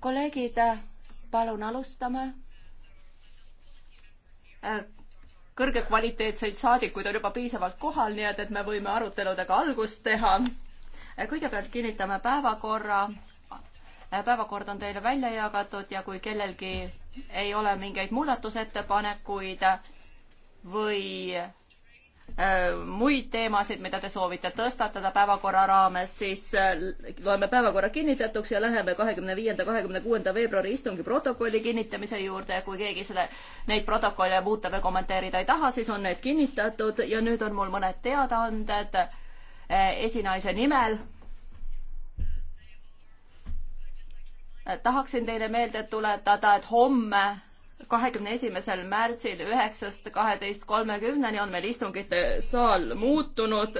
kolleegid, palun alustame. Äh, kõrgekvaliteetseid saadikuid on juba piisavalt kohal, nii et, et me võime aruteludega algust teha. Äh, kõigepealt kinnitame päevakorra. Äh, päevakord on teile välja jagatud ja kui kellelgi ei ole mingeid muudatusettepanekuid või Äh, muid teemasid, mida te soovite tõstatada päevakorra raames, siis äh, loeme päevakorra kinnitatuks ja läheme kahekümne viienda, kahekümne kuuenda veebruari istungi protokolli kinnitamise juurde. kui keegi selle, neid protokolle muuta või kommenteerida ei taha, siis on need kinnitatud ja nüüd on mul mõned teadaanded äh, esinaise nimel. tahaksin teile meelde tuletada, et homme kahekümne esimesel märtsil üheksast kaheteist kolmekümneni on meil istungite saal muutunud.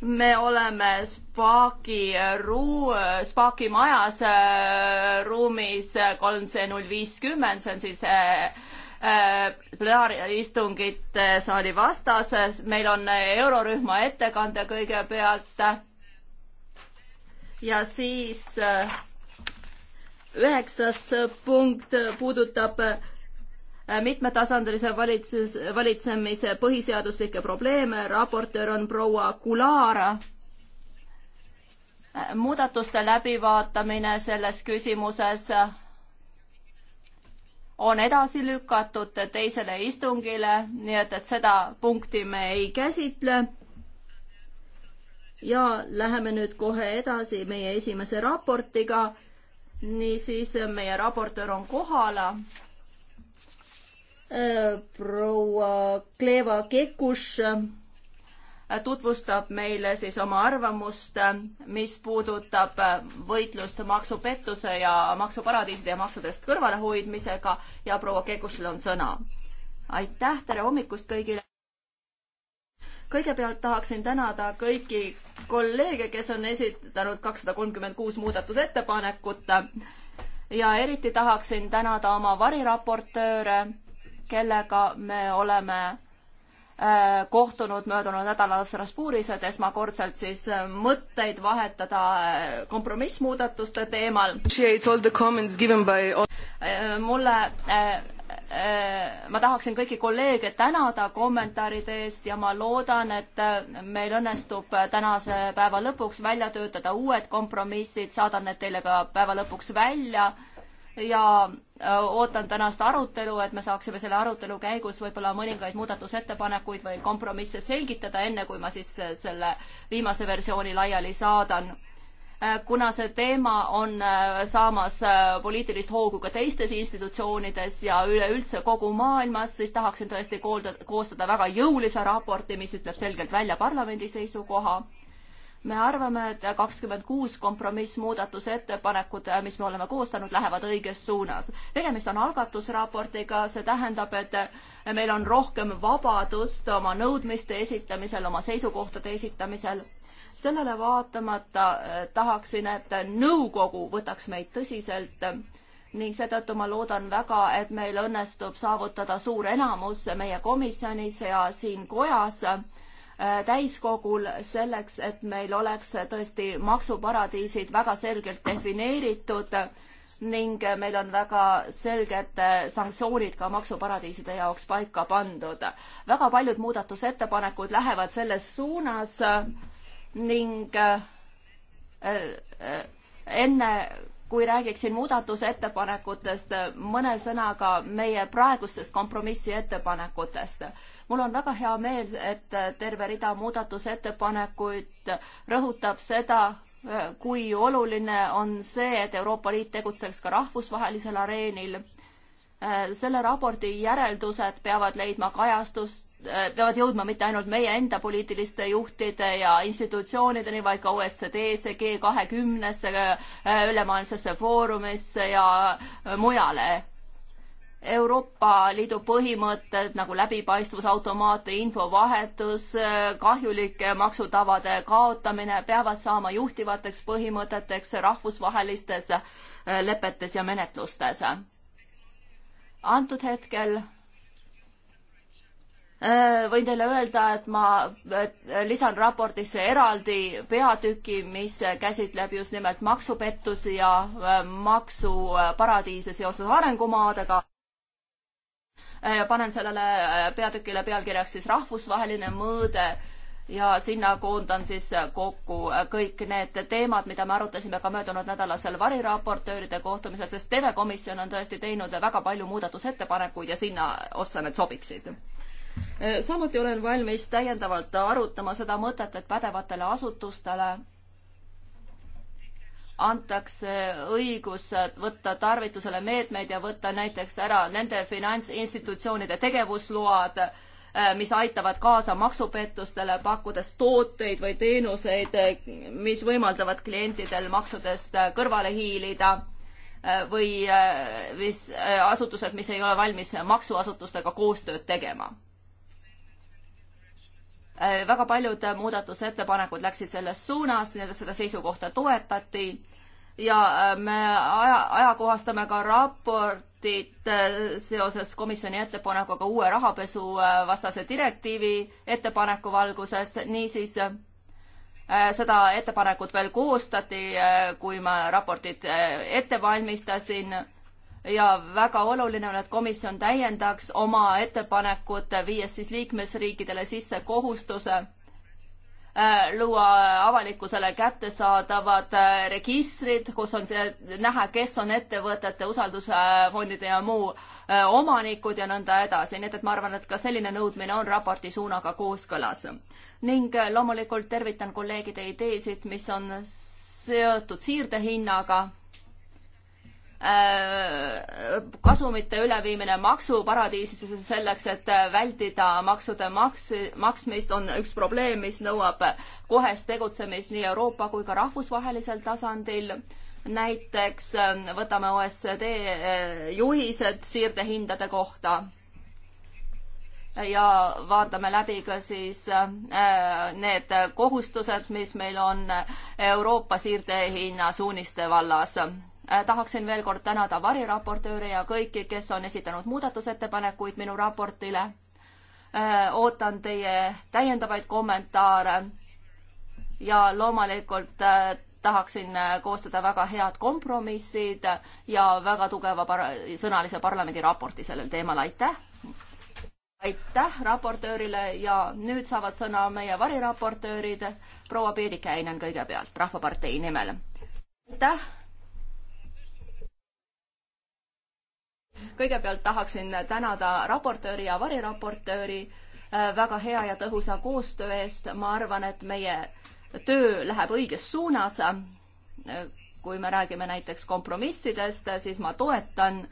me oleme Spaki ruu-, Spaki majas äh, ruumis kolm C null viiskümmend, see on siis äh, äh, plenaaristungite saali vastas, meil on eurorühma ettekande kõigepealt ja siis üheksas punkt puudutab Äh, mitmetasandilise valitsus, valitsemise põhiseaduslikke probleeme, raportöör on proua Kulara. Äh, muudatuste läbivaatamine selles küsimuses äh, on edasi lükatud teisele istungile, nii et, et seda punkti me ei käsitle. ja läheme nüüd kohe edasi meie esimese raportiga. niisiis, meie raportöör on kohal proua Kleeva Kekus äh, tutvustab meile siis oma arvamust, äh, mis puudutab äh, võitlust maksupettuse ja maksuparadiiside ja maksudest kõrvalehoidmisega ja proua Kekusel on sõna. aitäh, tere hommikust kõigile! kõigepealt tahaksin tänada kõiki kolleege, kes on esitanud kakssada kolmkümmend kuus muudatusettepanekut ja eriti tahaksin tänada oma variraportööre kellega me oleme äh, kohtunud möödunud nädalal Strasbourgis, et esmakordselt siis äh, mõtteid vahetada äh, kompromissmuudatuste teemal. mulle ma tahaksin kõiki kolleege tänada kommentaaride eest ja ma loodan, et meil õnnestub tänase päeva lõpuks välja töötada uued kompromissid, saadan need teile ka päeva lõpuks välja ja äh, ootan tänast arutelu, et me saaksime selle arutelu käigus võib-olla mõningaid muudatusettepanekuid või kompromisse selgitada, enne kui ma siis äh, selle viimase versiooni laiali saadan. Äh, kuna see teema on saamas poliitilist hoogu ka teistes institutsioonides ja üleüldse kogu maailmas, siis tahaksin tõesti koolda, koostada väga jõulise raporti, mis ütleb selgelt välja parlamendi seisukoha me arvame, et kakskümmend kuus kompromissmuudatusettepanekut, äh, mis me oleme koostanud, lähevad õiges suunas. tegemist on algatusraportiga, see tähendab, et äh, meil on rohkem vabadust oma nõudmiste esitamisel, oma seisukohtade esitamisel. sellele vaatamata äh, tahaksin, et nõukogu võtaks meid tõsiselt ning seetõttu ma loodan väga, et meil õnnestub saavutada suur enamus meie komisjonis ja siin kojas Äh, täiskogul selleks, et meil oleks tõesti maksuparadiisid väga selgelt defineeritud ning meil on väga selged äh, sanktsioonid ka maksuparadiiside jaoks paika pandud. väga paljud muudatusettepanekud lähevad selles suunas ning äh, enne kui räägiksin muudatusettepanekutest mõne sõnaga meie praegustest kompromissettepanekutest. mul on väga hea meel, et terve rida muudatusettepanekuid rõhutab seda, kui oluline on see, et Euroopa Liit tegutseks ka rahvusvahelisel areenil selle raporti järeldused peavad leidma kajastust Äh, peavad jõudma mitte ainult meie enda poliitiliste juhtide ja institutsioonideni, vaid ka OECD-sse, G20-sse, äh, ülemaailmsesse foorumisse ja äh, mujale. Euroopa Liidu põhimõtted nagu läbipaistvus, automaatne infovahetus, kahjulike maksutavade kaotamine peavad saama juhtivateks põhimõteteks rahvusvahelistes lepetes ja menetlustes. antud hetkel Äh, võin teile öelda, et ma äh, lisan raportisse eraldi peatüki, mis käsitleb just nimelt maksupettusi ja äh, maksuparadiise seoses arengumaadega. panen sellele peatükile pealkirjaks siis rahvusvaheline mõõde ja sinna koondan siis kokku kõik need teemad, mida me arutasime ka möödunud nädalasel variraportööride kohtumisel, sest TV Komisjon on tõesti teinud väga palju muudatusettepanekuid ja sinna ossa need sobiksid Äh, samuti olen valmis täiendavalt arutama seda mõtet, et pädevatele asutustele antakse õigus võtta tarvitusele meetmeid ja võtta näiteks ära nende finantsinstitutsioonide tegevusload, äh, mis aitavad kaasa maksupettustele, pakkudes tooteid või teenuseid, mis võimaldavad klientidel maksudest kõrvale hiilida äh, või mis asutused, mis ei ole valmis maksuasutustega koostööd tegema Äh, väga paljud muudatusettepanekud läksid selles suunas, seda seisukohta toetati ja äh, me aja, ajakohastame ka raportit äh, seoses komisjoni ettepanekuga uue rahapesuvastase direktiivi ettepaneku valguses, niisiis seda ettepanekut veel koostati, kui ma raportit ette valmistasin ja väga oluline on, et komisjon täiendaks oma ettepanekut, viies siis liikmesriikidele sisse kohustuse äh, luua avalikkusele kättesaadavad äh, registrid, kus on see, näha, kes on ettevõtete, usaldusfondide ja muu äh, omanikud ja nõnda edasi, nii et, et ma arvan, et ka selline nõudmine on raporti suunaga kooskõlas. ning loomulikult tervitan kolleegide ideesid, mis on seotud siirdehinnaga Äh, kasumite üleviimine maksuparadiisidesse selleks, et äh, vältida maksude maks, maksmist, on üks probleem, mis nõuab kohest tegutsemist nii Euroopa kui ka rahvusvahelisel tasandil. näiteks äh, võtame OSCD juhised siirdehindade kohta ja vaatame läbi ka siis need kohustused, mis meil on Euroopa siirdehinna suuniste vallas. Äh, tahaksin veel kord tänada variraportööre ja kõiki, kes on esitanud muudatusettepanekuid minu raportile. Äh, ootan teie täiendavaid kommentaare ja loomulikult äh, tahaksin koostada väga head kompromissid ja väga tugeva par sõnalise parlamendi raporti sellel teemal, aitäh! aitäh raportöörile ja nüüd saavad sõna meie variraportöörid, proua Peedikäinen kõigepealt Rahvapartei nimel. aitäh! kõigepealt tahaksin tänada raportööri ja variraportööri äh, väga hea ja tõhusa koostöö eest. ma arvan, et meie töö läheb õiges suunas. Äh, kui me räägime näiteks kompromissidest, äh, siis ma toetan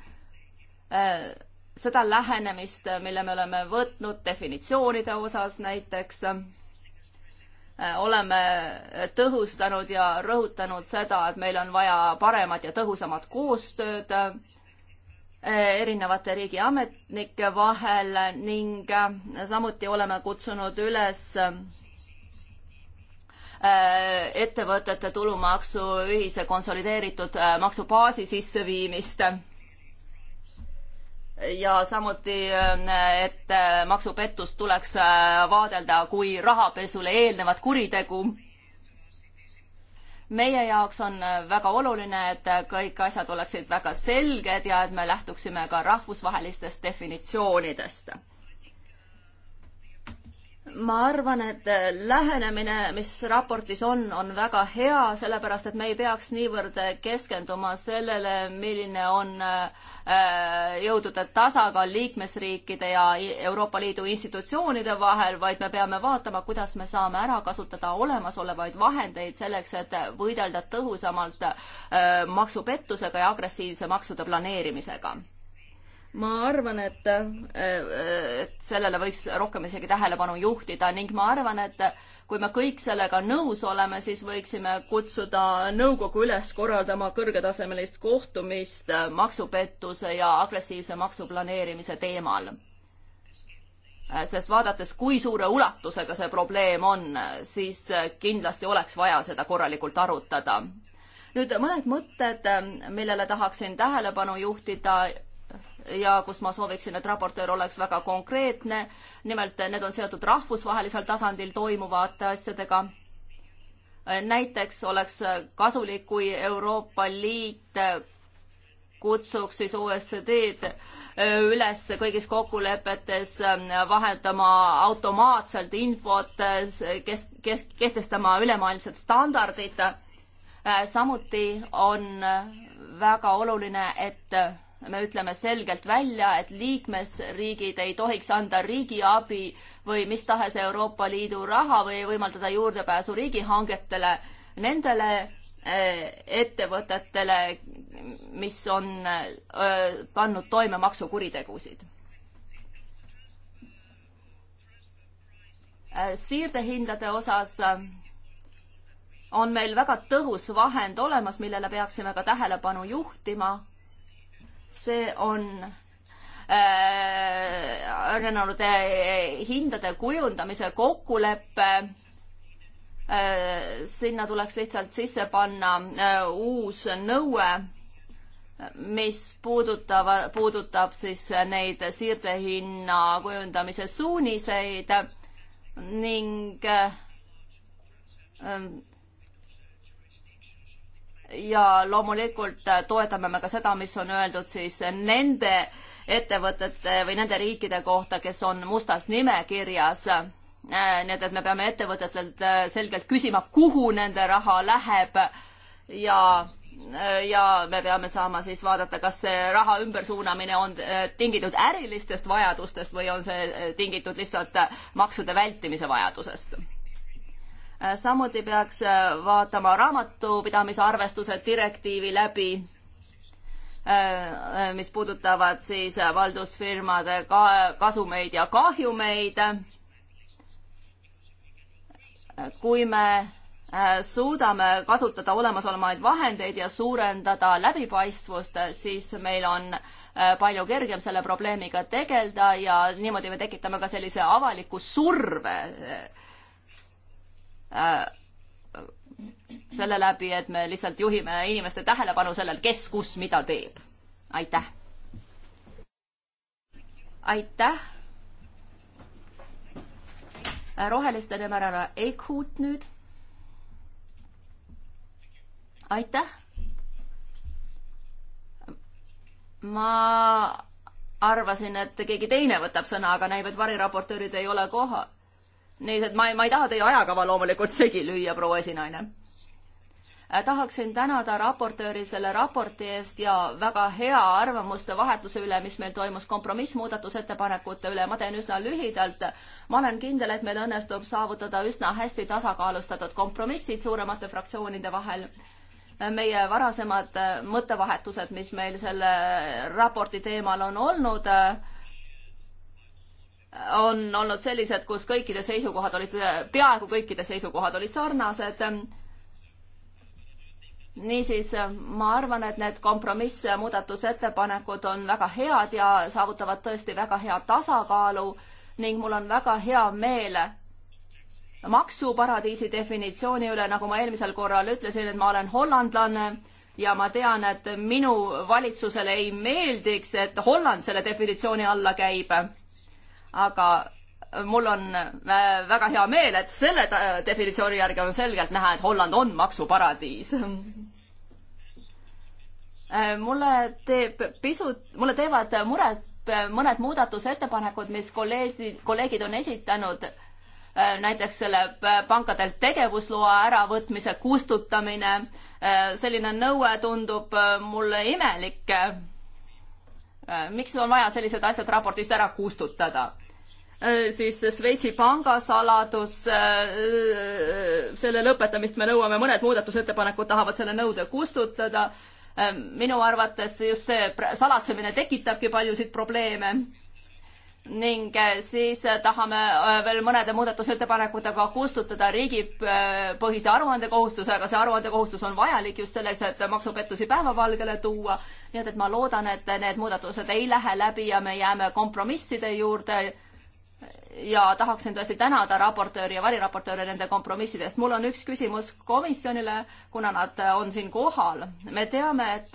seda lähenemist, mille me oleme võtnud definitsioonide osas näiteks oleme tõhustanud ja rõhutanud seda, et meil on vaja paremat ja tõhusamat koostööd Eh, erinevate riigiametnike vahel ning eh, samuti oleme kutsunud üles eh, ettevõtete tulumaksu ühise konsolideeritud maksubaasi sisseviimist ja samuti, et maksupettust tuleks vaadelda kui rahapesule eelnevat kuritegu meie jaoks on äh, väga oluline, et äh, kõik asjad oleksid väga selged ja et me lähtuksime ka rahvusvahelistest definitsioonidest ma arvan, et äh, lähenemine, mis raportis on, on väga hea, sellepärast et me ei peaks niivõrd äh, keskenduma sellele, milline on äh, jõudude tasakaal liikmesriikide ja Euroopa Liidu institutsioonide vahel, vaid me peame vaatama, kuidas me saame ära kasutada olemasolevaid vahendeid selleks, et võidelda tõhusamalt maksupettusega ja agressiivse maksude planeerimisega ma arvan, et, äh, et sellele võiks rohkem isegi tähelepanu juhtida ning ma arvan, et kui me kõik sellega nõus oleme, siis võiksime kutsuda nõukogu üles korraldama kõrgetasemelist kohtumist maksupettuse ja agressiivse maksuplaneerimise teemal. Äh, sest vaadates, kui suure ulatusega see probleem on, siis kindlasti oleks vaja seda korralikult arutada. nüüd mõned mõtted, millele tahaksin tähelepanu juhtida ja kus ma sooviksin, et raportöör oleks väga konkreetne. nimelt need on seotud rahvusvahelisel tasandil toimuvate asjadega. näiteks oleks kasulik, kui Euroopa Liit kutsuks siis OSCD-d äh, üles kõigis kokkulepetes äh, vahetama automaatselt infot, äh, kes, kes kehtestama ülemaailmsed standardid. samuti on väga oluline, et me ütleme selgelt välja, et liikmesriigid ei tohiks anda riigiabi või mis tahes Euroopa Liidu raha või võimaldada juurdepääsu riigihangetele nendele eh, ettevõtetele, mis on eh, pannud toime maksukuritegusid. Eh, siirdehindade osas on meil väga tõhus vahend olemas, millele peaksime ka tähelepanu juhtima see on äh, arenenud äh, hindade kujundamise kokkulepe. Äh, sinna tuleks lihtsalt sisse panna uus nõue, mis puudutab, puudutab siis neid siirdehinna kujundamise suuniseid ning ja loomulikult äh, toetame me ka seda, mis on öeldud siis nende ettevõtete või nende riikide kohta, kes on mustas nimekirjas. Äh, nii et, et me peame ettevõtetelt äh, selgelt küsima, kuhu nende raha läheb ja, ja me peame saama siis vaadata, kas see raha ümbersuunamine on tingitud ärilistest vajadustest või on see tingitud lihtsalt maksude vältimise vajadusest Äh, samuti peaks äh, vaatama raamatupidamise arvestuse direktiivi läbi, äh, mis puudutavad siis valdusfirmade ka-, kasumeid ja kahjumeid. kui me suudame kasutada olemasolevaid vahendeid ja suurendada läbipaistvust, siis meil on palju kergem selle probleemiga tegeleda ja niimoodi me tekitame ka sellise avaliku surve Äh, selle läbi, et me lihtsalt juhime inimeste tähelepanu sellel, kes kus mida teeb. aitäh! aitäh! roheliste nimel ära Eichhut nüüd. aitäh! ma arvasin, et keegi teine võtab sõna, aga näib, et variraportöörid ei ole kohal nii et ma ei, ma ei taha teie ajakava loomulikult segi lüüa, proua esinaine. Äh, tahaksin tänada raportööri selle raporti eest ja väga hea arvamuste vahetuse üle, mis meil toimus kompromissmuudatusettepanekute üle. ma teen üsna lühidalt. ma olen kindel, et meil õnnestub saavutada üsna hästi tasakaalustatud kompromissid suuremate fraktsioonide vahel äh, meie varasemad äh, mõttevahetused, mis meil selle raporti teemal on olnud äh,, on olnud sellised, kus kõikide seisukohad olid, peaaegu kõikide seisukohad olid sarnased. niisiis, ma arvan, et need kompromissmuudatusettepanekud on väga head ja saavutavad tõesti väga hea tasakaalu ning mul on väga hea meel maksuparadiisi definitsiooni üle, nagu ma eelmisel korral ütlesin, et ma olen hollandlane ja ma tean, et minu valitsusele ei meeldiks, et Holland selle definitsiooni alla käib aga mul on väga hea meel, et selle definitsiooni järgi on selgelt näha, et Holland on maksuparadiis mulle teeb pisut, mulle teevad muret mõned muudatusettepanekud, mis kolleegid, kolleegid on esitanud, näiteks selle pankadelt tegevusloa äravõtmise kustutamine, selline nõue tundub mulle imelik. miks on vaja sellised asjad raportist ära kustutada? Äh, siis Šveitsi pangasaladus, äh, äh, selle lõpetamist me nõuame, mõned muudatusettepanekud tahavad selle nõude kustutada. minu arvates just see salatsemine tekitabki paljusid probleeme ning siis tahame veel mõnede muudatusettepanekutega kustutada riigipõhise aruandekohustuse, aga see aruandekohustus on vajalik just selleks, et maksupettusi päevavalgele tuua. nii et, et ma loodan, et need muudatused ei lähe läbi ja me jääme kompromisside juurde ja tahaksin tõesti tänada raportööri ja variraportööre nende kompromisside eest. mul on üks küsimus komisjonile, kuna nad äh, on siin kohal. me teame, et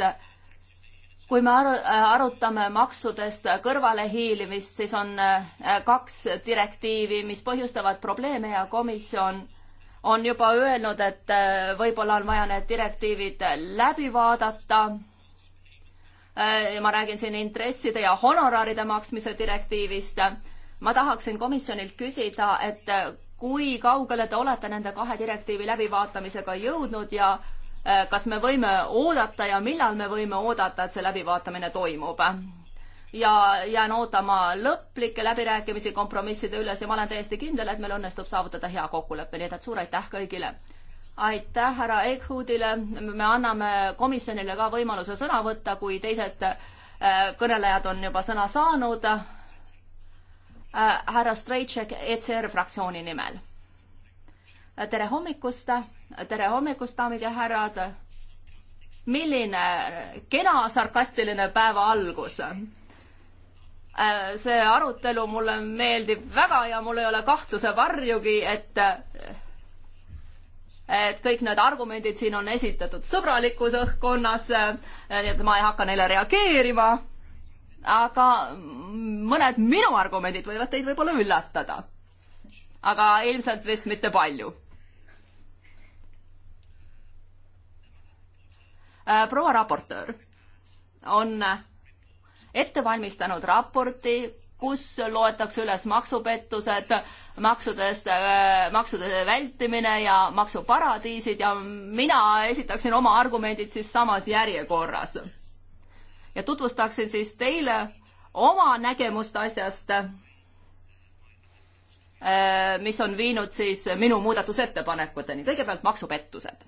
kui me aru, äh, arutame maksudest kõrvalehiilimist, siis on äh, kaks direktiivi, mis põhjustavad probleeme ja komisjon on juba öelnud, et võib-olla on vaja need direktiivid läbi vaadata ma räägin siin intresside ja honoraride maksmise direktiivist ma tahaksin komisjonilt küsida, et äh, kui kaugele te olete nende kahe direktiivi läbivaatamisega jõudnud ja äh, kas me võime oodata ja millal me võime oodata, et see läbivaatamine toimub? ja jään ootama lõplikke läbirääkimisi kompromisside üles ja ma olen täiesti kindel, et meil õnnestub saavutada hea kokkulepe, nii et, et suur aitäh kõigile! aitäh härra Eichhudile, me anname komisjonile ka võimaluse sõna võtta, kui teised äh, kõnelejad on juba sõna saanud Äh, härra Strejček ECR fraktsiooni nimel. tere hommikust, tere hommikust, daamid ja härrad. milline kena sarkastiline päeva algus äh, see arutelu mulle meeldib väga ja mul ei ole kahtluse varjugi, et et kõik need argumendid siin on esitatud sõbralikus õhkkonnas, nii et ma ei hakka neile reageerima aga mõned minu argumendid võivad teid võib-olla üllatada. aga ilmselt vist mitte palju. Äh, proua raportöör on ette valmistanud raporti, kus loetakse üles maksupettused, maksudest, äh, maksude vältimine ja maksuparadiisid ja mina esitaksin oma argumendid siis samas järjekorras ja tutvustaksin siis teile oma nägemust asjast, äh, mis on viinud siis minu muudatusettepanekuteni. kõigepealt maksupettused.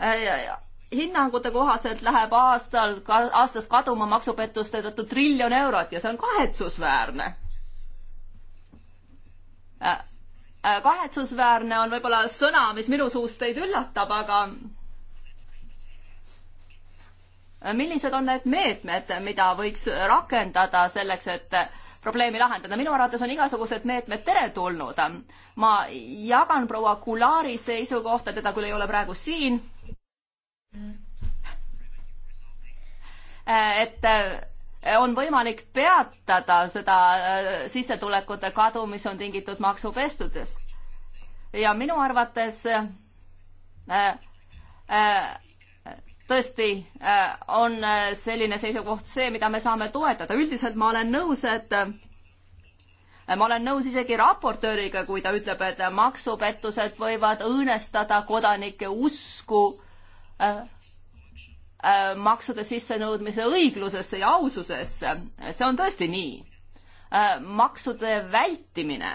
Äh, hinnangute kohaselt läheb aastal, aastas kaduma maksupettuste tõttu triljon eurot ja see on kahetsusväärne äh, kahetsusväärne on võib-olla sõna, mis minu suust teid üllatab, aga millised on need meetmed, mida võiks rakendada selleks, et probleemi lahendada. minu arvates on igasugused meetmed teretulnud. ma jagan proua Kulaari seisukohta, teda küll ei ole praegu siin. et on võimalik peatada seda äh, sissetulekute kadu, mis on tingitud maksupestudest. ja minu arvates äh, äh, tõesti äh, on äh, selline seisukoht see, mida me saame toetada, üldiselt ma olen nõus, et äh, ma olen nõus isegi raportööriga, kui ta ütleb, et maksupettused võivad õõnestada kodanike usku maksude sissenõudmise õiglusesse ja aususesse. see on tõesti nii. maksude vältimine,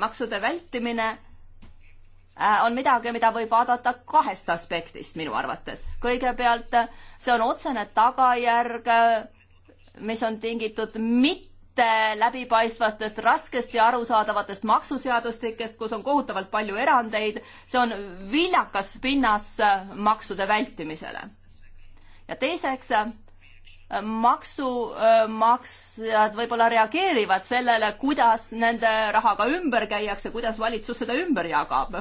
maksude vältimine Äh, on midagi, mida võib vaadata kahest aspektist minu arvates. kõigepealt see on otsene tagajärg, mis on tingitud mitte läbipaistvatest, raskesti arusaadavatest maksuseadustikest, kus on kohutavalt palju erandeid, see on viljakas pinnas maksude vältimisele. ja teiseks, maksumaksjad äh, võib-olla reageerivad sellele, kuidas nende rahaga ümber käiakse, kuidas valitsus seda ümber jagab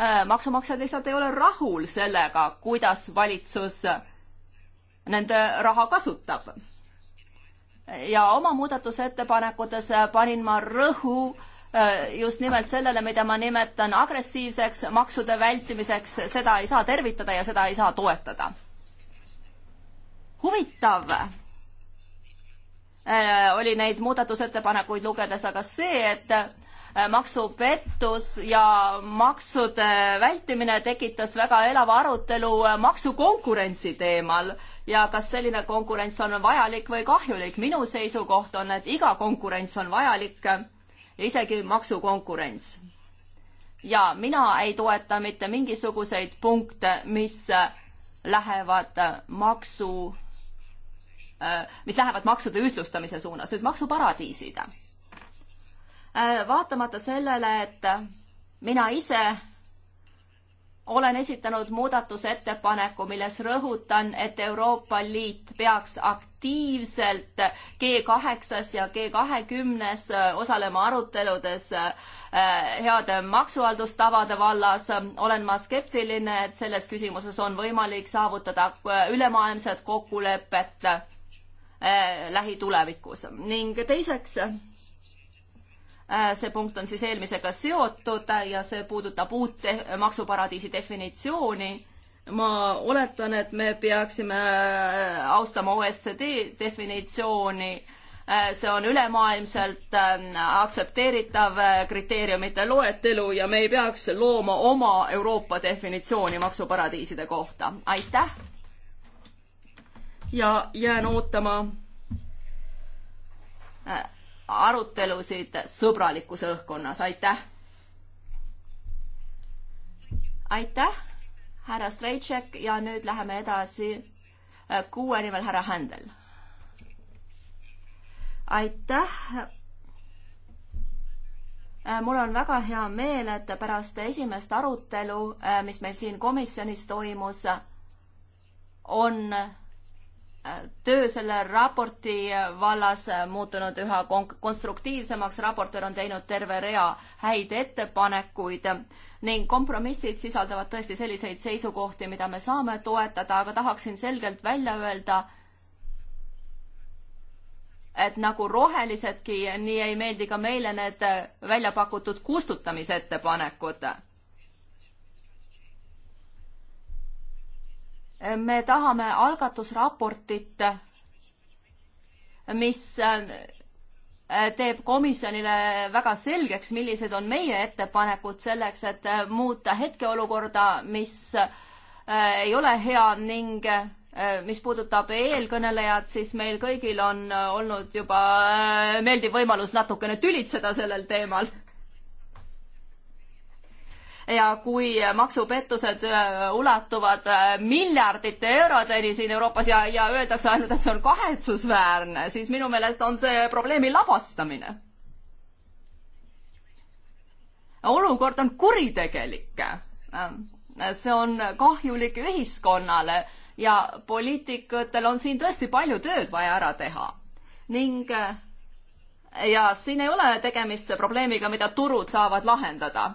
Äh, maksumaksjad lihtsalt ei ole rahul sellega, kuidas valitsus nende raha kasutab. ja oma muudatusettepanekutes panin ma rõhu äh, just nimelt sellele, mida ma nimetan agressiivseks maksude vältimiseks, seda ei saa tervitada ja seda ei saa toetada. huvitav äh, oli neid muudatusettepanekuid lugedes aga see, et Äh, maksupettus ja maksude vältimine tekitas väga elava arutelu äh, maksukonkurentsi teemal ja kas selline konkurents on vajalik või kahjulik. minu seisukoht on, et iga konkurents on vajalik, isegi maksukonkurents. ja mina ei toeta mitte mingisuguseid punkte, mis äh, lähevad maksu, mis lähevad maksude ühtlustamise suunas. nüüd maksuparadiisid Äh, vaatamata sellele, et mina ise olen esitanud muudatusettepaneku, milles rõhutan, et Euroopa Liit peaks aktiivselt G8-s ja G20-s osalema aruteludes äh, heade maksuhaldustavade vallas. olen ma skeptiline, et selles küsimuses on võimalik saavutada äh, ülemaailmset kokkulepet lähitulevikus ning teiseks Äh, see punkt on siis eelmisega seotud ja see puudutab uut maksuparadiisi definitsiooni. ma oletan, et me peaksime äh, austama OSCD definitsiooni. Äh, see on ülemaailmselt aktsepteeritav kriteeriumite loetelu ja me ei peaks looma oma Euroopa definitsiooni maksuparadiiside kohta. aitäh! ja jään ootama arutelusid sõbralikus õhkkonnas, aitäh! aitäh, härra Strejček ja nüüd läheme edasi äh, kuue nimel härra Händel. aitäh! Äh, mul on väga hea meel, et pärast esimest arutelu, äh, mis meil siin komisjonis toimus, on töö selle raporti vallas muutunud üha konstruktiivsemaks, raportöör on teinud terve rea häid ettepanekuid ning kompromissid sisaldavad tõesti selliseid seisukohti, mida me saame toetada, aga tahaksin selgelt välja öelda, et nagu rohelisedki, nii ei meeldi ka meile need välja pakutud kustutamisettepanekud me tahame algatusraportit, mis äh, teeb komisjonile väga selgeks, millised on meie ettepanekud selleks, et äh, muuta hetkeolukorda, mis äh, ei ole hea ning mis puudutab eelkõnelejat, siis meil kõigil on olnud juba meeldiv võimalus natukene tülitseda sellel teemal ja kui maksupettused äh, ulatuvad äh, miljardite eurodeni siin Euroopas ja, ja öeldakse ainult, et see on kahetsusväärne, siis minu meelest on see probleemi lavastamine. olukord on kuritegelik. Äh, see on kahjulik ühiskonnale ja poliitikutel on siin tõesti palju tööd vaja ära teha ning ja siin ei ole tegemist probleemiga, mida turud saavad lahendada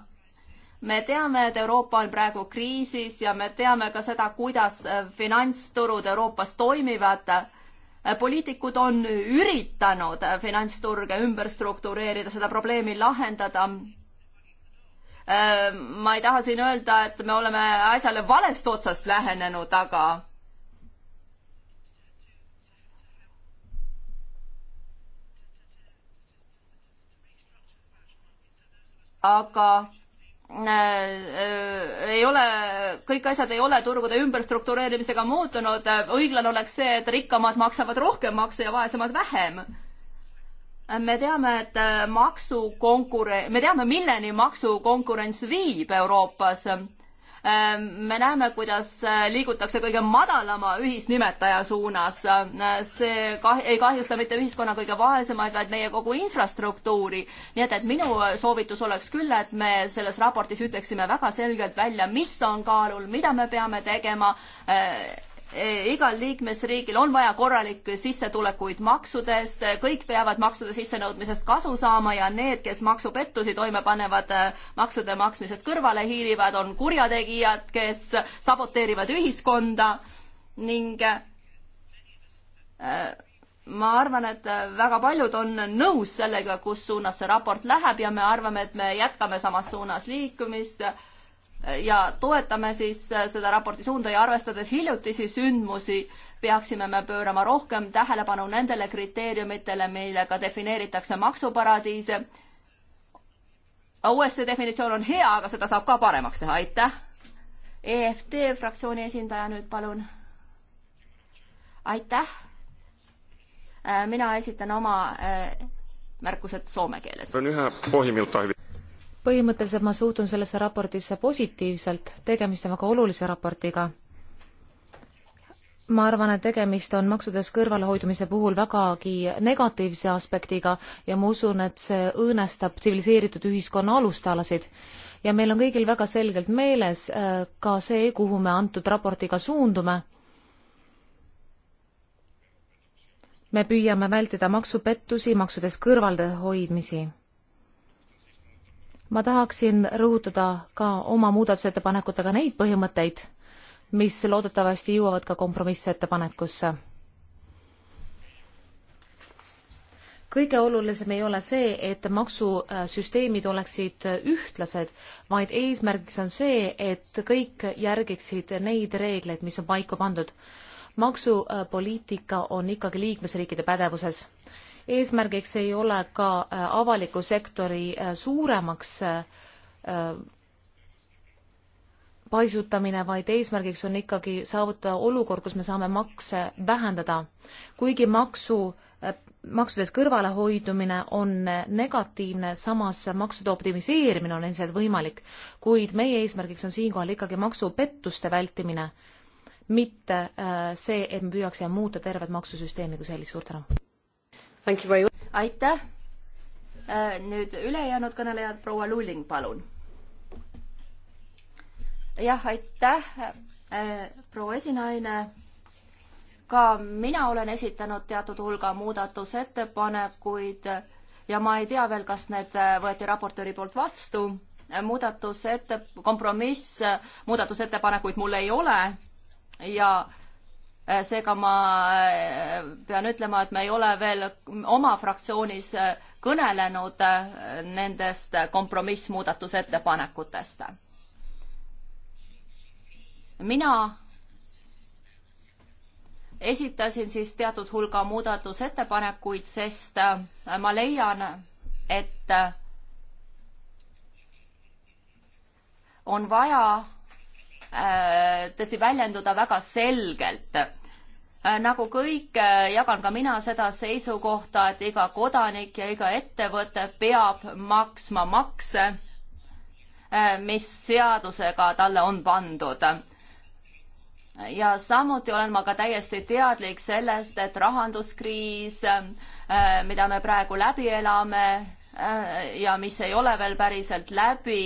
me teame, et Euroopa on praegu kriisis ja me teame ka seda, kuidas äh, finantsturud Euroopas toimivad. Äh, poliitikud on üritanud äh, finantsturge ümber struktureerida, seda probleemi lahendada. ma ei taha siin öelda, et me oleme asjale valest otsast lähenenud, aga aga Äh, äh, ei ole, kõik asjad ei ole turgude ümberstruktureerimisega muutunud, õiglane oleks see, et rikkamad maksavad rohkem makse ja vaesemad vähem. me teame, et äh, maksukonkure-, me teame, milleni maksukonkurents viib Euroopas Ehm, me näeme, kuidas äh, liigutakse kõige madalama ühisnimetaja suunas. Äh, see kah-, ei kahjusta mitte ühiskonna kõige vaesemaid, vaid meie kogu infrastruktuuri. nii et, et minu soovitus oleks küll, et me selles raportis ütleksime väga selgelt välja, mis on kaalul, mida me peame tegema äh, E, igal liikmesriigil on vaja korralikke sissetulekuid maksudest, kõik peavad maksude sissenõudmisest kasu saama ja need, kes maksupettusi toime panevad, e, maksude maksmisest kõrvale hiilivad, on kurjategijad, kes saboteerivad ühiskonda ning e, ma arvan, et väga paljud on nõus sellega, kus suunas see raport läheb ja me arvame, et me jätkame samas suunas liikumist ja toetame siis äh, seda raporti suunda ja arvestades hiljutisi sündmusi, peaksime me pöörama rohkem tähelepanu nendele kriteeriumitele, millega defineeritakse maksuparadiise. OSCE definitsioon on hea, aga seda saab ka paremaks teha, aitäh. EFT fraktsiooni esindaja nüüd palun. aitäh. Äh, mina esitan oma äh, märkused soome keeles. on ühe pohjimilta põhimõtteliselt ma suhtun sellesse raportisse positiivselt, tegemist on väga olulise raportiga. ma arvan, et tegemist on maksudest kõrvalehoidumise puhul vägagi negatiivse aspektiga ja ma usun, et see õõnestab tsiviliseeritud ühiskonna alustalasid. ja meil on kõigil väga selgelt meeles äh, ka see, kuhu me antud raportiga suundume me püüame vältida maksupettusi, maksudest kõrvaldehoidmisi ma tahaksin rõhutada ka oma muudatusettepanekutega neid põhimõtteid, mis loodetavasti jõuavad ka kompromissettepanekusse. kõige olulisem ei ole see, et maksusüsteemid oleksid ühtlased, vaid eesmärgiks on see, et kõik järgiksid neid reegleid, mis on paika pandud. maksupoliitika on ikkagi liikmesriikide pädevuses eesmärgiks ei ole ka äh, avaliku sektori äh, suuremaks äh, paisutamine, vaid eesmärgiks on ikkagi saavutada olukord, kus me saame makse vähendada. kuigi maksu, maksudest kõrvalehoidumine on negatiivne, samas maksude optimiseerimine on endiselt võimalik, kuid meie eesmärgiks on siinkohal ikkagi maksupettuste vältimine, mitte see, et me püüaksime muuta tervet maksusüsteemi kui sellist. suur tänu! aitäh. Äh, nüüd ülejäänud kõnelejad, proua Lulling, palun. jah, aitäh, äh, proua esinaine ka mina olen esitanud teatud hulga muudatusettepanekuid ja ma ei tea veel, kas need võeti raportööri poolt vastu. muudatusette-, kompromiss, muudatusettepanekuid mul ei ole ja Äh, seega ma äh, pean ütlema, et me ei ole veel oma fraktsioonis äh, kõnelenud nendest kompromissmuudatusettepanekutest. mina esitasin siis teatud hulga muudatusettepanekuid, sest ma leian, et on vaja Äh, tõesti väljenduda väga selgelt. Äh, nagu kõik, äh, jagan ka mina seda seisukohta, et iga kodanik ja iga ettevõte peab maksma makse, mis seadusega talle on pandud ja samuti olen ma ka täiesti teadlik sellest, et rahanduskriis, mida me praegu läbi elame ja mis ei ole veel päriselt läbi,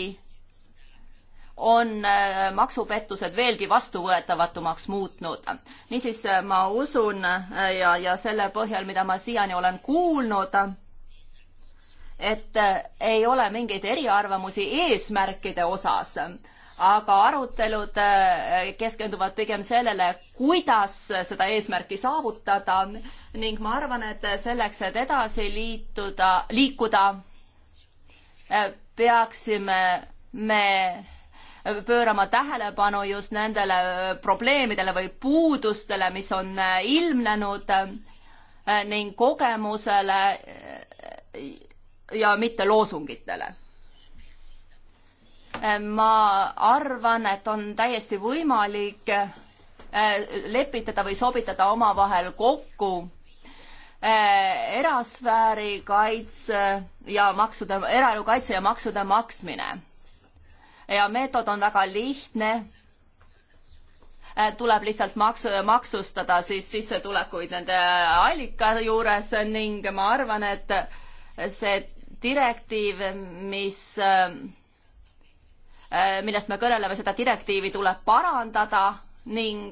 on äh, maksupettused veelgi vastuvõetavatumaks muutnud. niisiis äh, ma usun äh, ja, ja selle põhjal, mida ma siiani olen kuulnud, et ei ole mingeid eriarvamusi eesmärkide osas, aga arutelud keskenduvad pigem sellele, kuidas seda eesmärki saavutada ning ma arvan, et selleks, et edasi liituda, liikuda, peaksime me pöörama tähelepanu just nendele äh, probleemidele või puudustele, mis on äh, ilmnenud äh, ning kogemusele ja mitte loosungitele. ma arvan, et on täiesti võimalik lepitada või sobitada omavahel kokku erasfääri kaitse ja maksude, eraelu kaitse ja maksude maksmine ja meetod on väga lihtne. tuleb lihtsalt maksu, maksustada siis sissetulekuid nende allika juures ning ma arvan, et see direktiiv, mis millest me kõneleme, seda direktiivi tuleb parandada ning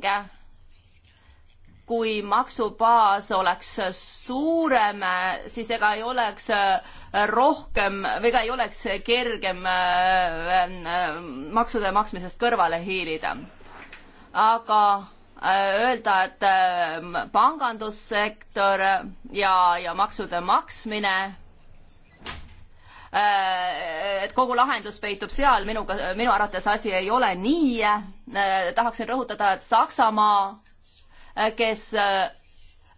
kui maksubaas oleks suurem, siis ega ei oleks äh, rohkem või ega ei oleks kergem äh, äh, maksude maksmisest kõrvale hiilida. aga öelda, et pangandussektor ja, ja maksude maksmine et kogu lahendus peitub seal, minuga, minu arvates asi ei ole nii. tahaksin rõhutada, et Saksamaa Äh, kes äh,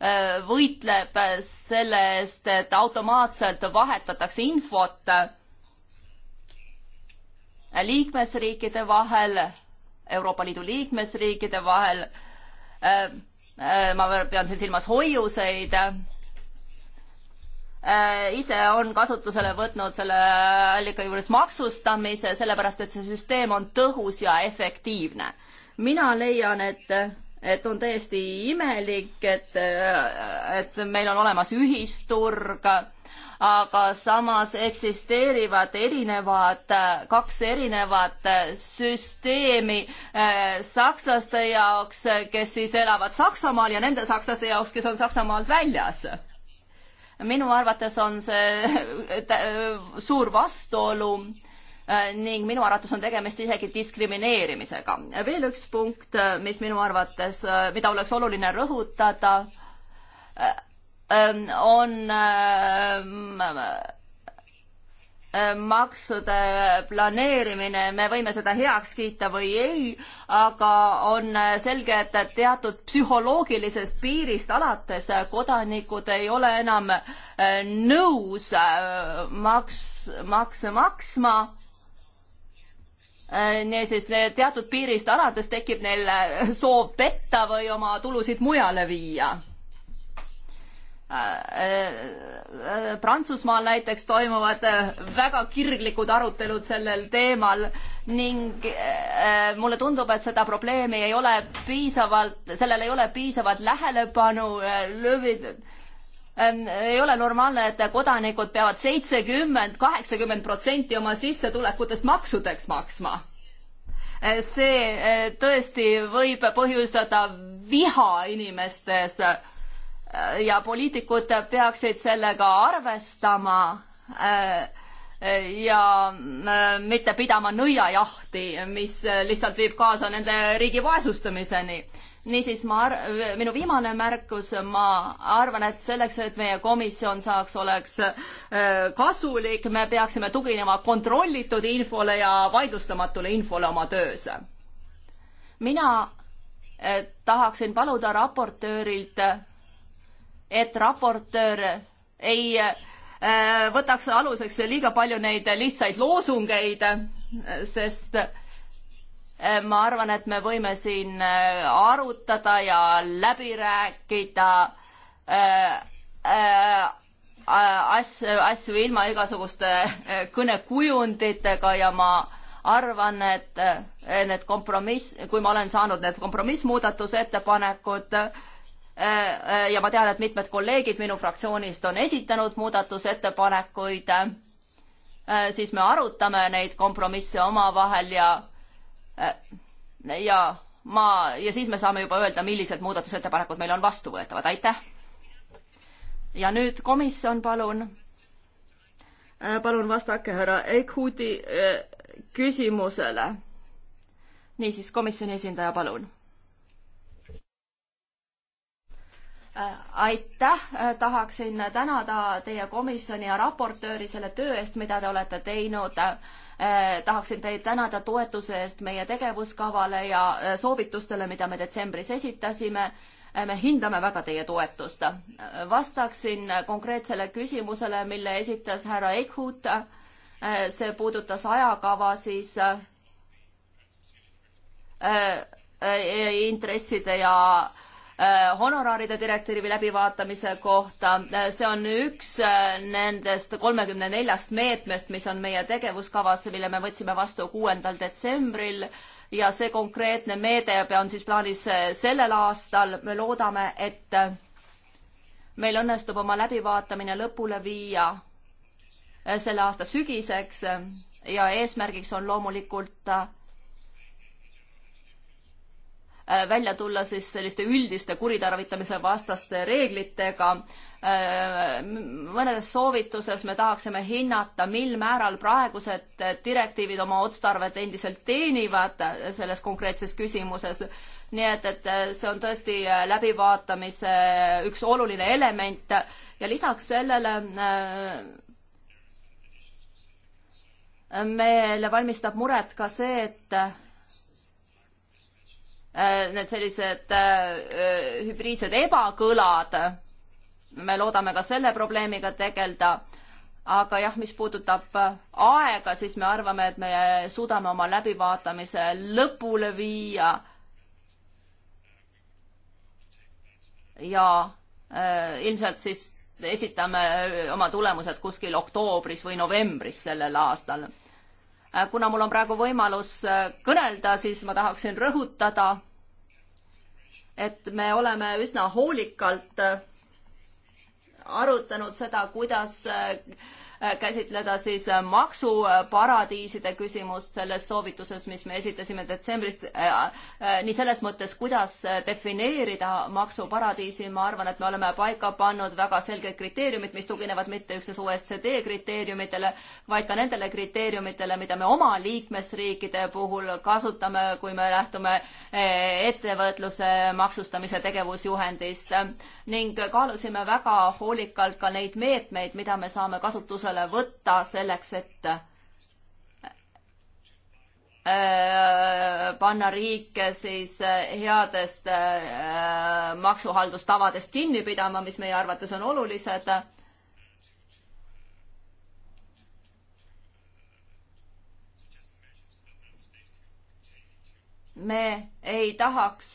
äh, võitleb selle eest, et automaatselt vahetatakse infot liikmesriikide vahel, Euroopa Liidu liikmesriikide vahel. ma pean siin silmas hoiuseid ise on kasutusele võtnud selle allika juures maksustamise, sellepärast et see süsteem on tõhus ja efektiivne. mina leian, et et on täiesti imelik, et, et meil on olemas ühisturg, aga samas eksisteerivad erinevad, kaks erinevat süsteemi eh, sakslaste jaoks, kes siis elavad Saksamaal ja nende sakslaste jaoks, kes on Saksamaalt väljas minu arvates on see suur vastuolu Äh, ning minu arvates on tegemist isegi diskrimineerimisega. veel üks punkt, äh, mis minu arvates, äh, mida oleks oluline rõhutada, ähm, on ähm, maksude planeerimine, me võime seda heaks kiita või ei, aga on selge, et teatud psühholoogilisest piirist alates kodanikud ei ole enam nõus maks, makse maksma maks Äh, niisiis teatud piirist alates tekib neil äh, soov petta või oma tulusid mujale viia. Äh, Prantsusmaal näiteks toimuvad väga kirglikud arutelud sellel teemal ning mulle tundub, et seda probleemi ei ole piisavalt, sellele ei ole piisavalt lähelepanu löödud Ähm, ei ole normaalne, et kodanikud peavad seitsekümmend, kaheksakümmend protsenti oma sissetulekutest maksudeks maksma. Äh, see äh, tõesti võib põhjustada viha inimestes äh, ja poliitikud peaksid sellega arvestama ja mitte pidama nõiajahti, mis lihtsalt viib kaasa nende riigi vaesustamiseni niisiis ma ar-, minu viimane märkus, ma arvan, et selleks, et meie komisjon saaks, oleks äh, kasulik, me peaksime tuginema kontrollitud infole ja vaidlustamatule infole oma töös. mina äh, tahaksin paluda raportöörilt, et raportöör ei äh, võtaks aluseks liiga palju neid lihtsaid loosungeid, sest äh, Äh, ma arvan, et me võime siin äh, arutada ja läbi rääkida äh, asju, asju ilma igasuguste kõnekujunditega ja ma arvan, et need kompromiss, kui ma olen saanud need kompromissmuudatusettepanekud, ja ma tean, et mitmed kolleegid minu fraktsioonist on esitanud muudatusettepanekuid, siis me arutame neid kompromisse omavahel ja Äh, ja ma, ja siis me saame juba öelda, millised muudatusettepanekud meil on vastuvõetavad, aitäh. ja nüüd komisjon, palun. Äh, palun vastake härra Eikhuti äh, küsimusele. niisiis, komisjoni esindaja, palun Äh, aitäh, äh, tahaksin tänada teie komisjoni ja raportööri selle töö eest, mida te olete teinud. Äh, tahaksin teid tänada toetuse eest meie tegevuskavale ja soovitustele, mida me detsembris esitasime. me hindame väga teie toetust. vastaksin konkreetsele küsimusele, mille esitas härra Eichhut. see puudutas ajakava siis intresside ja äh, Äh, honoraaride direktiivi läbivaatamise kohta. Äh, see on üks äh, nendest kolmekümne neljast meetmest, mis on meie tegevuskavas, mille me võtsime vastu kuuendal detsembril ja see konkreetne meede on siis plaanis sellel aastal. me loodame, et meil õnnestub oma läbivaatamine lõpule viia selle aasta sügiseks ja eesmärgiks on loomulikult Äh, välja tulla siis selliste üldiste kuritarvitamise vastaste reeglitega. Äh, mõnes soovituses me tahaksime hinnata, mil määral praegused direktiivid oma otstarvet endiselt teenivad selles konkreetses küsimuses. nii et, et äh, see on tõesti läbivaatamise üks oluline element ja lisaks sellele meile valmistab muret ka see, et Äh, need sellised äh, hübriidsed ebakõlad. me loodame ka selle probleemiga tegeleda. aga jah, mis puudutab äh, aega, siis me arvame, et me suudame oma läbivaatamise lõpule viia. ja ilmselt siis esitame oma tulemused kuskil oktoobris või novembris sellel aastal Äh, kuna mul on praegu võimalus äh, kõnelda, siis ma tahaksin rõhutada, et me oleme üsna hoolikalt äh, arutanud seda, kuidas Äh, käsitleda siis äh, maksuparadiiside küsimust selles soovituses, mis me esitasime detsembris. Äh, nii selles mõttes, kuidas defineerida maksuparadiisi, ma arvan, et me oleme paika pannud väga selged kriteeriumid, mis tuginevad mitte üksnes OECD kriteeriumitele, vaid ka nendele kriteeriumitele, mida me oma liikmesriikide puhul kasutame, kui me lähtume ettevõtluse maksustamise tegevusjuhendist ning kaalusime väga hoolikalt ka neid meetmeid, mida me saame kasutusele kasutusele võtta selleks, et äh, panna riike siis äh, headest äh, maksuhaldustavadest kinni pidama, mis meie arvates on olulised. me ei tahaks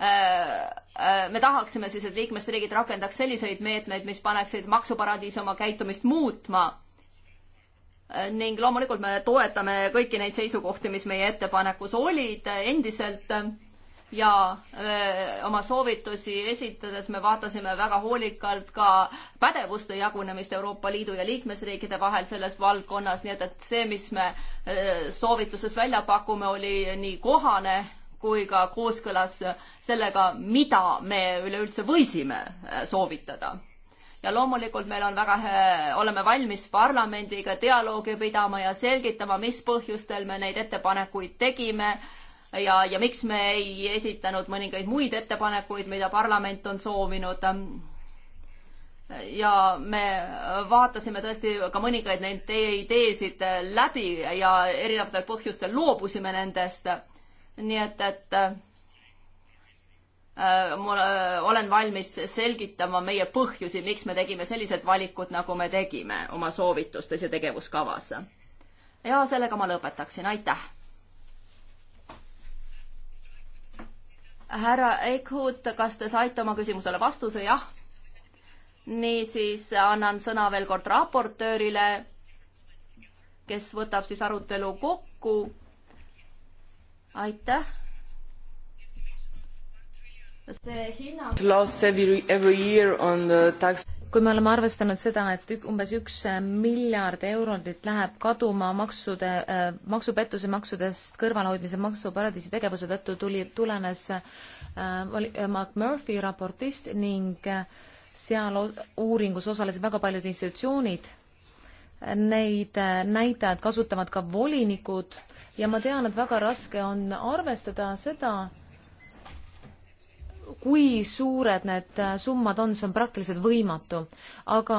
Äh, äh, me tahaksime siis, et liikmesriigid rakendaks selliseid meetmeid, mis paneksid maksuparadiise oma käitumist muutma. Äh, ning loomulikult me toetame kõiki neid seisukohti, mis meie ettepanekus olid endiselt ja öö, oma soovitusi esitades me vaatasime väga hoolikalt ka pädevuste jagunemist Euroopa Liidu ja liikmesriikide vahel selles valdkonnas, nii et, et see, mis me öö, soovituses välja pakume, oli nii kohane kui ka kooskõlas sellega, mida me üleüldse võisime äh, soovitada. ja loomulikult meil on väga, oleme valmis parlamendiga dialoogi pidama ja selgitama, mis põhjustel me neid ettepanekuid tegime ja, ja miks me ei esitanud mõningaid muid ettepanekuid, mida parlament on soovinud ja me vaatasime tõesti ka mõningaid neid teie ideesid läbi ja erinevatel põhjustel loobusime nendest nii et, et äh, äh, ma äh, olen valmis selgitama meie põhjusi, miks me tegime sellised valikud, nagu me tegime oma soovitustes ja tegevuskavas. ja sellega ma lõpetaksin, aitäh. härra Eichhut, kas te saite oma küsimusele vastuse, jah? niisiis annan sõna veel kord raportöörile, kes võtab siis arutelu kokku aitäh. see hinnang. Lost every, every year on the tax kui me oleme arvestanud seda, et ük, umbes üks äh, miljard eurondit läheb kaduma maksude, äh, maksupettuse maksudest kõrvalhoidmise maksuparadiisi tegevuse tõttu tuli, tulenes äh, oli äh, Mark Murphy raportist ning seal uuringus osalesid väga paljud institutsioonid. Neid näitajaid kasutavad ka volinikud ja ma tean, et väga raske on arvestada seda, kui suured need äh, summad on, see on praktiliselt võimatu. aga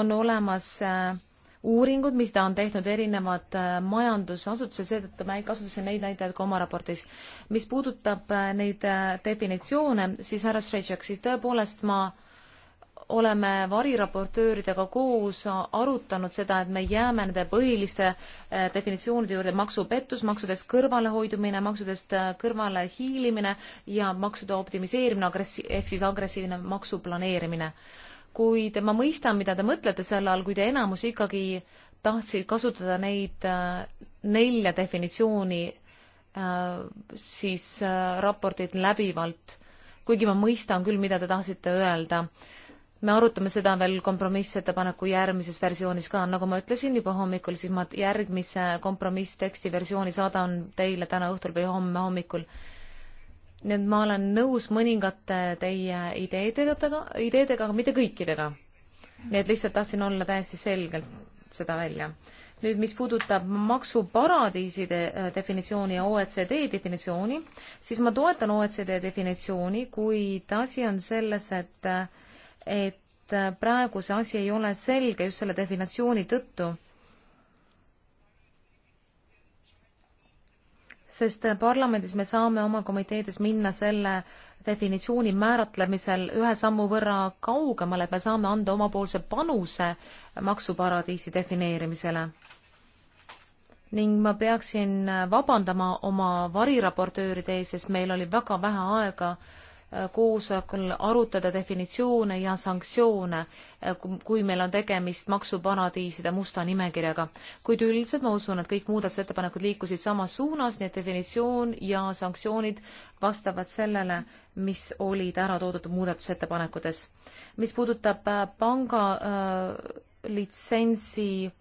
on olemas äh, uuringud, mida on tehtud erinevad äh, majandusasutused, seetõttu ma ei kasutasin neid näitajaid ka oma raportis. mis puudutab neid definitsioone, siis härra Strejčak, siis tõepoolest ma oleme variraportööridega koos arutanud seda, et me jääme nende põhiliste eh, definitsioonide juurde, maksupettus, maksudest kõrvalehoidumine, maksudest eh, kõrvale hiilimine ja maksude optimiseerimine, agressi-, ehk siis agressiivne maksuplaneerimine. kuid ma mõistan, mida te mõtlete selle all, kuid enamus ikkagi tahtsid kasutada neid eh, nelja definitsiooni siis raportit läbivalt, kuigi ma mõistan küll, mida te tahtsite öelda me arutame seda veel kompromissettepaneku järgmises versioonis ka, nagu ma ütlesin juba hommikul, siis ma järgmise kompromissteksti versiooni saadan teile täna õhtul või homme hommikul. nii et ma olen nõus mõningate teie ideedega, ideedega, aga mitte kõikidega. nii et lihtsalt tahtsin olla täiesti selgelt seda välja. nüüd, mis puudutab maksuparadiiside äh, definitsiooni ja OECD definitsiooni, siis ma toetan OECD definitsiooni, kuid asi on selles, et äh, et äh, praegu see asi ei ole selge just selle definitsiooni tõttu. sest äh, parlamendis me saame oma komiteedes minna selle definitsiooni määratlemisel ühe sammu võrra kaugemale, et me saame anda omapoolse panuse maksuparadiisi defineerimisele ning ma peaksin äh, vabandama oma variraportööride ees, sest meil oli väga vähe aega koosolekul arutada definitsioone ja sanktsioone, kui meil on tegemist maksuparadiiside musta nimekirjaga. kuid üldiselt ma usun, et kõik muudatusettepanekud liikusid samas suunas, nii et definitsioon ja sanktsioonid vastavad sellele, mis olid ära toodud muudatusettepanekutes. mis puudutab äh, panga äh, litsentsi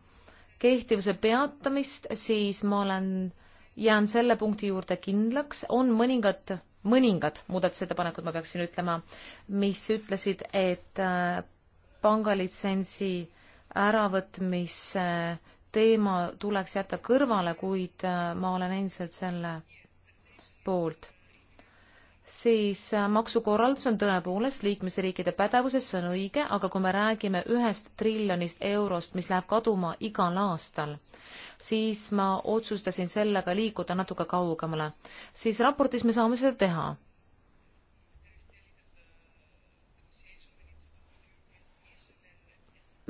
kehtivuse peatamist, siis ma olen, jään selle punkti juurde kindlaks, on mõningad mõningad muudatusettepanekud, ma peaksin ütlema, mis ütlesid, et äh, pangalitsentsi äravõtmise teema tuleks jätta kõrvale, kuid äh, ma olen endiselt selle poolt siis äh, maksukorraldus on tõepoolest liikmesriikide pädevuses, see on õige, aga kui me räägime ühest triljonist eurost, mis läheb kaduma igal aastal, siis ma otsustasin sellega liikuda natuke kaugemale. siis raportis me saame seda teha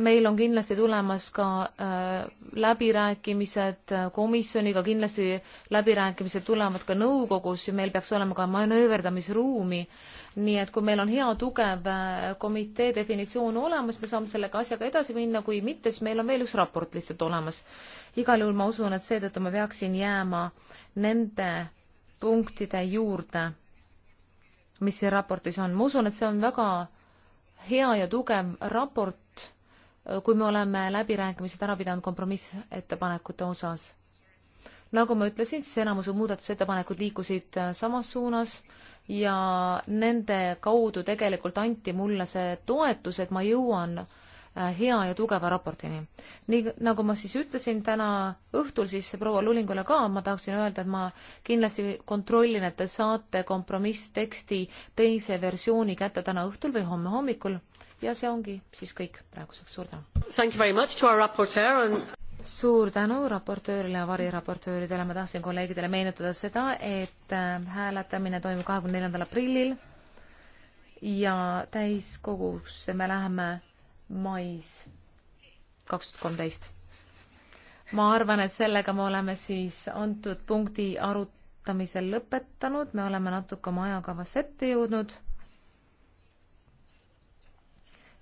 meil on kindlasti tulemas ka äh, läbirääkimised äh, komisjoniga, kindlasti läbirääkimised tulevad ka nõukogus ja meil peaks olema ka manööverdamisruumi. nii et kui meil on hea tugev äh, komitee definitsioon olemas, me saame sellega asjaga edasi minna, kui mitte, siis meil on veel üks raport lihtsalt olemas. igal juhul ma usun, et seetõttu ma peaksin jääma nende punktide juurde, mis siin raportis on. ma usun, et see on väga hea ja tugev raport kui me oleme läbirääkimised ära pidanud kompromissettepanekute osas. nagu ma ütlesin, siis enamuse muudatusettepanekud liikusid äh, samas suunas ja nende kaudu tegelikult anti mulle see toetus, et ma jõuan äh, hea ja tugeva raportini. nii nagu ma siis ütlesin täna õhtul siis proua Lulingule ka, ma tahaksin öelda, et ma kindlasti kontrollin, et te saate kompromissteksti teise versiooni kätte täna õhtul või homme hommikul ja see ongi siis kõik praeguseks, suur tänu! suur tänu raportöörile ja variraportööridele, ma tahtsin kolleegidele meenutada seda, et äh, hääletamine toimub kahekümne neljandal aprillil ja täiskogusse me läheme mais kaks tuhat kolmteist. ma arvan, et sellega me oleme siis antud punkti arutamisel lõpetanud, me oleme natuke oma ajakavast ette jõudnud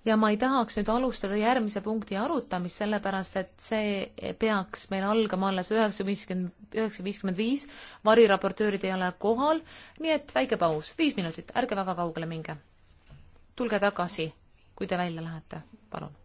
ja ma ei tahaks nüüd alustada järgmise punkti arutamist, sellepärast et see peaks meil algama alles üheksa viiskümmend, üheksa viiskümmend viis, variraportöörid ei ole kohal, nii et väike paus, viis minutit, ärge väga kaugele minge. tulge tagasi, kui te välja lähete, palun.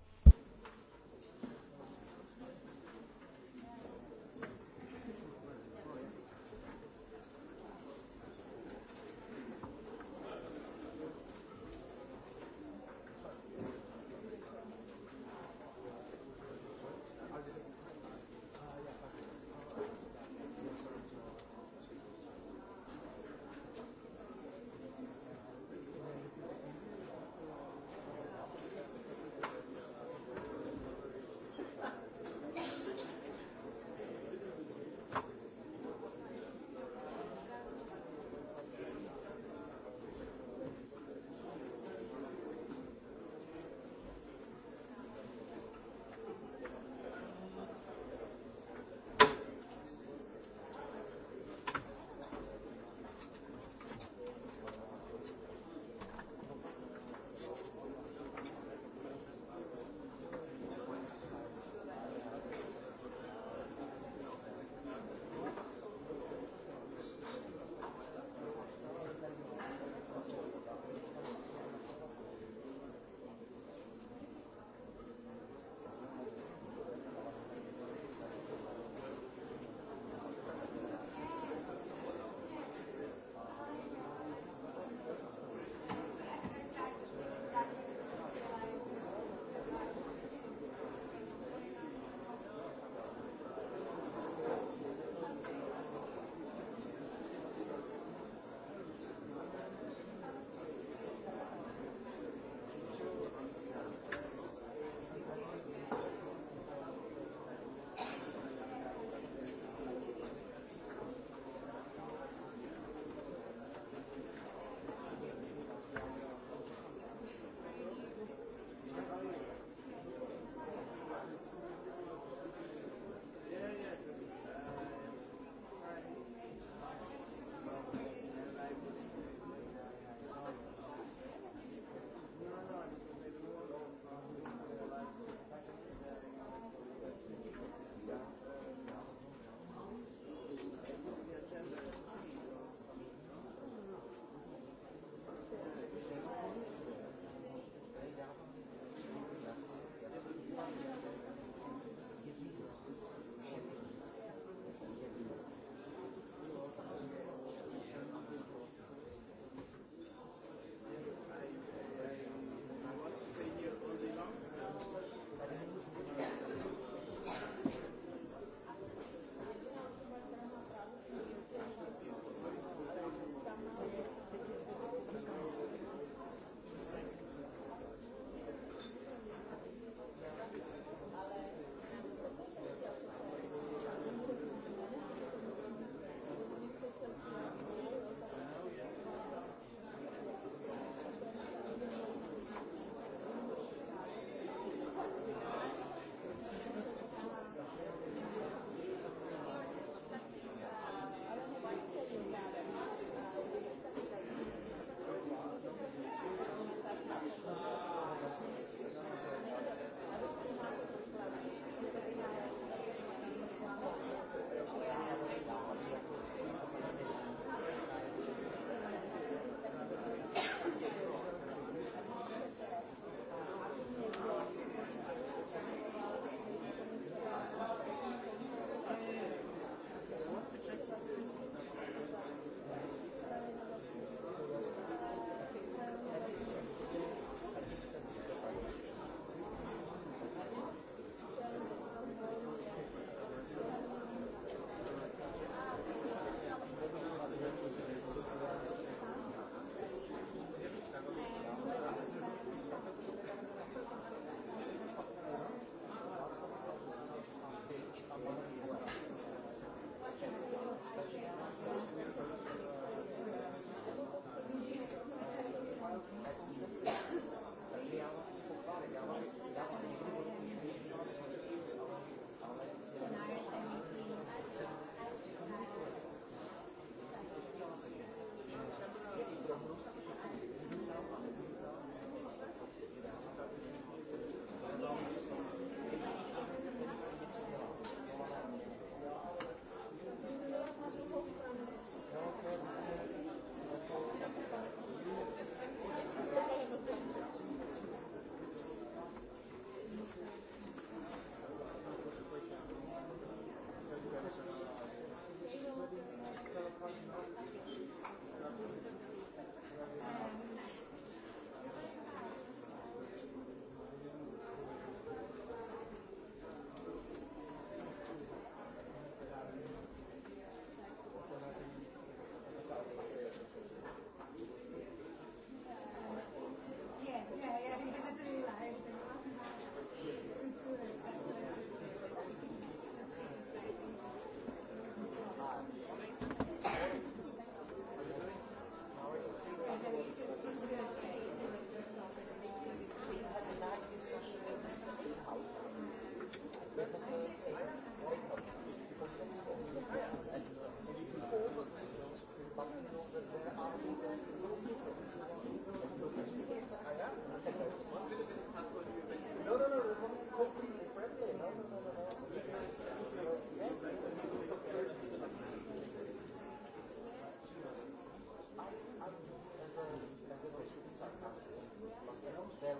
sarcastic, but you know, very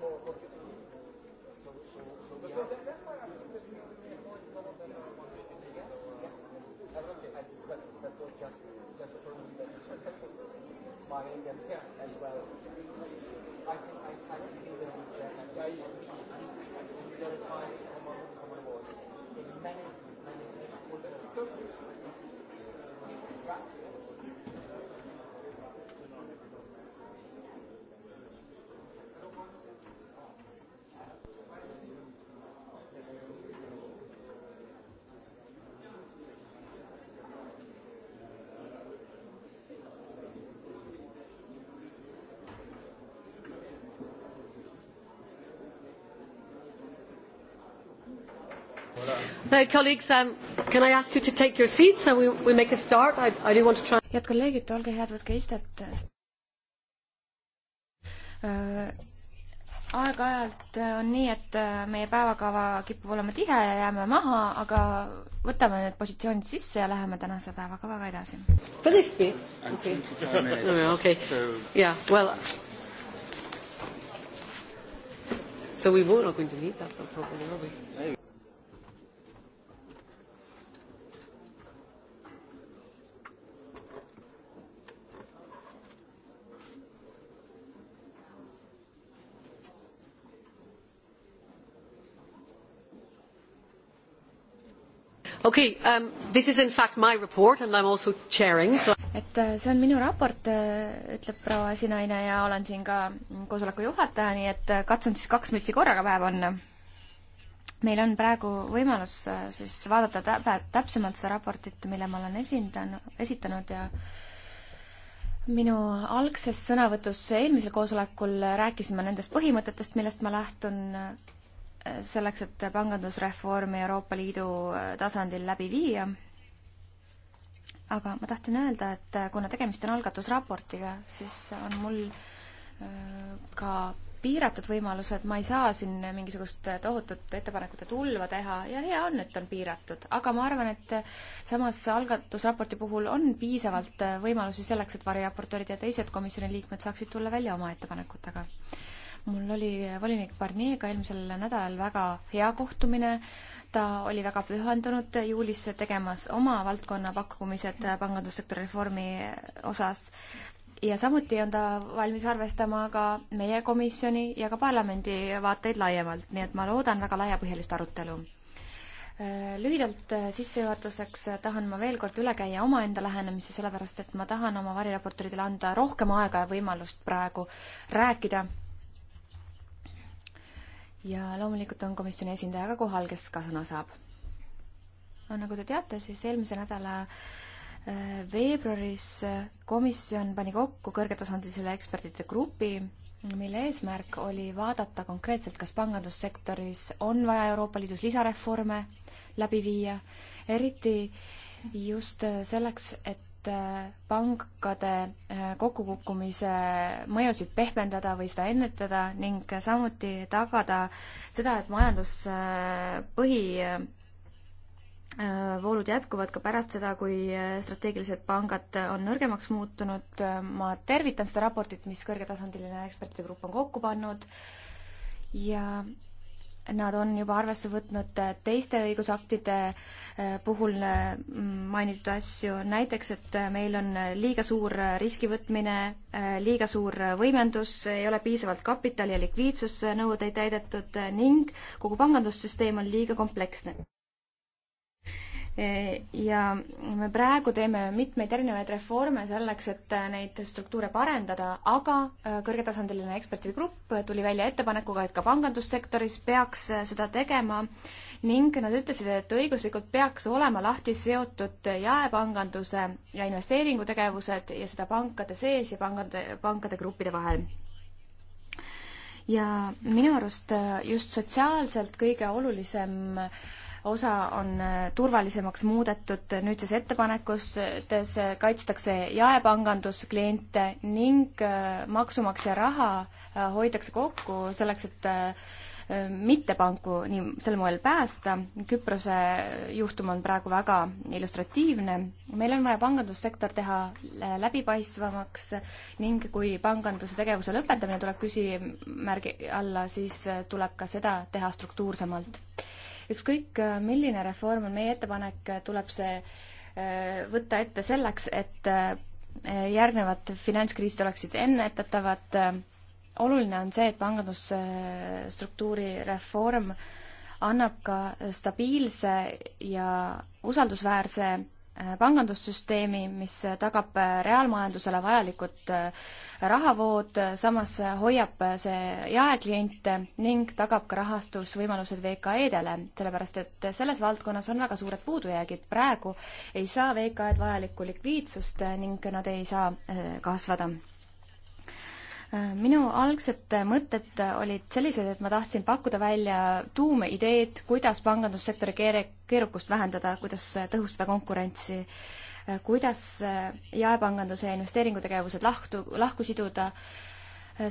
more working. So, so, so but yeah. that, that's why I think that we need more in common than uh, one million. Yes. Yeah. And okay, I, that, that was just just for me that was smiling and yeah. as well. I think Now, uh, colleagues, um, can I ask you to take your seats and we, we make a start? I, I do want to try... head kolleegid, olge head, võtke istet. Uh, aeg-ajalt uh, on nii, et meie päevakava kipub olema tihe ja jääme maha, aga võtame need positsioonid sisse ja läheme tänase päevakavaga edasi. Okay. Okay. Yeah, well, so we won't not going to need that though, probably, are we? Okay, um, this is in fact my report and I am also chairing so. et äh, see on minu raport, äh, ütleb proua Sinaine ja olen siin ka koosoleku juhataja, nii et äh, katsun siis kaks mütsi korraga päev panna. meil on praegu võimalus siis vaadata täp täpsemalt seda raportit, mille ma olen esindanud, esitanud ja minu algses sõnavõtus eelmisel koosolekul rääkisin ma nendest põhimõtetest, millest ma lähtun selleks, et pangandusreformi Euroopa Liidu äh, tasandil läbi viia. aga ma tahtsin öelda, et äh, kuna tegemist on algatusraportiga, siis on mul äh, ka piiratud võimalused, ma ei saa siin mingisugust tohutut ettepanekute tulva teha ja hea on, et on piiratud, aga ma arvan, et samas algatusraporti puhul on piisavalt võimalusi selleks, et variraportöörid ja teised komisjoni liikmed saaksid tulla välja oma ettepanekutega mul oli volinik Barnieriga eelmisel nädalal väga hea kohtumine. ta oli väga pühendunud juulis tegemas oma valdkonna pakkumised pangandussektori reformi osas ja samuti on ta valmis arvestama ka meie komisjoni ja ka parlamendi vaateid laiemalt, nii et ma loodan väga laiapõhjalist arutelu. Lühidalt sissejuhatuseks tahan ma veel kord üle käia omaenda lähenemise, sellepärast et ma tahan oma variraportoridele anda rohkem aega ja võimalust praegu rääkida ja loomulikult on komisjoni esindaja ka kohal, kes ka sõna saab. nagu te teate, siis eelmise nädala äh, veebruaris äh, komisjon pani kokku kõrgetasandilisele ekspertide grupi, mille eesmärk oli vaadata konkreetselt, kas pangandussektoris on vaja Euroopa Liidus lisareforme läbi viia, eriti just äh, selleks, et et äh, pankade äh, kokkukukkumise mõjusid pehmendada või seda ennetada ning samuti tagada seda, et majanduspõhi äh, voolud jätkuvad ka pärast seda, kui strateegilised pangad on nõrgemaks muutunud. ma tervitan seda raportit, mis kõrgetasandiline ekspertide grupp on kokku pannud ja nad on juba arvesse võtnud äh, teiste õigusaktide äh, puhul äh, mm, mainitud asju, näiteks et meil on liiga suur riskivõtmine, liiga suur võimendus, ei ole piisavalt kapitali ja likviidsusnõudeid täidetud ning kogu pangandussüsteem on liiga kompleksne ja me praegu teeme mitmeid erinevaid reforme selleks, et neid struktuure parendada, aga äh, kõrgetasandiline ekspertide grupp tuli välja ettepanekuga, et ka pangandussektoris peaks äh, seda tegema ning nad ütlesid, et õiguslikult peaks olema lahti seotud jaepanganduse ja investeeringutegevused ja seda pankade sees ja pangade, pankade gruppide vahel ja minu arust äh, just sotsiaalselt kõige olulisem äh, osa on äh, turvalisemaks muudetud nüüdses ettepanekutes, kaitstakse jaepanganduskliente ning äh, maksumaksja raha äh, hoitakse kokku selleks, et mittepanku nii sel moel päästa. Küprose juhtum on praegu väga illustratiivne. meil on vaja pangandussektor teha läbipaistvamaks ning kui panganduse tegevuse lõpetamine tuleb küsimärgi alla, siis tuleb ka seda teha struktuursemalt ükskõik, äh, milline reform on meie ettepanek, äh, tuleb see äh, võtta ette selleks, et järgnevad finantskriisid oleksid ennetatavad. oluline on see, et pangandusstruktuuri reform annab ka stabiilse ja usaldusväärse Äh, pangandussüsteemi, mis äh, tagab äh, reaalmajandusele vajalikud rahavood, samas hoiab see jaekliente ning tagab ka rahastusvõimalused VKE-dele, sellepärast et selles valdkonnas on väga suured puudujäägid. praegu ei saa VKE-d vajalikku likviidsust ning nad ei saa kasvada minu algsed mõtted olid sellised, et ma tahtsin pakkuda välja tuumideed, kuidas pangandussektori keere-, keerukust vähendada, kuidas tõhustada konkurentsi, kuidas jaepanganduse ja investeeringutegevused lahtu, lahku siduda,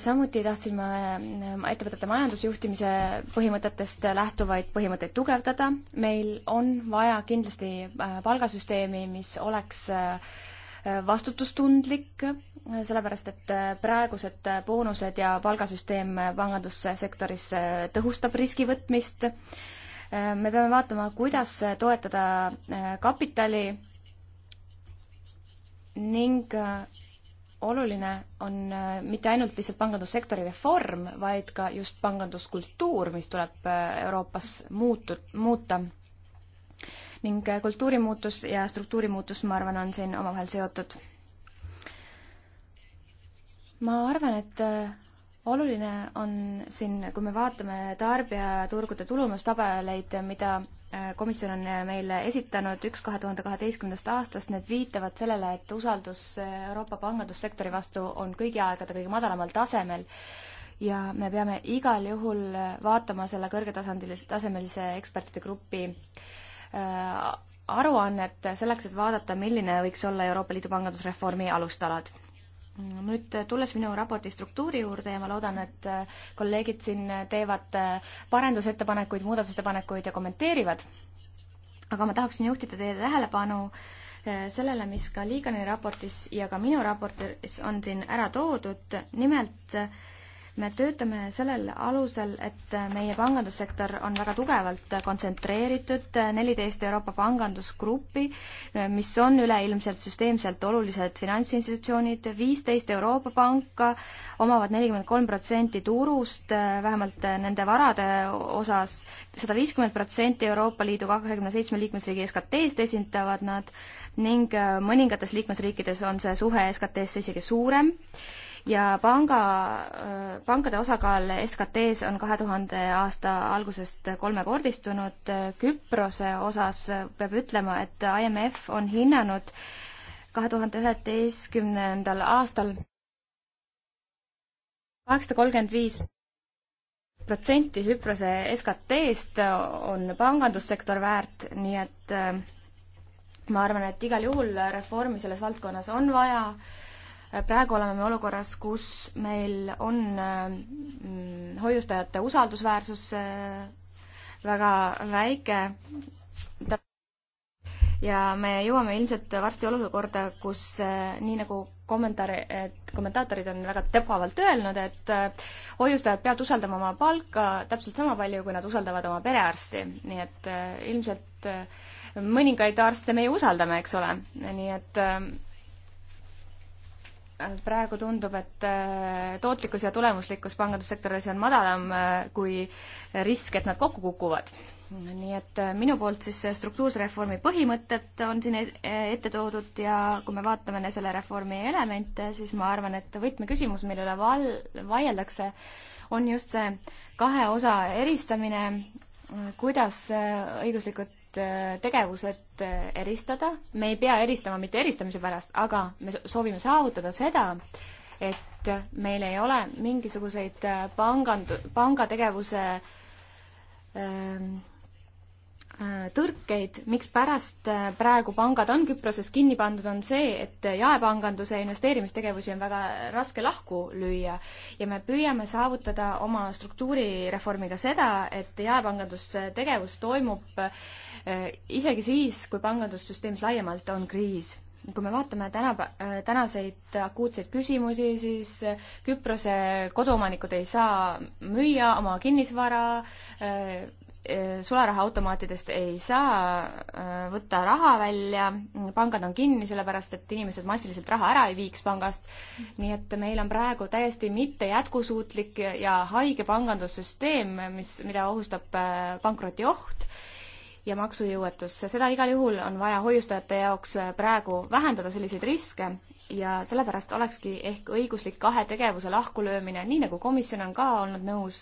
samuti tahtsin ma ettevõtete majandusjuhtimise põhimõtetest lähtuvaid põhimõtteid tugevdada, meil on vaja kindlasti äh, palgasüsteemi, mis oleks äh, vastutustundlik, sellepärast et praegused boonused ja palgasüsteem pangandussektoris tõhustab riski võtmist. me peame vaatama, kuidas toetada äh, kapitali ning äh, oluline on äh, mitte ainult lihtsalt pangandussektori reform, vaid ka just panganduskultuur, mis tuleb Euroopas muutu-, muuta ning äh, kultuurimuutus ja struktuurimuutus, ma arvan, on siin omavahel seotud. ma arvan, et äh, oluline on siin, kui me vaatame tarbijaturgude tulumustabeleid, mida äh, komisjon on meile esitanud üks kahe tuhande kaheteistkümnendast aastast, need viitavad sellele, et usaldus Euroopa pangandussektori vastu on kõigi aegade kõige madalamal tasemel ja me peame igal juhul vaatama selle kõrgetasandilis-, tasemelise ekspertide gruppi äh, Äh, aruannet selleks, et vaadata, milline võiks olla Euroopa Liidu pangandusreformi alustalad. nüüd tulles minu raporti struktuuri juurde ja ma loodan, et äh, kolleegid siin teevad äh, parendusettepanekuid, muudatusettepanekuid ja kommenteerivad, aga ma tahaksin juhtida teie tähelepanu sellele, mis ka Liigani raportis ja ka minu raportis on siin ära toodud, nimelt äh, me töötame sellel alusel, et meie pangandussektor on väga tugevalt kontsentreeritud, neliteist Euroopa pangandusgruppi, mis on üleilmselt süsteemselt olulised finantsinstitutsioonid, viisteist Euroopa panka omavad nelikümmend kolm protsenti turust, vähemalt nende varade osas, sada viiskümmend protsenti Euroopa Liidu kahekümne seitsme liikmesriigi SKT-st esindavad nad ning mõningates liikmesriikides on see suhe SKT-sse isegi suurem ja panga, äh, pankade osakaal SKT-s on kahe tuhande aasta algusest kolmekordistunud. Küprose osas peab ütlema, et IMF on hinnanud kahe tuhande üheteistkümnendal aastal kaheksasada kolmkümmend viis protsenti Küprose SKT-st on pangandussektor väärt, nii et äh, ma arvan, et igal juhul reformi selles valdkonnas on vaja praegu oleme me olukorras, kus meil on mm, hoiustajate usaldusväärsus äh, väga väike ja me jõuame ilmselt varsti olukorda, kus äh, nii nagu kommentaare, et kommentaatorid on väga tebavalt öelnud, et äh, hoiustajad peavad usaldama oma palka täpselt sama palju, kui nad usaldavad oma perearsti, nii et ilmselt mõningaid arste me ju usaldame, eks ole, nii et praegu tundub, et äh, tootlikkus ja tulemuslikkus pangandussektoris on madalam äh, kui risk, et nad kokku kukuvad. nii et äh, minu poolt siis struktuurse reformi põhimõtted on siin e-, e-, ette toodud ja kui me vaatame selle reformi elemente, siis ma arvan, et võtmeküsimus, mille üle val-, vaieldakse, on just see kahe osa eristamine, kuidas õiguslikud Äh, tegevused äh, eristada, me ei pea eristama mitte eristamise pärast, aga me soovime saavutada seda, et meil ei ole mingisuguseid äh, pangand-, pangategevuse ähm, Äh, tõrkeid, mikspärast äh, praegu pangad on Küproses kinni pandud, on see, et äh, jaepanganduse investeerimistegevusi on väga raske lahku lüüa ja me püüame saavutada oma struktuurireformiga seda, et jaepangandustegevus toimub isegi siis, kui pangandussüsteemis laiemalt on kriis kui me vaatame täna, tänaseid akuutseid küsimusi, siis Küprose koduomanikud ei saa müüa oma kinnisvara, Eh, sularahaautomaatidest ei saa eh, võtta raha välja, pangad on kinni, sellepärast et inimesed massiliselt raha ära ei viiks pangast. nii et meil on praegu täiesti mitte jätkusuutlik ja haige pangandussüsteem, mis, mida ohustab eh, pankrotioht ja maksujõuetus. seda igal juhul on vaja hoiustajate jaoks praegu vähendada, selliseid riske ja sellepärast olekski ehk õiguslik kahe tegevuse lahkulöömine, nii nagu komisjon on ka olnud nõus,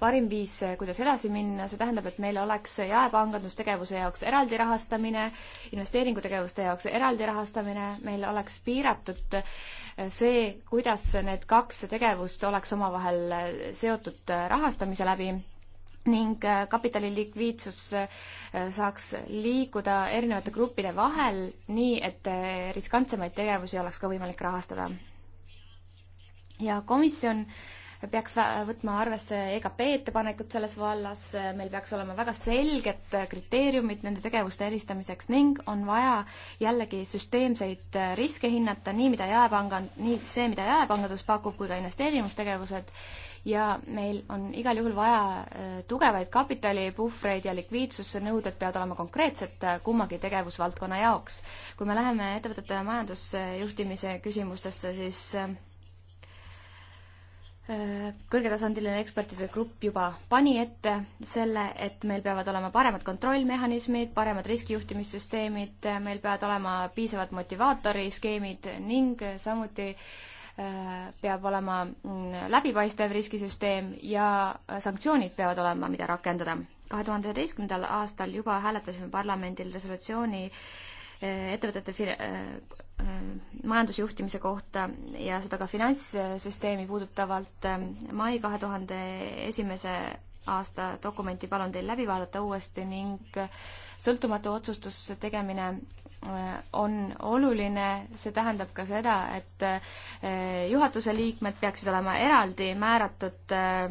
parim viis, kuidas edasi minna, see tähendab, et meil oleks jaepangandustegevuse jaoks eraldi rahastamine, investeeringutegevuste jaoks eraldi rahastamine, meil oleks piiratud eh, see, kuidas need kaks tegevust oleks omavahel eh, seotud eh, rahastamise läbi ning äh, kapitali likviidsus äh, saaks liikuda erinevate gruppide vahel, nii et äh, riskantsemaid tegevusi oleks ka võimalik rahastada. ja komisjon peaks võtma arvesse EKP ettepanekut selles vallas, meil peaks olema väga selged kriteeriumid nende tegevuste eristamiseks ning on vaja jällegi süsteemseid riske hinnata, nii mida jaepangand-, nii see, mida jaepangandus pakub, kui ka investeerimistegevused ja meil on igal juhul vaja äh, tugevaid kapitalipuhvreid ja likviidsusnõuded peavad olema konkreetsed äh, kummagi tegevusvaldkonna jaoks. kui me läheme ettevõtete majandusjuhtimise küsimustesse, siis äh, kõrgetasandiline ekspertide grupp juba pani ette selle, et meil peavad olema paremad kontrollmehhanismid, paremad riskijuhtimissüsteemid, meil peavad olema piisavad motivaatoriskeemid ning samuti äh, peab olema mm, läbipaistev riskisüsteem ja sanktsioonid peavad olema, mida rakendada. kahe tuhande üheteistkümnendal aastal juba hääletasime parlamendil resolutsiooni eh, ettevõtete fir-, eh, eh, majandusjuhtimise kohta ja seda ka finantssüsteemi puudutavalt. mai kahe tuhande esimese aasta dokumenti palun teil läbi vaadata uuesti ning sõltumatu otsustuse tegemine äh, on oluline, see tähendab ka seda, et äh, juhatuse liikmed peaksid olema eraldi määratud äh,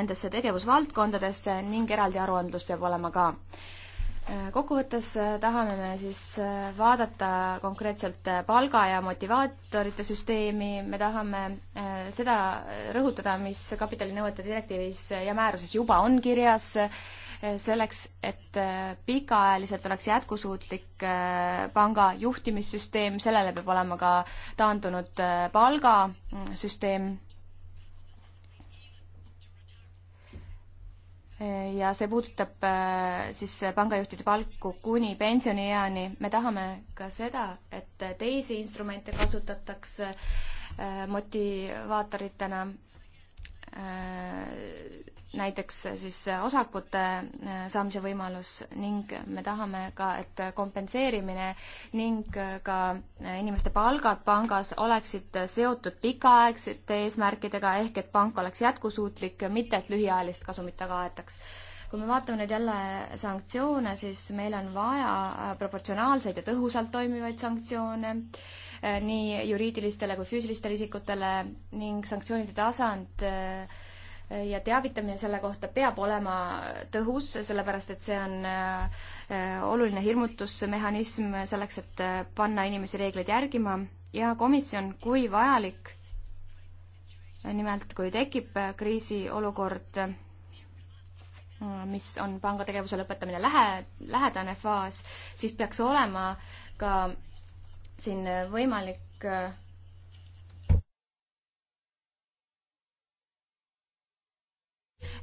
nendesse tegevusvaldkondadesse ning eraldi aruandlus peab olema ka kokkuvõttes äh, tahame me siis äh, vaadata konkreetselt äh, palga ja motivaatorite süsteemi, me tahame seda rõhutada, mis kapitalinõuete direktiivis ja määruses juba on kirjas, selleks, et pikaajaliselt oleks jätkusuutlik panga juhtimissüsteem, sellele peab olema ka taandunud palgasüsteem ja see puudutab äh, siis pangajuhtide palku kuni pensionieani. me tahame ka seda, et teisi instrumente kasutatakse äh, motivaatoritena äh, näiteks äh, siis äh, osakute äh, saamise võimalus ning me tahame ka, et kompenseerimine ning ka inimeste palgad pangas oleksid seotud pikaaegsete eesmärkidega, ehk et pank oleks jätkusuutlik, mitte et lühiajalist kasumit taga aetaks kui me vaatame nüüd jälle sanktsioone, siis meil on vaja proportsionaalseid ja tõhusalt toimivaid sanktsioone nii juriidilistele kui füüsilistele isikutele ning sanktsioonide tasand äh, ja teavitamine selle kohta peab olema tõhus, sellepärast et see on äh, oluline hirmutusmehhanism selleks, et äh, panna inimesi reegleid järgima ja komisjon, kui vajalik, nimelt kui tekib äh, kriisiolukord, mis on panga tegevuse lõpetamine lähe, lähedane faas, siis peaks olema ka siin võimalik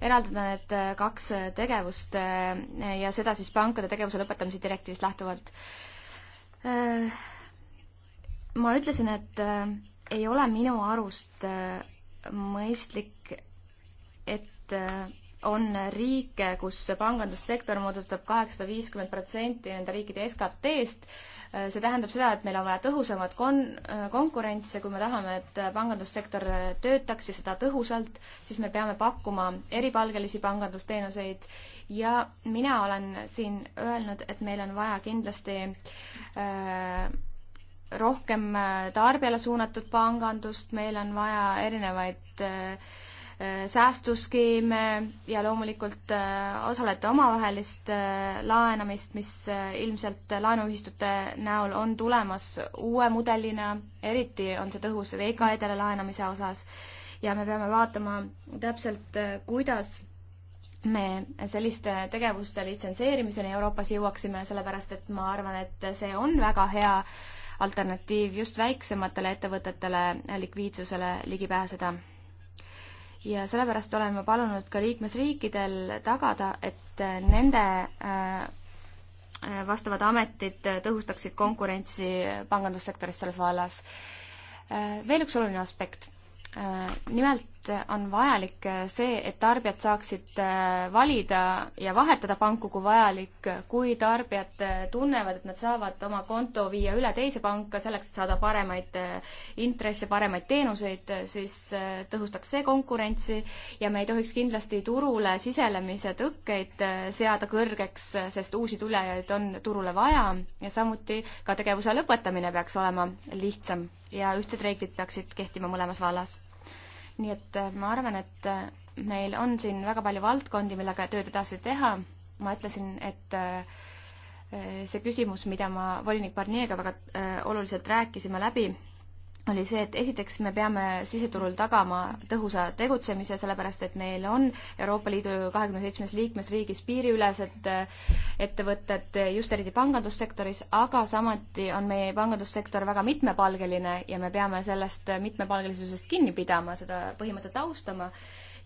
eraldada need äh, kaks äh, tegevust äh, ja seda siis pankade tegevuse lõpetamise direktiivist lähtuvalt. ma ütlesin, et ei ole minu arust mõistlik, et on riike, kus pangandussektor moodustab kaheksasada viiskümmend protsenti nende riikide SKT-st. see tähendab seda, et meil on vaja tõhusamat kon-, konkurentsi, kui me tahame, et pangandussektor töötaks ja seda tõhusalt, siis me peame pakkuma eripalgelisi pangandusteenuseid ja mina olen siin öelnud, et meil on vaja kindlasti äh, rohkem äh, tarbijale suunatud pangandust, meil on vaja erinevaid äh, säästuskeeme ja loomulikult äh, osalete omavahelist äh, laenamist, mis äh, ilmselt laenuühistute näol on tulemas uue mudelina, eriti on see tõhus VKE-dele laenamise osas ja me peame vaatama täpselt, kuidas me selliste tegevuste litsenseerimiseni Euroopas jõuaksime, sellepärast et ma arvan, et see on väga hea alternatiiv just väiksematele ettevõtetele likviidsusele ligi pääseda ja sellepärast olen ma palunud ka liikmesriikidel tagada, et äh, nende äh, äh, vastavad ametid tõhustaksid konkurentsi pangandussektoris selles vallas. veel üks oluline aspekt. nimelt on vajalik see, et tarbijad saaksid äh, valida ja vahetada panku, kui vajalik, kui tarbijad äh, tunnevad, et nad saavad oma konto viia üle teise panka selleks, et saada paremaid äh, intresse, paremaid teenuseid, siis tõhustaks see konkurentsi ja me ei tohiks kindlasti turule siselemise tõkkeid seada kõrgeks, sest uusi tulejaid on turule vaja ja samuti ka tegevuse lõpetamine peaks olema lihtsam ja ühtsed reeglid peaksid kehtima mõlemas vallas nii et äh, ma arvan, et äh, meil on siin väga palju valdkondi, millega tööd edasi teha. ma ütlesin, et äh, see küsimus, mida ma volinik Barnier'ga väga oluliselt rääkisime läbi, oli see, et esiteks me peame siseturul tagama tõhusa tegutsemise, sellepärast et meil on Euroopa Liidu kahekümne seitsmes liikmesriigis piiriülesed äh, ettevõtted just eriti pangandussektoris, aga samuti on meie pangandussektor väga mitmepalgeline ja me peame sellest mitmepalgelisusest kinni pidama, seda põhimõtet austama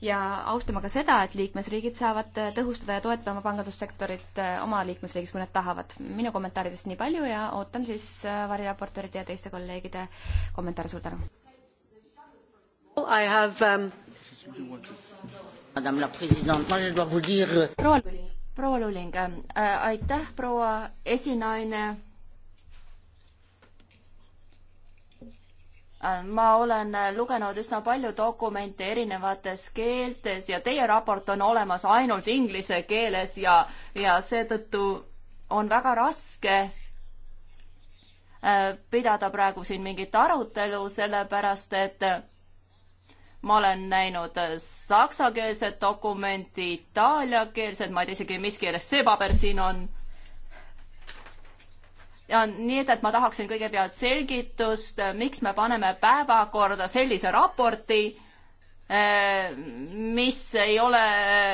ja austama ka seda, et liikmesriigid saavad tõhustada ja toetada oma pangandussektorit äh, oma liikmesriigis, kui nad tahavad. minu kommentaaridest nii palju ja ootan siis äh, variraportööride ja teiste kolleegide kommentaare, suur tänu! I have um... Madame la Présidente, moi je dois vous dire euh, proua Luling, äh, aitäh, proua esinaine ma olen lugenud üsna palju dokumente erinevates keeltes ja teie raport on olemas ainult inglise keeles ja, ja seetõttu on väga raske äh, pidada praegu siin mingit arutelu, sellepärast et ma olen näinud äh, saksakeelset dokumenti, itaaliakeelset, ma ei tea isegi, mis keeles see paber siin on ja nii et, et ma tahaksin kõigepealt selgitust, äh, miks me paneme päevakorda sellise raporti, äh, mis ei ole,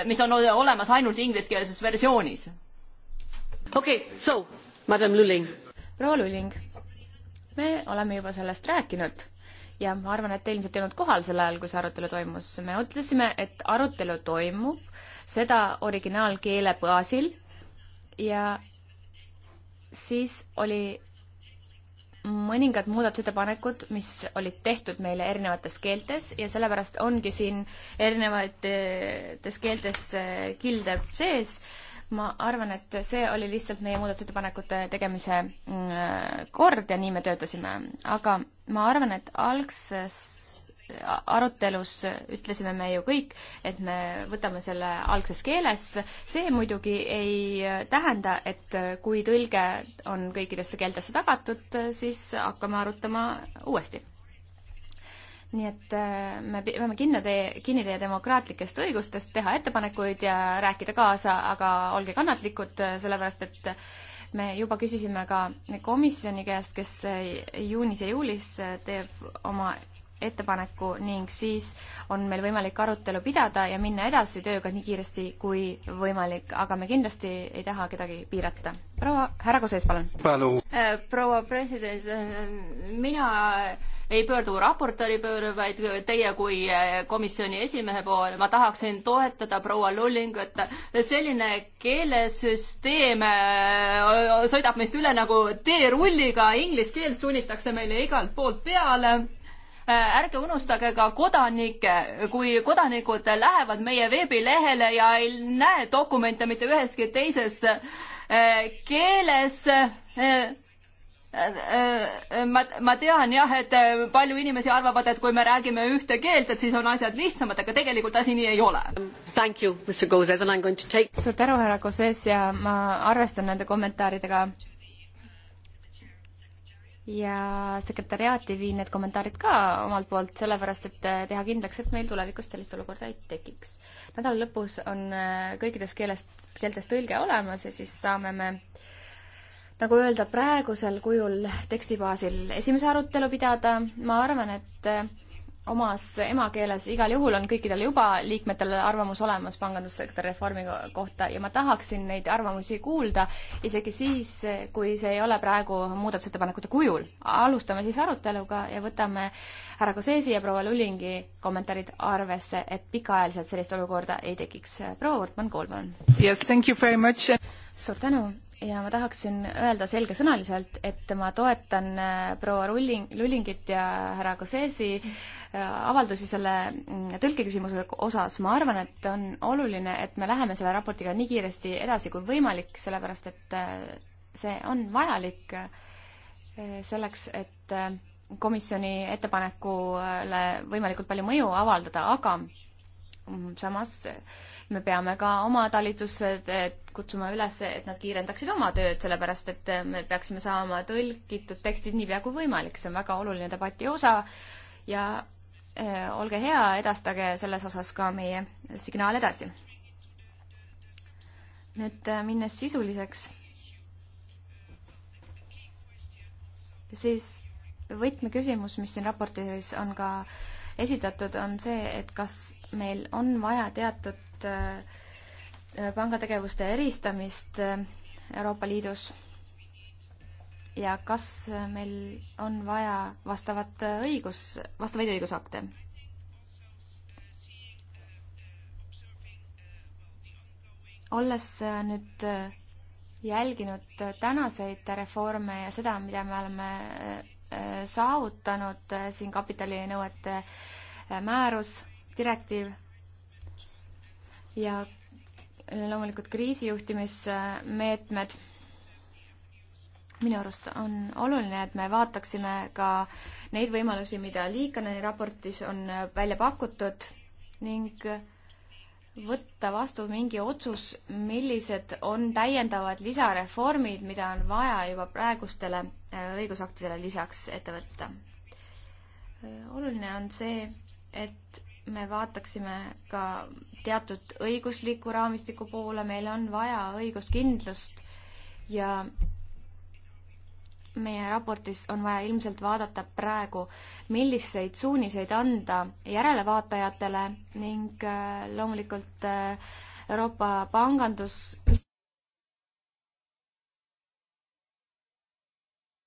mis on olemas ainult ingliskeelses versioonis. okei okay,, so, madam Lulling. proua Lulling, me oleme juba sellest rääkinud ja ma arvan, et te ilmselt ei olnud kohal sel ajal, kui see arutelu toimus. me ütlesime, et arutelu toimub, seda originaalkeele baasil ja siis oli mõningad muudatusettepanekud, mis olid tehtud meile erinevates keeltes ja sellepärast ongi siin erinevates keeltes äh, kilde sees. ma arvan, et see oli lihtsalt meie muudatusettepanekute tegemise mm, äh, kord ja nii me töötasime, aga ma arvan, et algses arutelus ütlesime me ju kõik, et me võtame selle algses keeles. see muidugi ei tähenda, et kui tõlge on kõikidesse keeltesse tagatud, siis hakkame arutama uuesti nii et äh, me peame kinni teie, kinni teie demokraatlikest õigustest teha ettepanekuid ja rääkida kaasa, aga olge kannatlikud, äh, sellepärast et me juba küsisime ka komisjoni käest, kes äh, juunis ja juulis teeb oma ettepaneku ning siis on meil võimalik arutelu pidada ja minna edasi tööga nii kiiresti kui võimalik, aga me kindlasti ei taha kedagi piirata. proua, härra Kosees, palun. Äh, proua president, mina ei pöördu raportööri pööre, vaid teie kui äh, komisjoni esimehe poole. ma tahaksin toetada proua Lullingut. selline keelesüsteem äh, sõidab meist üle nagu teerulliga, inglise keelt sunnitakse meile igalt poolt peale Äh, ärge unustage ka kodanikke, kui kodanikud lähevad meie veebilehele ja ei näe dokumente mitte üheski teises äh, keeles äh, ma, ma tean jah, et palju inimesi arvavad, et kui me räägime ühte keelt, et siis on asjad lihtsamad, aga tegelikult asi nii ei ole. Take... suur tänu, härra Gozes ja ma arvestan nende kommentaaridega ja sekretäriaati viin need kommentaarid ka omalt poolt, sellepärast et äh, teha kindlaks, et meil tulevikus sellist olukorda ei tekiks. nädala lõpus on äh, kõikides keelest, keeltes tõlge olemas ja siis saame me nagu öelda, praegusel kujul teksti baasil esimese arutelu pidada, ma arvan, et äh, omas emakeeles, igal juhul on kõikidel juba liikmetel arvamus olemas pangandussektori reformi kohta ja ma tahaksin neid arvamusi kuulda, isegi siis, kui see ei ole praegu muudatusettepanekute kujul. alustame siis aruteluga ja võtame härra Koseesi ja proua Lullingi kommentaarid arvesse, et pikaajaliselt sellist olukorda ei tekiks. proua Wortmann-Kool, palun. Yes, thank you very much. suur tänu ja ma tahaksin öelda selgesõnaliselt, et ma toetan äh, proua Rulling, Lullingit ja härra Kosesi äh, avaldusi selle mm, tõlkeküsimuse osas. ma arvan, et on oluline, et me läheme selle raportiga nii kiiresti edasi kui võimalik, sellepärast et äh, see on vajalik selleks, et komisjoni ettepanekule võimalikult palju mõju avaldada, aga mm, samas äh, me peame ka oma talitusse kutsuma üles, et nad kiirendaksid oma tööd, sellepärast et me peaksime saama tõlgitud tekstid niipea kui võimalik, see on väga oluline debati osa ja eh, olge hea, edastage selles osas ka meie signaal edasi. nüüd eh, minnes sisuliseks, siis võtmeküsimus, mis siin raportis on ka esitatud, on see, et kas meil on vaja teatud puudutab äh, pangategevuste eristamist äh, Euroopa Liidus ja kas äh, meil on vaja vastavat õigus, vastavaid õigusakte? olles nüüd jälginud tänaseid reforme ja seda, mida me oleme saavutanud siin kapitalinõuete määrus, direktiiv ja loomulikult kriisijuhtimismeetmed. minu arust on oluline, et me vaataksime ka neid võimalusi, mida Liikaneni raportis on välja pakutud ning võtta vastu mingi otsus, millised on täiendavad lisareformid, mida on vaja juba praegustele äh, õigusaktidele lisaks ette võtta. Äh, oluline on see, et me vaataksime ka teatud õigusliku raamistiku poole, meil on vaja õiguskindlust ja meie raportis on vaja ilmselt vaadata praegu, milliseid suuniseid anda järelevaatajatele ning äh, loomulikult äh, Euroopa pangandus, mis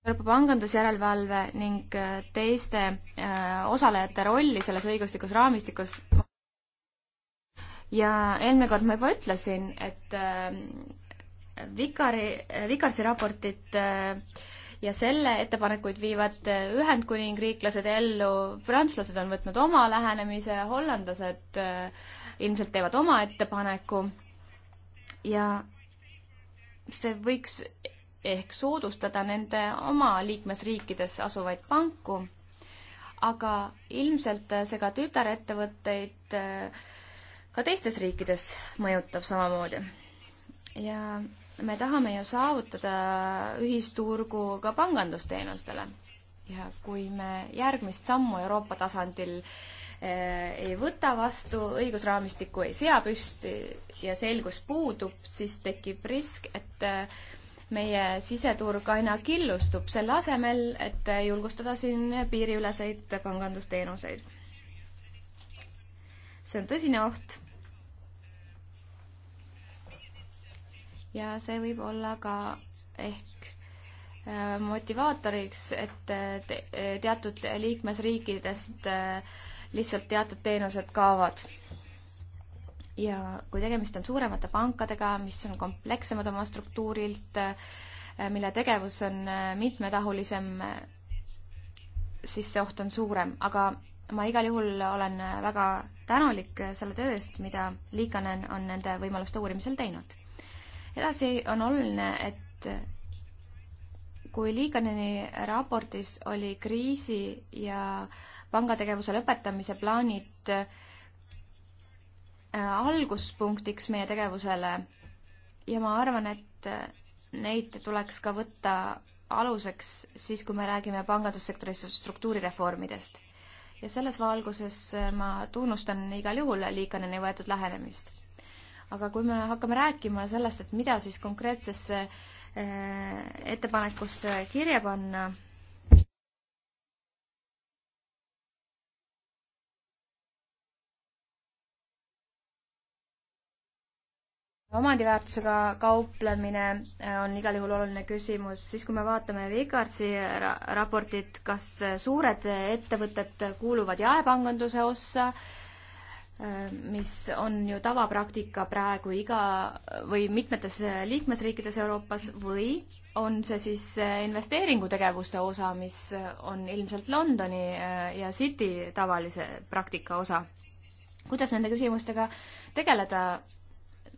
Euroopa pangandusjärelevalve ning äh, teiste äh, osalejate rolli selles õiguslikus raamistikus. ja eelmine kord ma juba ütlesin, et äh, Vikari, Vikarsi raportit ja selle ettepanekuid viivad Ühendkuningriiklased ellu, prantslased on võtnud oma lähenemise, hollandlased ilmselt teevad oma ettepaneku ja see võiks ehk soodustada nende oma liikmesriikides asuvaid panku, aga ilmselt see ka tütarettevõtteid äh, ka teistes riikides mõjutab samamoodi. ja me tahame ju saavutada ühisturgu ka pangandusteenustele. ja kui me järgmist sammu Euroopa tasandil äh, ei võta vastu, õigusraamistikku ei sea püsti ja selgus puudub, siis tekib risk, et äh, meie siseturg aina killustub, selle asemel, et julgustada siin piiriüleseid pangandusteenuseid. see on tõsine oht. ja see võib olla ka ehk äh, motivaatoriks, et äh, te teatud liikmesriikidest äh, lihtsalt teatud teenused kaovad ja kui tegemist on suuremate pankadega, mis on komplekssemad oma struktuurilt, äh, mille tegevus on äh, mitmetahulisem, siis see oht on suurem, aga ma igal juhul olen äh, väga tänulik selle töö eest, mida Liikanen on nende võimaluste uurimisel teinud. edasi on oluline, et kui Liikaneni raportis oli kriisi ja pangategevuse lõpetamise plaanid äh, Äh, alguspunktiks meie tegevusele ja ma arvan, et äh, neid tuleks ka võtta aluseks siis, kui me räägime pangandussektorist struktuurireformidest. ja selles valguses äh, ma tunnustan igal juhul Liikaneni võetud lähenemist. aga kui me hakkame rääkima sellest, et mida siis konkreetsesse ettepanekusse kirja panna, omandiväärtusega kauplemine äh, on igal juhul oluline küsimus. siis, kui me vaatame Vikarsi ra raportit, kas suured ettevõtted kuuluvad jaepanganduse ossa, äh, mis on ju tavapraktika praegu iga või mitmetes liikmesriikides Euroopas või on see siis investeeringutegevuste osa, mis on ilmselt Londoni äh, ja City tavalise praktika osa? kuidas nende küsimustega tegeleda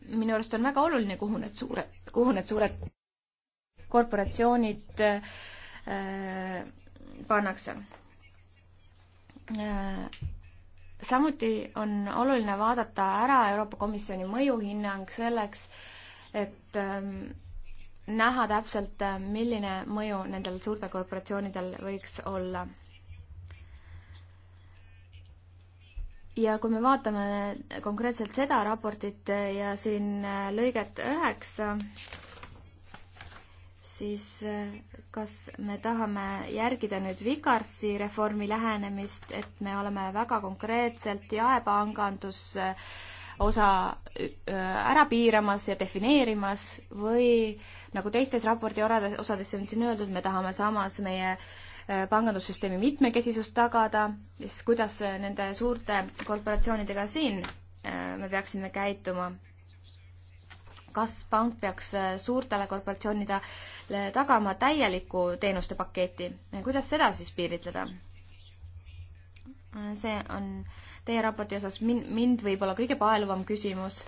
minu arust on väga oluline, kuhu need suured, kuhu need suured korporatsioonid äh, pannakse äh, samuti on oluline vaadata ära Euroopa Komisjoni mõjuhinnang selleks, et ähm, näha täpselt, äh, milline mõju nendel suurtel korporatsioonidel võiks olla ja kui me vaatame konkreetselt seda raportit ja siin lõiget üheksa, siis eh, kas me tahame järgida nüüd Vikarsi reformi lähenemist, et me oleme väga konkreetselt jaepangandus eh, osa eh, ära piiramas ja defineerimas või nagu teistes raporti osades on siin öeldud, me tahame samas meie äh, Äh, pangandussüsteemi mitmekesisust tagada, siis kuidas nende suurte korporatsioonidega siin äh, me peaksime käituma? kas pank peaks äh, suurtele korporatsioonidele tagama täieliku teenuste paketi, kuidas seda siis piiritleda? see on teie raporti osas min-, mind võib-olla kõige paeluvam küsimus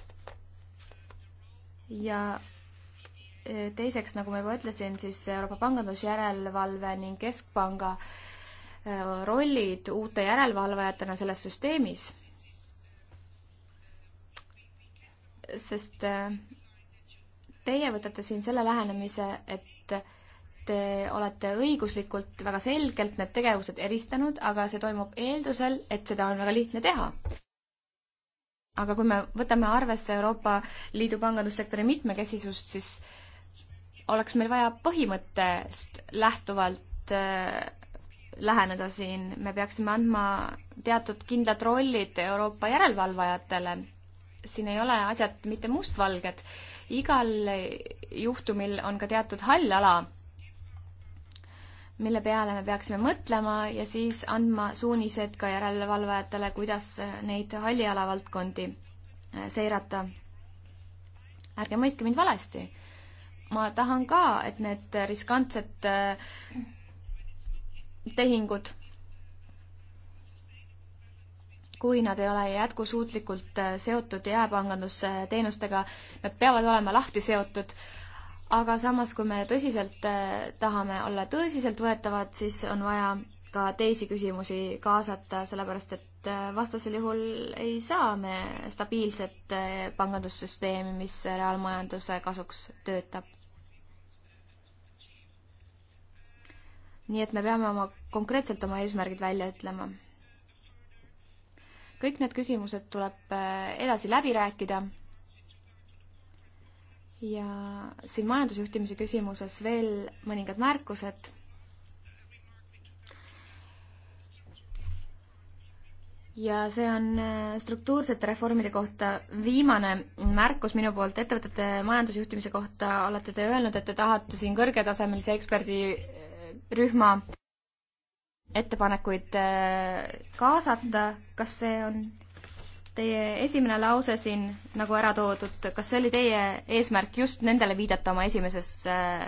ja teiseks, nagu ma juba ütlesin, siis Euroopa pangandusjärelevalve ning Keskpanga äh, rollid uute järelevalvajatena selles süsteemis. sest äh, teie võtate siin selle lähenemise, et te olete õiguslikult väga selgelt need tegevused eristanud, aga see toimub eeldusel, et seda on väga lihtne teha. aga kui me võtame arvesse Euroopa Liidu pangandussektori mitmekesisust, siis oleks meil vaja põhimõttest lähtuvalt äh, läheneda siin, me peaksime andma teatud kindlad rollid Euroopa järelevalvajatele. siin ei ole asjad mitte mustvalged, igal juhtumil on ka teatud hall ala, mille peale me peaksime mõtlema ja siis andma suunised ka järelevalvajatele, kuidas neid halli ala valdkondi äh, seirata. ärge mõistke mind valesti ma tahan ka, et need riskantsed äh, tehingud, kui nad ei ole jätkusuutlikult äh, seotud jääpangandusteenustega, nad peavad olema lahti seotud. aga samas, kui me tõsiselt äh, tahame olla tõsiseltvõetavad, siis on vaja ka teisi küsimusi kaasata, sellepärast et vastasel juhul ei saa me stabiilset pangandussüsteemi, mis reaalmajanduse kasuks töötab. nii et me peame oma, konkreetselt oma eesmärgid välja ütlema. kõik need küsimused tuleb äh, edasi läbi rääkida. ja siin majandusjuhtimise küsimuses veel mõningad märkused. ja see on äh, struktuursete reformide kohta viimane märkus minu poolt ettevõtete majandusjuhtimise kohta. olete te öelnud, et te tahate siin kõrgetasemelise eksperdi rühma ettepanekuid äh, kaasata, kas see on teie esimene lause siin nagu ära toodud, kas see oli teie eesmärk just nendele viidata oma esimeses äh,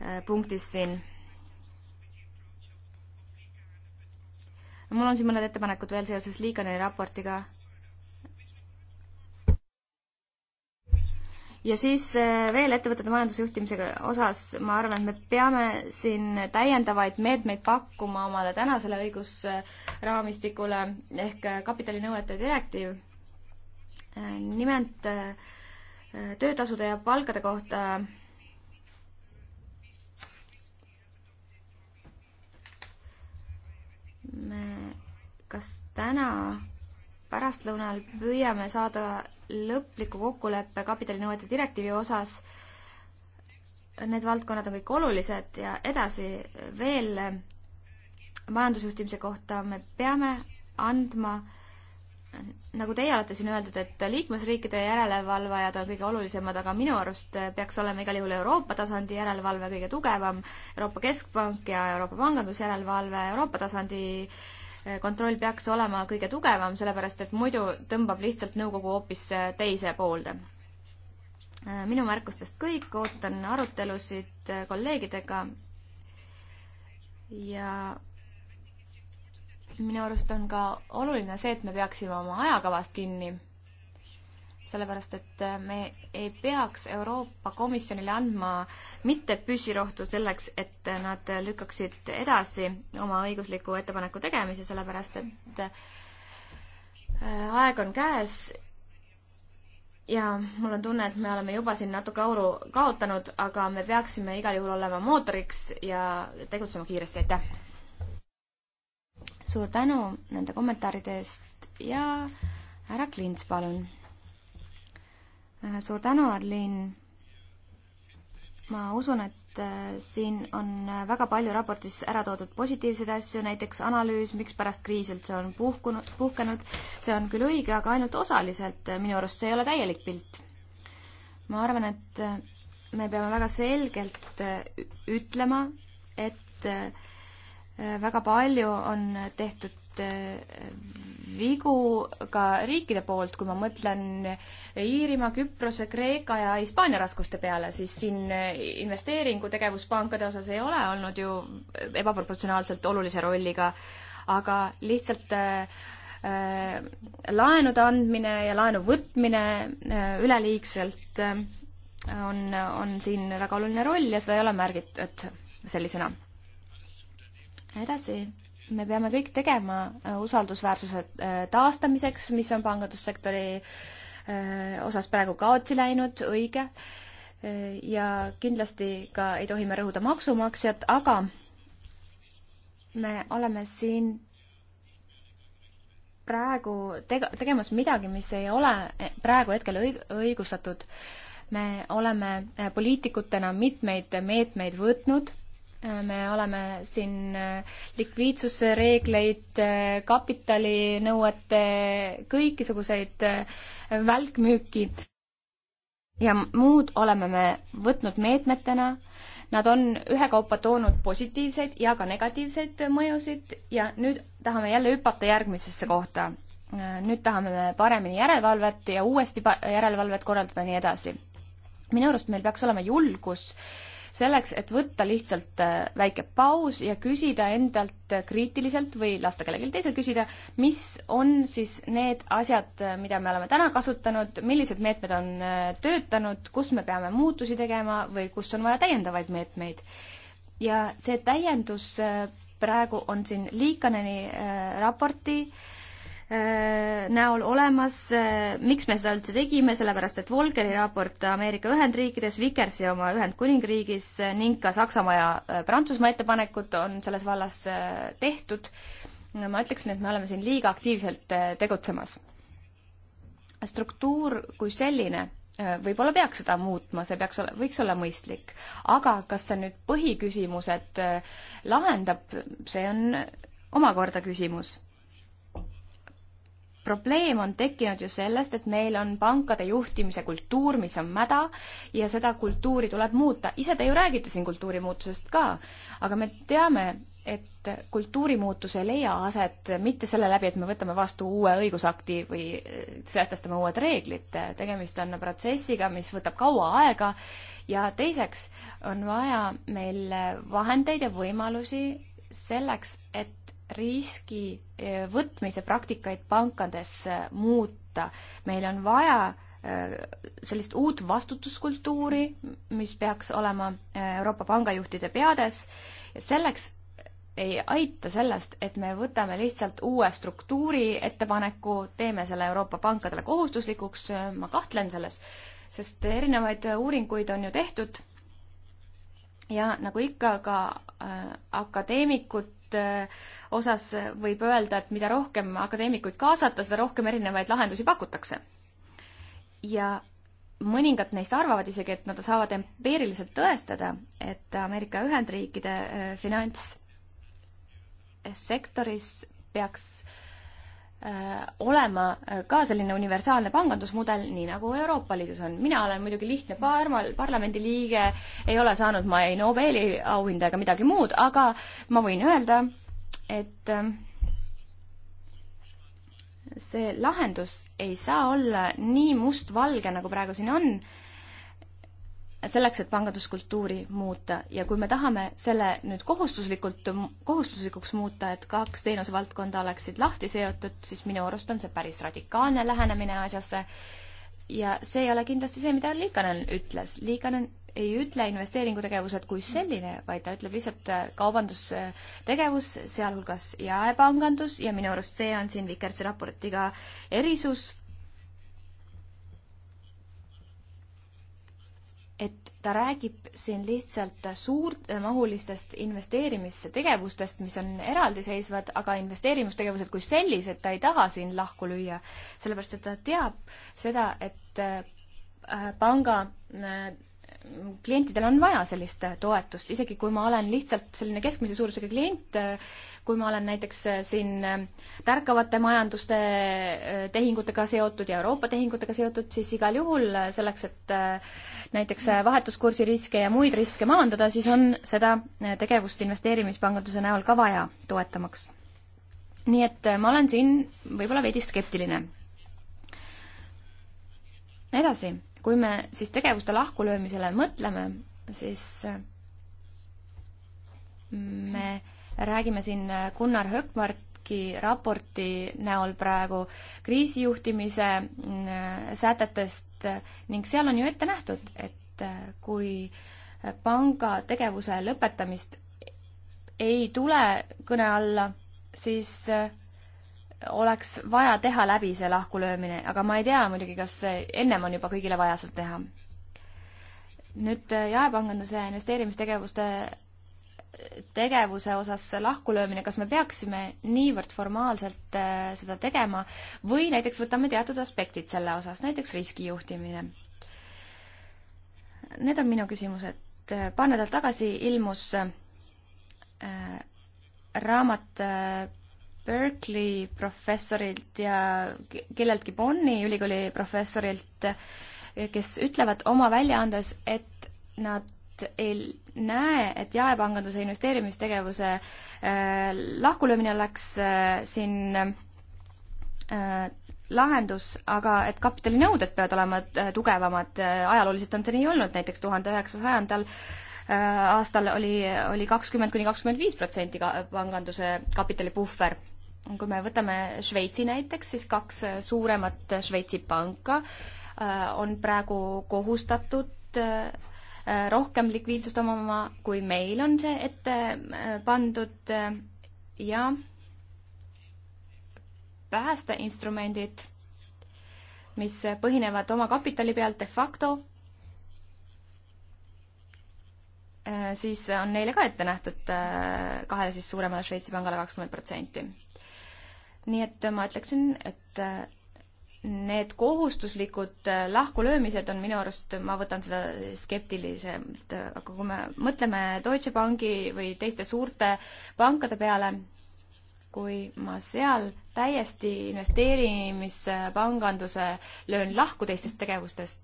äh, punktis siin? mul on siin mõned ettepanekud veel seoses Liiganeni raportiga ja siis eh, veel ettevõtete majandusjuhtimisega osas, ma arvan, et me peame siin täiendavaid meetmeid pakkuma omale tänasele õigusraamistikule ehk kapitalinõuete direktiiv. Eh, nimelt eh, töötasude ja palkade kohta me kas täna pärastlõunal püüame saada lõpliku kokkuleppe kapitalinõuete direktiivi osas. Need valdkonnad on kõik olulised ja edasi veel majandusjuhtimise kohta me peame andma nagu teie olete siin öeldud, et liikmesriikide järelevalvajad on kõige olulisemad, aga minu arust peaks olema igal juhul Euroopa tasandi järelevalve kõige tugevam, Euroopa Keskpank ja Euroopa Pangandusjärelevalve, Euroopa tasandi äh, kontroll peaks olema kõige tugevam, sellepärast et muidu tõmbab lihtsalt nõukogu hoopis äh, teise poolde. Äh, minu märkustest kõik, ootan arutelusid äh, kolleegidega ja minu arust on ka oluline see, et me peaksime oma ajakavast kinni sellepärast et me ei peaks Euroopa Komisjonile andma mitte püssirohtu selleks, et nad lükkaksid edasi oma õigusliku ettepaneku tegemise, sellepärast et äh, aeg on käes ja mul on tunne, et me oleme juba siin natuke auru kaotanud, aga me peaksime igal juhul olema mootoriks ja tegutsema kiiresti, aitäh! suur tänu nende kommentaaride eest ja härra Klints, palun! Äh, suur tänu, Arlin. ma usun, et äh, siin on äh, väga palju raportis ära toodud positiivseid asju, näiteks analüüs, mikspärast kriis üldse on puhkunud, puhkenud. see on küll õige, aga ainult osaliselt, minu arust see ei ole täielik pilt. ma arvan, et me peame väga selgelt ütlema, et väga palju on tehtud Eh, vigu ka riikide poolt, kui ma mõtlen Iirimaa, Küprose, Kreeka ja Hispaania raskuste peale, siis siin investeeringutegevus pankade osas ei ole olnud ju ebaproportsionaalselt olulise rolliga, aga lihtsalt äh, laenude andmine ja laenu võtmine äh, üleliigselt äh, on, on siin väga oluline roll ja seda ei ole märgitud sellisena. edasi me peame kõik tegema äh, usaldusväärsuse äh, taastamiseks, mis on pangandussektori äh, osas praegu kaotsi läinud, õige, ja kindlasti ka ei tohi me rõhuda maksumaksjat, aga me oleme siin praegu tega-, tegemas midagi, mis ei ole eh, praegu hetkel õig-, õigustatud. me oleme poliitikutena mitmeid meetmeid võtnud me oleme siin äh, likviidsusreegleid, äh, kapitalinõuete, kõikisuguseid äh, välkmüüki ja muud oleme me võtnud meetmetena. Nad on ühekaupa toonud positiivseid ja ka negatiivseid mõjusid ja nüüd tahame jälle hüpata järgmisesse kohta. nüüd tahame me paremini järelevalvet ja uuesti järelevalvet korraldada ja nii edasi. minu arust meil peaks olema julgus äh, selleks, et võtta lihtsalt äh, väike paus ja küsida endalt kriitiliselt või lasta kellelgi teisel küsida, mis on siis need asjad, äh, mida me oleme täna kasutanud, millised meetmed on äh, töötanud, kus me peame muutusi tegema või kus on vaja täiendavaid meetmeid. ja see täiendus praegu on siin Liikaneni raporti äh, Äh, näol olemas, äh, miks me seda üldse tegime, sellepärast et Volkeri raport Ameerika Ühendriikides, Vikersi oma Ühendkuningriigis äh, ning ka Saksamaa ja Prantsusmaa ettepanekud on selles vallas tehtud. ma ütleksin, et me oleme siin liiga aktiivselt tegutsemas. struktuur kui selline võib-olla peaks seda muutma, see peaks, võiks olla mõistlik, aga kas see nüüd põhiküsimused lahendab, see on omakorda küsimus probleem on tekkinud ju sellest, et meil on pankade juhtimise kultuur, mis on mäda ja seda kultuuri tuleb muuta. ise te ju räägite siin kultuurimuutusest ka, aga me teame, et kultuurimuutus ei leia aset mitte selle läbi, et me võtame vastu uue õigusakti või äh, sätestame uued reeglid. tegemist on protsessiga, mis võtab kaua aega ja teiseks on vaja meil vahendeid ja võimalusi selleks, et riski eh, võtmise praktikaid pankades eh, muuta. meil on vaja eh, sellist uut vastutuskultuuri, mis peaks olema Euroopa pangajuhtide peades ja selleks ei aita sellest, et me võtame lihtsalt uue struktuuri ettepaneku, teeme selle Euroopa pankadele kohustuslikuks, ma kahtlen selles, sest erinevaid uuringuid on ju tehtud ja nagu ikka, ka akadeemikud Äh, osas võib öelda, et mida rohkem akadeemikuid kaasata, seda rohkem erinevaid lahendusi pakutakse. ja mõningad neist arvavad isegi, et nad saavad empiiriliselt tõestada, et Ameerika Ühendriikide äh, finantssektoris peaks äh, Äh, olema äh, ka selline universaalne pangandusmudel, nii nagu Euroopa Liidus on. mina olen muidugi lihtne parmal, parlamendiliige, ei ole saanud ma ei Nobeli auhinda ega midagi muud, aga ma võin öelda, et äh, see lahendus ei saa olla nii mustvalge, nagu praegu siin on selleks, et panganduskultuuri muuta ja kui me tahame selle nüüd kohustuslikult, kohustuslikuks muuta, et kaks teenusevaldkonda oleksid lahti seotud, siis minu arust on see päris radikaalne lähenemine asjasse. ja see ei ole kindlasti see, mida Liikanen ütles. Liikanen ei ütle investeeringutegevused kui selline, vaid ta ütleb lihtsalt äh, kaubandustegevus, sealhulgas jaepangandus ja minu arust see on siin Vikersi raportiga erisus et ta räägib siin lihtsalt suurmahulistest investeerimistegevustest, mis on eraldiseisvad, aga investeerimistegevused kui sellised ta ei taha siin lahku lüüa, sellepärast et ta teab seda, et äh, panga äh, klientidel on vaja sellist toetust, isegi kui ma olen lihtsalt selline keskmise suurusega klient, kui ma olen näiteks siin tärkavate majanduste äh, tehingutega seotud ja Euroopa tehingutega seotud, siis igal juhul selleks, et äh, näiteks vahetuskursi riske ja muid riske maandada, siis on seda äh, tegevust investeerimispanganduse näol ka vaja toetamaks. nii et ma olen siin võib-olla veidi skeptiline. edasi kui me siis tegevuste lahkulöömisele mõtleme, siis äh, me räägime siin äh, Gunnar Höckmarki raporti näol praegu kriisijuhtimise mm, äh, sätetest ning seal on ju ette nähtud, et kui panga tegevuse lõpetamist ei tule kõne alla, siis oleks vaja teha läbi see lahkulöömine, aga ma ei tea muidugi, kas ennem on juba kõigile vaja sealt teha. nüüd äh, jaepanganduse investeerimistegevuste tegevuse osas lahkulöömine, kas me peaksime niivõrd formaalselt äh, seda tegema või näiteks võtame teatud aspektid selle osas, näiteks riskijuhtimine? Need on minu küsimused. Äh, paar nädalat tagasi ilmus raamat Berkeley professorilt ja kelleltki Bonni ülikooli professorilt, kes ütlevad oma väljaandes, et nad ei näe, et jaepanganduse investeerimistegevuse äh, lahkulöömine oleks äh, siin äh, lahendus, aga et kapitalinõuded peavad olema äh, tugevamad, ajalooliselt on see nii olnud, näiteks tuhande üheksasajandal äh, aastal oli, oli kakskümmend kuni kakskümmend viis protsenti panganduse kapitalipuhver kui me võtame Šveitsi näiteks, siis kaks äh, suuremat äh, Šveitsi panka äh, on praegu kohustatud rohkem likviidsust omama, kui meil on see ette pandud ja päästeinstrumendid, mis põhinevad oma kapitali pealt de facto, siis on neile ka ette nähtud kahele siis suuremale Šveitsi pangale kakskümmend protsenti nii et ma ütleksin, et äh, need kohustuslikud äh, lahkulöömised on minu arust, ma võtan seda skeptilisemalt, äh, aga kui me mõtleme Deutsche Banki või teiste suurte pankade peale, kui ma seal täiesti investeerimispanganduse löön lahku teistest tegevustest,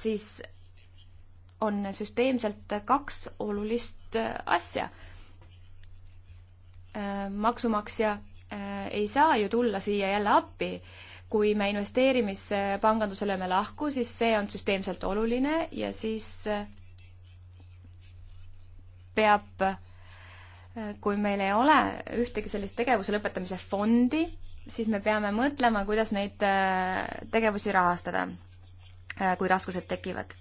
siis on süsteemselt kaks olulist asja. maksumaksja Äh, ei saa ju tulla siia jälle appi. kui me investeerimispanganduse lööme lahku, siis see on süsteemselt oluline ja siis äh, peab, äh, kui meil ei ole ühtegi sellist tegevuse lõpetamise fondi, siis me peame mõtlema, kuidas neid tegevusi rahastada, kui raskused tekivad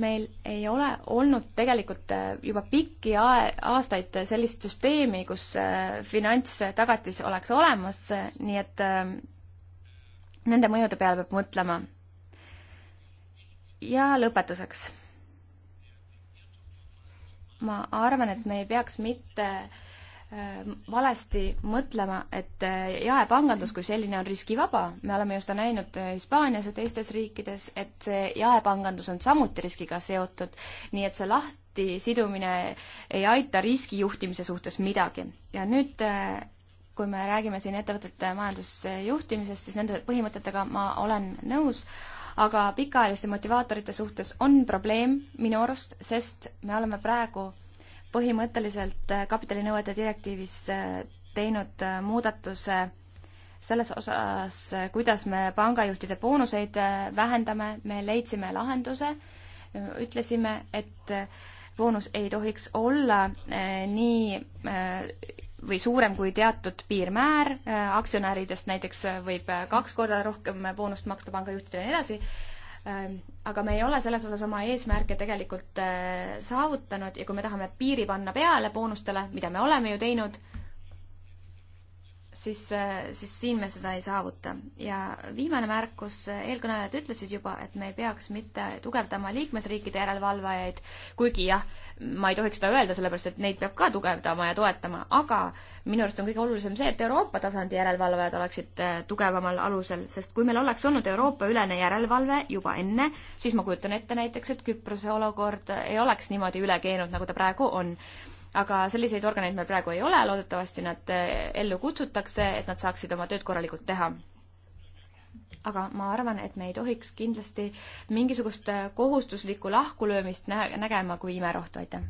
meil ei ole olnud tegelikult äh, juba pikki aastaid sellist süsteemi, kus äh, finantstagatis oleks olemas, äh, nii et nende mõjude peale peab mõtlema. ja lõpetuseks. ma arvan, et me ei peaks mitte äh, Äh, valesti mõtlema, et äh, jaepangandus kui selline on riskivaba, me oleme ju seda näinud äh, Hispaanias ja teistes riikides, et see jaepangandus on samuti riskiga seotud, nii et see lahtisidumine ei aita riskijuhtimise suhtes midagi. ja nüüd, kui me räägime siin ettevõtete majandusjuhtimisest, siis nende põhimõtetega ma olen nõus, aga pikaajaliste motivaatorite suhtes on probleem minu arust, sest me oleme praegu põhimõtteliselt äh, kapitalinõuete direktiivis äh, teinud äh, muudatuse selles osas, kuidas me pangajuhtide boonuseid vähendame, me leidsime lahenduse, ütlesime, et boonus ei tohiks olla nii või suurem kui teatud piirmäär, aktsionäridest näiteks võib kaks korda rohkem boonust maksta pangajuhtidele ja nii edasi, Ehm, aga me ei ole selles osas oma eesmärke tegelikult eh, saavutanud ja kui me tahame piiri panna peale boonustele, mida me oleme ju teinud, siis, siis siin me seda ei saavuta. ja viimane märkus, eelkõnelejad ütlesid juba, et me ei peaks mitte tugevdama liikmesriikide järelevalvajaid, kuigi jah, ma ei tohiks seda öelda, sellepärast et neid peab ka tugevdama ja toetama, aga minu arust on kõige olulisem see, et Euroopa tasandi järelevalvajad oleksid äh, tugevamal alusel, sest kui meil oleks olnud Euroopa-ülene järelevalve juba enne, siis ma kujutan ette näiteks, et Küprose olukord ei oleks niimoodi üle keenud, nagu ta praegu on aga selliseid organeid meil praegu ei ole, loodetavasti nad eh, ellu kutsutakse, et nad saaksid oma tööd korralikult teha. aga ma arvan, et me ei tohiks kindlasti mingisugust eh, kohustuslikku lahkulöömist nä-, nägema kui imerohtu, aitäh.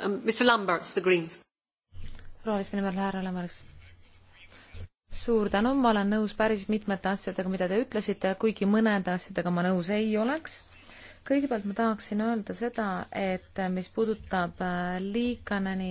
Mr um, Lamberts, The Greens. roheliste nimel härra Lamberts suur tänu, ma olen nõus päris mitmete asjadega, mida te ütlesite, kuigi mõnede asjadega ma nõus ei oleks. kõigepealt ma tahaksin öelda seda, et mis puudutab äh, Liikaneni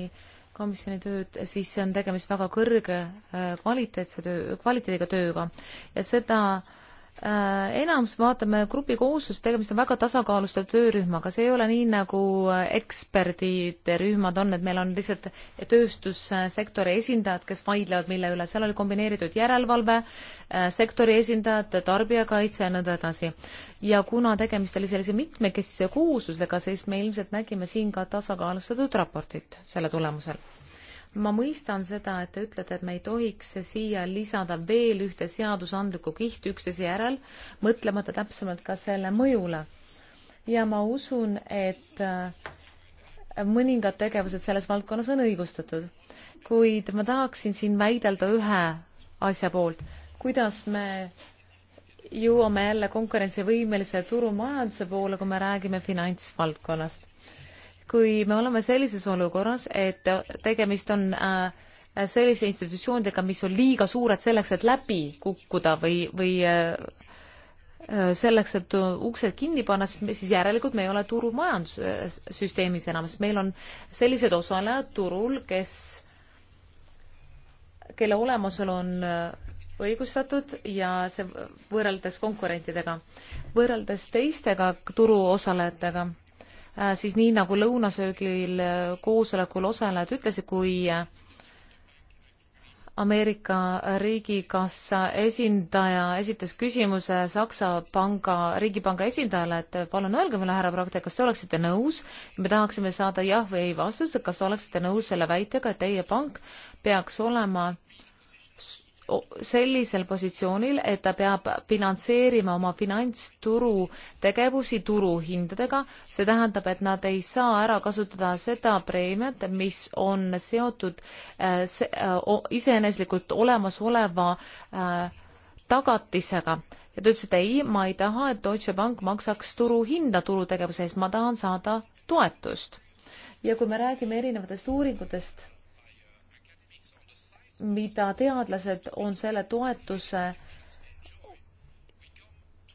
komisjoni tööd, siis see on tegemist väga kõrge äh, kvaliteetse töö, kvaliteediga tööga ja seda äh, Äh, enamus vaatame grupi kooslust, tegemist on väga tasakaalustatud töörühmaga, see ei ole nii, nagu äh, eksperdid rühmad on, et meil on lihtsalt tööstussektori esindajad, kes vaidlevad mille üle, seal oli kombineeritud järelevalve, äh, sektori esindajad, tarbijakaitse ja nõnda edasi. ja kuna tegemist oli sellise mitmekesise kooslusega, siis me ilmselt nägime siin ka tasakaalustatud raportit selle tulemusel ma mõistan seda, et te ütlete, et me ei tohiks siia lisada veel ühte seadusandlikku kihti üksteise järel, mõtlemata täpsemalt ka selle mõjule. ja ma usun, et äh, mõningad tegevused selles valdkonnas on õigustatud. kuid ma tahaksin siin väidelda ühe asja poolt, kuidas me jõuame jälle konkurentsivõimelise turumajanduse poole, kui me räägime finantsvaldkonnast kui me oleme sellises olukorras, et tegemist on äh, selliste institutsioonidega, mis on liiga suured selleks, et läbi kukkuda või, või äh, äh, selleks, et uksed kinni panna, siis järelikult me ei ole turumajandussüsteemis enam, sest meil on sellised osalejad turul, kes, kelle olemasolu on õigustatud ja see võrreldes konkurentidega, võrreldes teistega turuosalejatega Äh, siis nii nagu lõunasöögil äh, koosolekul osalejad ütlesid, kui äh, Ameerika riigikassa esindaja esitas küsimuse Saksa panga, riigipanga esindajale, et palun öelge mulle, härra Prokter, kas te oleksite nõus, me tahaksime saada jah või ei vastust, et kas oleksite nõus selle väitega, et teie pank peaks olema sellisel positsioonil, et ta peab finantseerima oma finantsturu tegevusi turuhindadega, see tähendab, et nad ei saa ära kasutada seda preemiat, mis on seotud äh, se, äh, iseeneslikult olemasoleva äh, tagatisega ja ta ütles, et ei, ma ei taha, et Deutsche Bank maksaks turuhinda turutegevuse eest, ma tahan saada toetust. ja kui me räägime erinevatest uuringutest mida teadlased on selle toetuse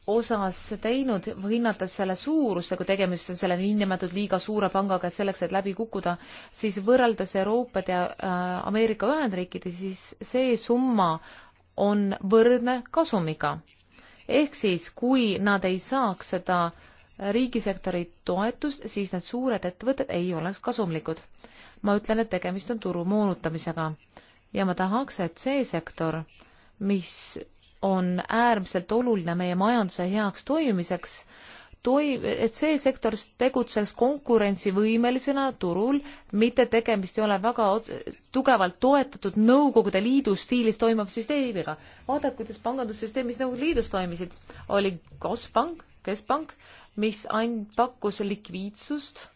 osas teinud, hinnates selle suurust, kui tegemist on selle niinimetatud liiga suure pangaga, et selleks, et läbi kukkuda, siis võrreldes Euroopat ja äh, Ameerika Ühendriikide, siis see summa on võrdne kasumiga. ehk siis, kui nad ei saaks seda riigisektori toetust, siis need suured ettevõtted ei oleks kasumlikud. ma ütlen, et tegemist on turu moonutamisega ja ma tahaks, et see sektor, mis on äärmiselt oluline meie majanduse heaks toimimiseks, toi-, et see sektor tegutseks konkurentsivõimelisena turul, mitte tegemist ei ole väga tugevalt toetatud Nõukogude Liidu stiilis toimuva süsteemiga. vaadake, kuidas pangandussüsteemis Nõukogude Liidus toimisid. oli Gospank, keskpank, mis and-, pakkus likviidsust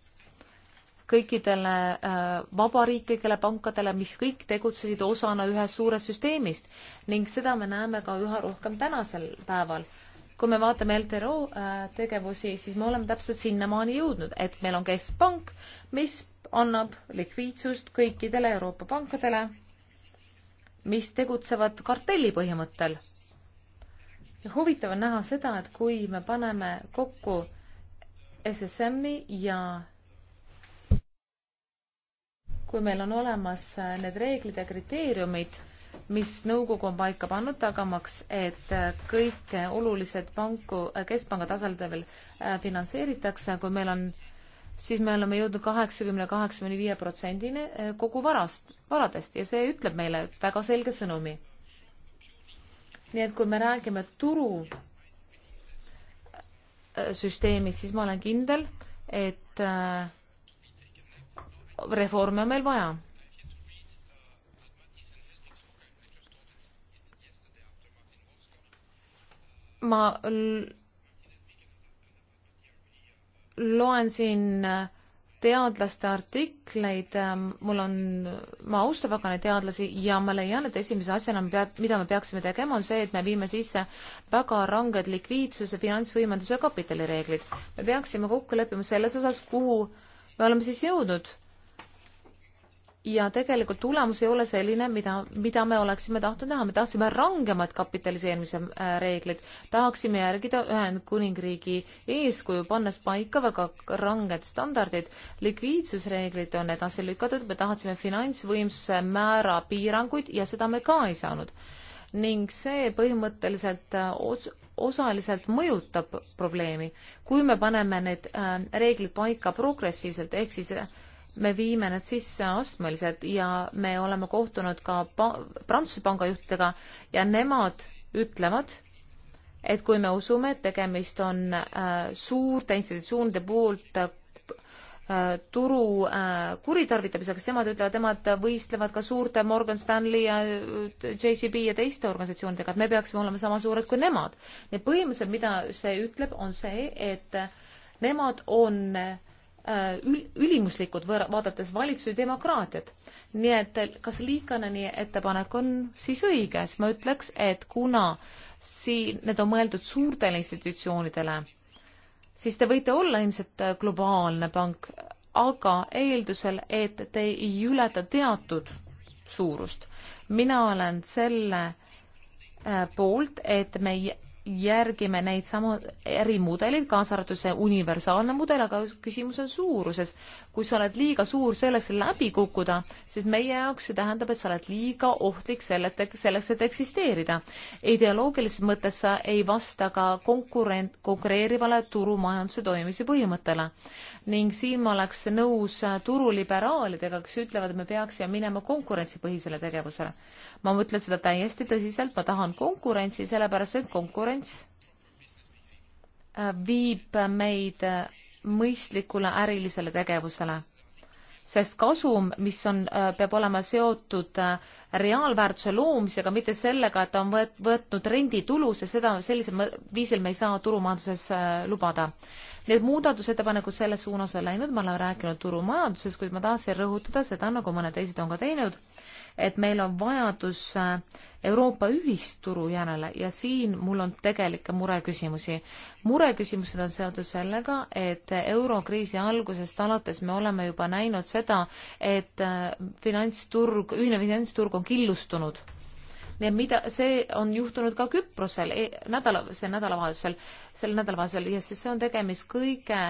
kõikidele äh, vabariiklikele pankadele, mis kõik tegutsesid osana ühest suurest süsteemist ning seda me näeme ka üha rohkem tänasel päeval kui me vaatame LTRO äh, tegevusi, siis me oleme täpselt sinnamaani jõudnud, et meil on keskpank, mis annab likviidsust kõikidele Euroopa pankadele, mis tegutsevad kartelli põhimõttel. ja huvitav on näha seda, et kui me paneme kokku SSM-i ja kui meil on olemas äh, need reeglid ja kriteeriumid, mis nõukogu on paika pannud, tagamaks, et äh, kõik äh, olulised panku keskpanga tasandil finantseeritakse, kui meil on, siis me oleme jõudnud kaheksakümne, kaheksakümne viie protsendini kogu varast, varadest ja see ütleb meile väga selge sõnumi. nii et kui me räägime turu süsteemist, siis ma olen kindel, et äh, reforme on meil vaja. ma loen siin teadlaste artikleid, mul on, ma austan väga neid teadlasi ja ma leian, et esimese asjana, mida me peaksime tegema, on see, et me viime sisse väga ranged likviidsuse, finantsvõimenduse ja kapitalireeglid. me peaksime kokku leppima selles osas, kuhu me oleme siis jõudnud ja tegelikult tulemus ei ole selline, mida, mida me oleksime tahtnud näha, me tahtsime rangemat kapitaliseerimise äh, reegleid, tahaksime järgida Ühendkuningriigi eeskuju, pannes paika väga ranged standardid, likviidsusreeglid on edasi lükatud, me tahtsime finantsvõimsuse määra piiranguid ja seda me ka ei saanud. ning see põhimõtteliselt äh, ots-, osaliselt mõjutab probleemi, kui me paneme need äh, reeglid paika progressiivselt, ehk siis äh, me viime need sisse astmeliselt ja me oleme kohtunud ka pa-, Prantsuse panga juhtidega ja nemad ütlevad, et kui me usume, et tegemist on äh, suurte institutsioonide poolt äh, turu äh, kuritarvitamisega, sest nemad ütlevad, nemad võistlevad ka suurte Morgan Stanley ja äh, JCB ja teiste organisatsioonidega, et me peaksime olema sama suured kui nemad. nii et põhimõtteliselt, mida see ütleb, on see, et äh, nemad on äh, Äh, ülimuslikud, vaadates valitsuse demokraatiat. nii et kas Liikaneni ettepanek on siis õige, siis ma ütleks, et kuna siin need on mõeldud suurtele institutsioonidele, siis te võite olla ilmselt globaalne pank, aga eeldusel, et te ei ületa teatud suurust. mina olen selle äh, poolt, et me ei järgime neid samu ärimudeleid, kaasa arvatud see universaalne mudel, aga küsimus on suuruses. kui sa oled liiga suur selleks läbi kukkuda, siis meie jaoks see tähendab, et sa oled liiga ohtlik selle, selleks, et eksisteerida. ideoloogilises mõttes sa ei vasta ka konkurent, konkureerivale turumajanduse toimimise põhimõttele ning siin ma oleks nõus äh, turuliberaalidega, kes ütlevad, et me peaksime minema konkurentsipõhisele tegevusele. ma mõtlen seda täiesti tõsiselt, ma tahan konkurentsi, sellepärast et konkurents äh, viib meid äh, mõistlikule ärilisele tegevusele sest kasum, mis on, äh, peab olema seotud äh, reaalväärtuse loomisega, mitte sellega, et ta on võet-, võtnud renditulu, sest seda sellisel viisil me ei saa turumajanduses äh, lubada. Need muudatusettepanekud selles suunas on läinud, me oleme rääkinud turumajandusest, kuid ma tahtsin rõhutada seda, nagu mõned teised on ka teinud, et meil on vajadus äh, Euroopa ühisturu järele ja siin mul on tegelikke mureküsimusi. mureküsimused on seotud sellega, et äh, eurokriisi algusest alates me oleme juba näinud seda, et äh, finantsturg, ühine finantsturg on killustunud ja mida, see on juhtunud ka Küprosel e, nädala, see nädalavahetusel, sel nädalavahetusel ja siis see on tegemist kõige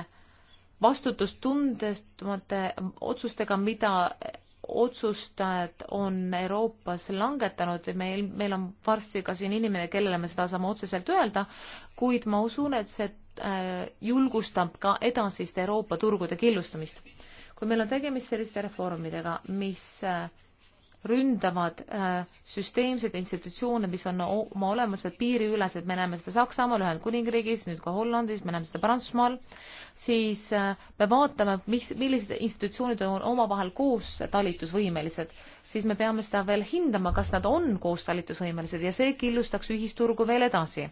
vastutustundestumate otsustega, mida otsustajad on Euroopas langetanud, meil, meil on varsti ka siin inimene, kellele me seda saame otseselt öelda, kuid ma usun, et see äh, julgustab ka edasist Euroopa turgude killustamist. kui meil on tegemist selliste reformidega, mis äh, ründavad äh, süsteemseid institutsioone, mis on oma olemuselt piiriülesed, me näeme seda Saksamaal, Ühendkuningriigis, nüüd ka Hollandis, me näeme seda Prantsusmaal, siis äh, me vaatame, mis, millised institutsioonid on omavahel koos talitusvõimelised, siis me peame seda veel hindama, kas nad on koos talitusvõimelised ja see killustaks ühisturgu veel edasi.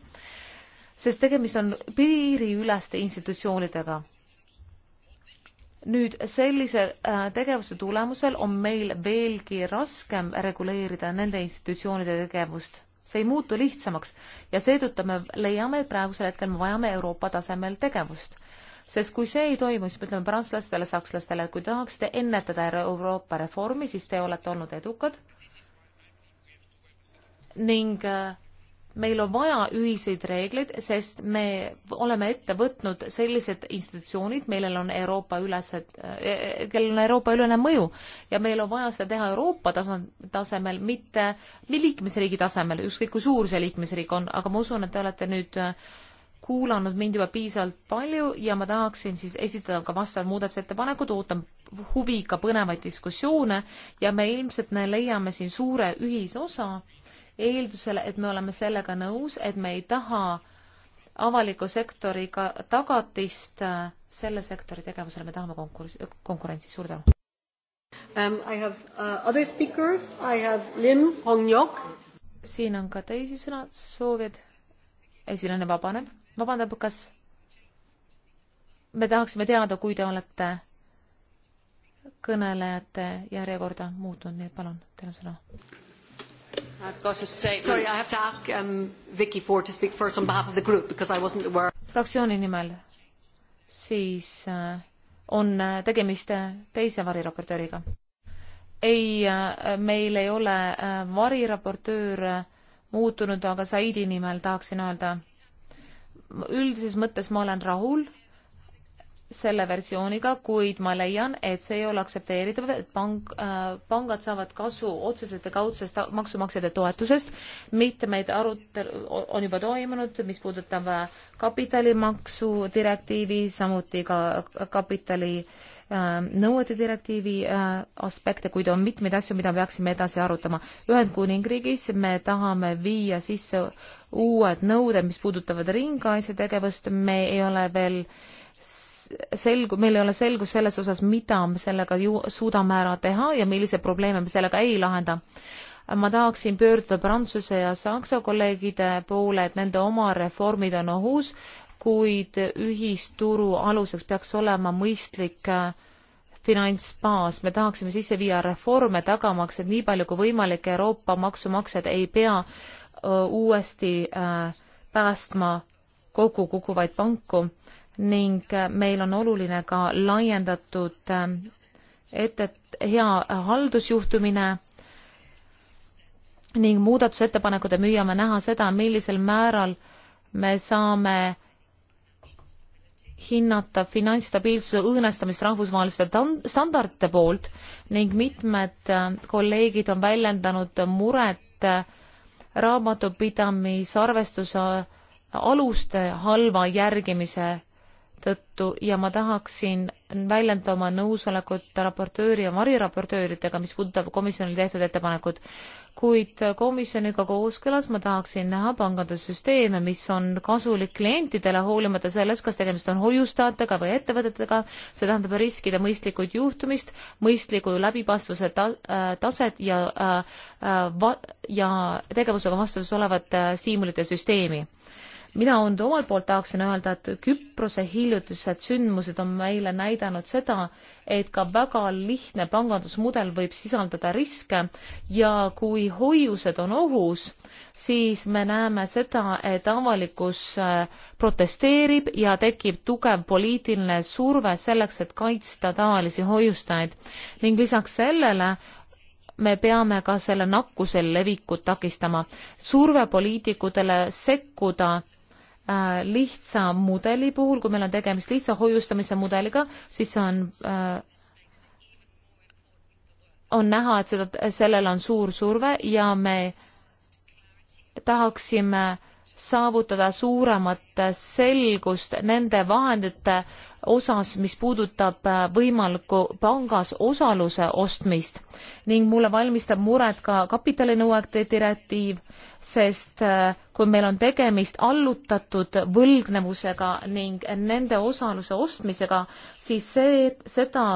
sest tegemist on piiriüleste institutsioonidega nüüd sellise äh, tegevuse tulemusel on meil veelgi raskem reguleerida nende institutsioonide tegevust. see ei muutu lihtsamaks ja seetõttu me leiame, et praegusel hetkel me vajame Euroopa tasemel tegevust sest kui see ei toimu, siis me ütleme prantslastele, sakslastele, et kui te tahaksite ennetada Euroopa reformi, siis te olete olnud edukad ning äh, meil on vaja ühiseid reegleid, sest me oleme ette võtnud sellised institutsioonid, millel on Euroopa ülesed, eh, eh, kellel on Euroopa ülene mõju ja meil on vaja seda teha Euroopa tasand, tasemel, mitte liikmesriigi tasemel, ükskõik kui suur see liikmesriik on, aga ma usun, et te olete nüüd eh, kuulanud mind juba piisavalt palju ja ma tahaksin siis esitada ka vastavad muudatusettepanekud, ootan huviga põnevaid diskussioone ja me ilmselt leiame siin suure ühisosa eeldusel, et me oleme sellega nõus, et me ei taha avaliku sektoriga tagatist äh, selle sektori tegevusele, me tahame konkursi, konkurentsi, suur tänu. Um, I have uh, other speakers, I have Lim Hongyok. siin on ka teisi sõnasoovijad. esilane vabaneb, vabandab, kas me tahaksime teada, kui te olete kõnelejate järjekorda muutnud, nii et palun, teil on sõna I've got a statement. Sorry, I have to ask um, Vicky Ford to speak first on behalf of the group because I wasn't aware. fraktsiooni nimel, siis äh, on äh, tegemist äh, teise variraportööriga. ei, meil ei ole variraportöör muutunud, aga Saidi nimel tahaksin öelda, üldises mõttes ma olen rahul selle versiooniga, kuid ma leian, et see ei ole aktsepteeritav, et pang äh,, pangad saavad kasu otsesest ja kaudsest maksumaksjate toetusest. mitmeid arutelu on juba toimunud, mis puudutab äh, kapitalimaksu direktiivi, samuti ka äh, kapitali äh, nõuete direktiivi äh, aspekte, kuid on mitmeid asju, mida peaksime edasi arutama. Ühendkuningriigis me tahame viia sisse uued nõuded, mis puudutavad ringkaitsetegevust, me ei ole veel äh, selgu, meil ei ole selgust selles osas, mida me sellega ju suudame ära teha ja milliseid probleeme me sellega ei lahenda. ma tahaksin pöörduda Prantsuse ja Saksa kolleegide poole, et nende oma reformid on ohus, kuid ühisturu aluseks peaks olema mõistlik äh, finantsbaas, me tahaksime sisse viia reforme, tagamaks, et nii palju kui võimalik Euroopa maksumaksjad ei pea öö, äh, uuesti öö, äh, päästma kokku kukkuvaid panku ning äh, meil on oluline ka laiendatud äh, ette hea haldusjuhtumine ning muudatusettepanekute müüame näha seda, millisel määral me saame hinnata finantsstabiilsuse õõnestamist rahvusvaheliste standardite poolt ning mitmed äh, kolleegid on väljendanud muret raamatupidamisarvestuse aluste halva järgimise tõttu ja ma tahaksin väljenda oma nõusolekut raportööri ja variraportööridega, mis puudutab komisjonil tehtud ettepanekut. kuid komisjoniga kooskõlas ma tahaksin näha pangandussüsteeme, mis on kasulik klientidele, hoolimata sellest, kas tegemist on hoiustajatega või ettevõtetega, see tähendab riskide mõistlikud juhtumist, mõistliku läbipaistvuse ta-, äh, taset ja äh, äh, va- ja tegevusega vastuses olevat stiimulite süsteemi mina und omalt poolt tahaksin öelda, et Küprose hiljutised sündmused on meile näidanud seda, et ka väga lihtne pangandusmudel võib sisaldada riske ja kui hoiused on ohus, siis me näeme seda, et avalikkus äh, protesteerib ja tekib tugev poliitiline surve selleks, et kaitsta tavalisi hoiustajaid ning lisaks sellele me peame ka selle nakkuse levikut takistama. surve poliitikutele sekkuda Äh, lihtsa mudeli puhul, kui meil on tegemist lihtsa hoiustamise mudeliga, siis on, äh, on näha, et seda, sellel on suur surve ja me tahaksime äh, saavutada suuremat selgust nende vahendite osas, mis puudutab äh, võimalikku pangas osaluse ostmist ning mulle valmistab muret ka kapitalinõuete direktiiv, sest äh, kui meil on tegemist allutatud võlgnevusega ning nende osaluse ostmisega, siis see, seda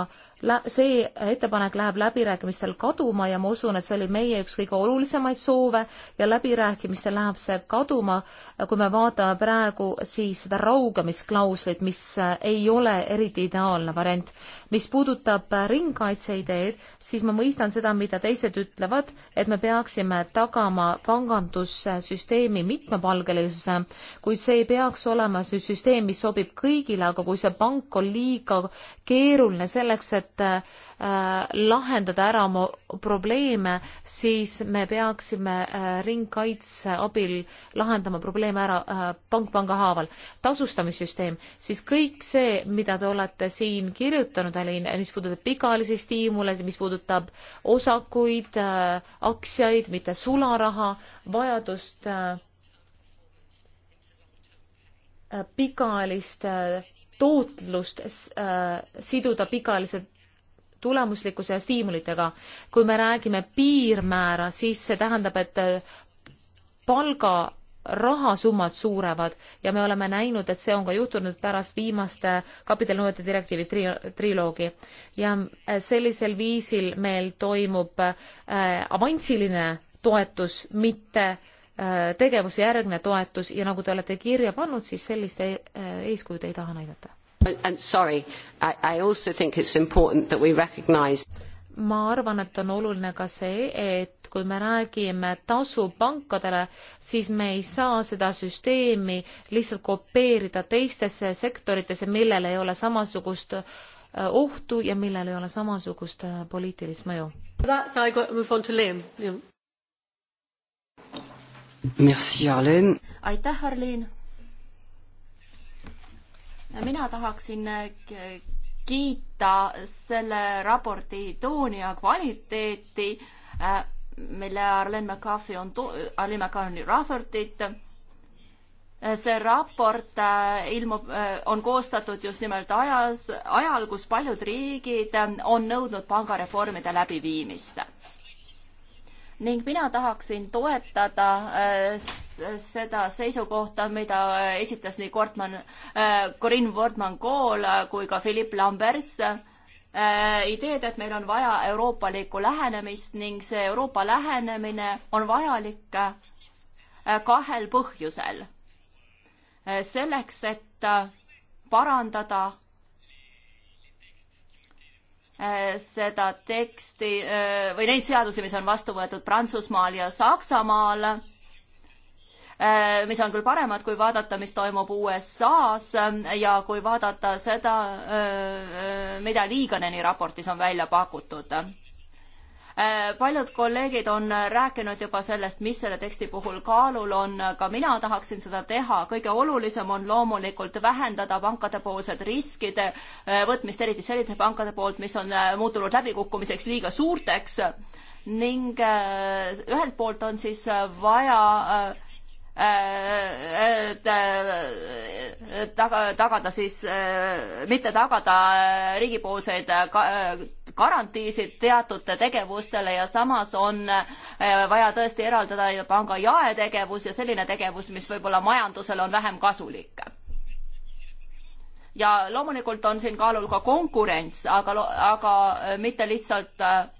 see ettepanek läheb läbirääkimistel kaduma ja ma usun, et see oli meie üks kõige olulisemaid soove ja läbirääkimistel läheb see kaduma, kui me vaatame praegu siis seda raugamisklauslit, mis äh, ei ole eriti ideaalne variant. mis puudutab äh, ringkaitse ideed, siis ma mõistan seda, mida teised ütlevad, et me peaksime tagama pangandussüsteemi mitmepalgelisuse, kuid see ei peaks olema süsteem, mis sobib kõigile, aga kui see pank on liiga keeruline selleks, et lihtsalt äh, lahendada ära oma probleeme, siis me peaksime äh, ringkaitse abil lahendama probleeme ära äh, pank panga haaval. tasustamissüsteem, siis kõik see, mida te olete siin kirjutanud, Alin, mis puudutab pikaajalisi stiimuleid, mis puudutab osakuid äh,, aktsiaid, mitte sularaha, vajadust äh, äh pikaajalist äh, tootlust äh, siduda pikaajalise tulemuslikkuse ja stiimulitega. kui me räägime piirmäära, siis see tähendab, et äh, palga rahasummad suurevad ja me oleme näinud, et see on ka juhtunud pärast viimaste kapitalinõuete direktiivi tri-, triloogi. ja äh, sellisel viisil meil toimub äh, avansiline toetus, mitte äh, tegevuse järgne toetus ja nagu te olete kirja pannud, siis sellist äh, eeskuju te ei taha näidata ma arvan, et on oluline ka see, et kui me räägime tasu pankadele, siis me ei saa seda süsteemi lihtsalt kopeerida teistesse sektoritesse, millel ei ole samasugust äh, ohtu ja millel ei ole samasugust äh, poliitilist mõju. aitäh, Arlen! aitäh, Arlen! mina tahaksin äh, kiita selle raporti tooni ja kvaliteeti, äh, mille Arlen McCarthy on, äh, Arlen McCarthy raportit. see raport ilmub, on koostatud just nimelt ajas, ajal, kus paljud riigid on nõudnud pangareformide läbiviimist ning mina tahaksin toetada äh, seda seisukohta, mida äh, esitas nii Kortman, äh, Corinne Wortmann-Kool kui ka Philippe Lamberts ideed, et meil on vaja euroopalikku lähenemist ning see Euroopa lähenemine on vajalik kahel põhjusel. selleks, et parandada Äh, seda teksti äh, või neid seadusi, mis on vastu võetud Prantsusmaal ja Saksamaal, äh, mis on küll paremad, kui vaadata, mis toimub USA-s ja kui vaadata seda, mida Liiganeni raportis on välja pakutud Äh, paljud kolleegid on rääkinud juba sellest, mis selle teksti puhul kaalul on, ka mina tahaksin seda teha. kõige olulisem on loomulikult vähendada pankadepoolsed riskide äh, võtmist, eriti selliste pankade poolt, mis on äh, muutunud läbikukkumiseks liiga suurteks ning ühelt poolt on siis vaja taga, tagada siis, mitte tagada riigipoolseid garantiisid teatud tegevustele ja samas on vaja tõesti eraldada panga jaetegevus ja selline tegevus, mis võib-olla majandusele on vähem kasulik ja loomulikult on siin kaalul ka konkurents, aga, aga mitte lihtsalt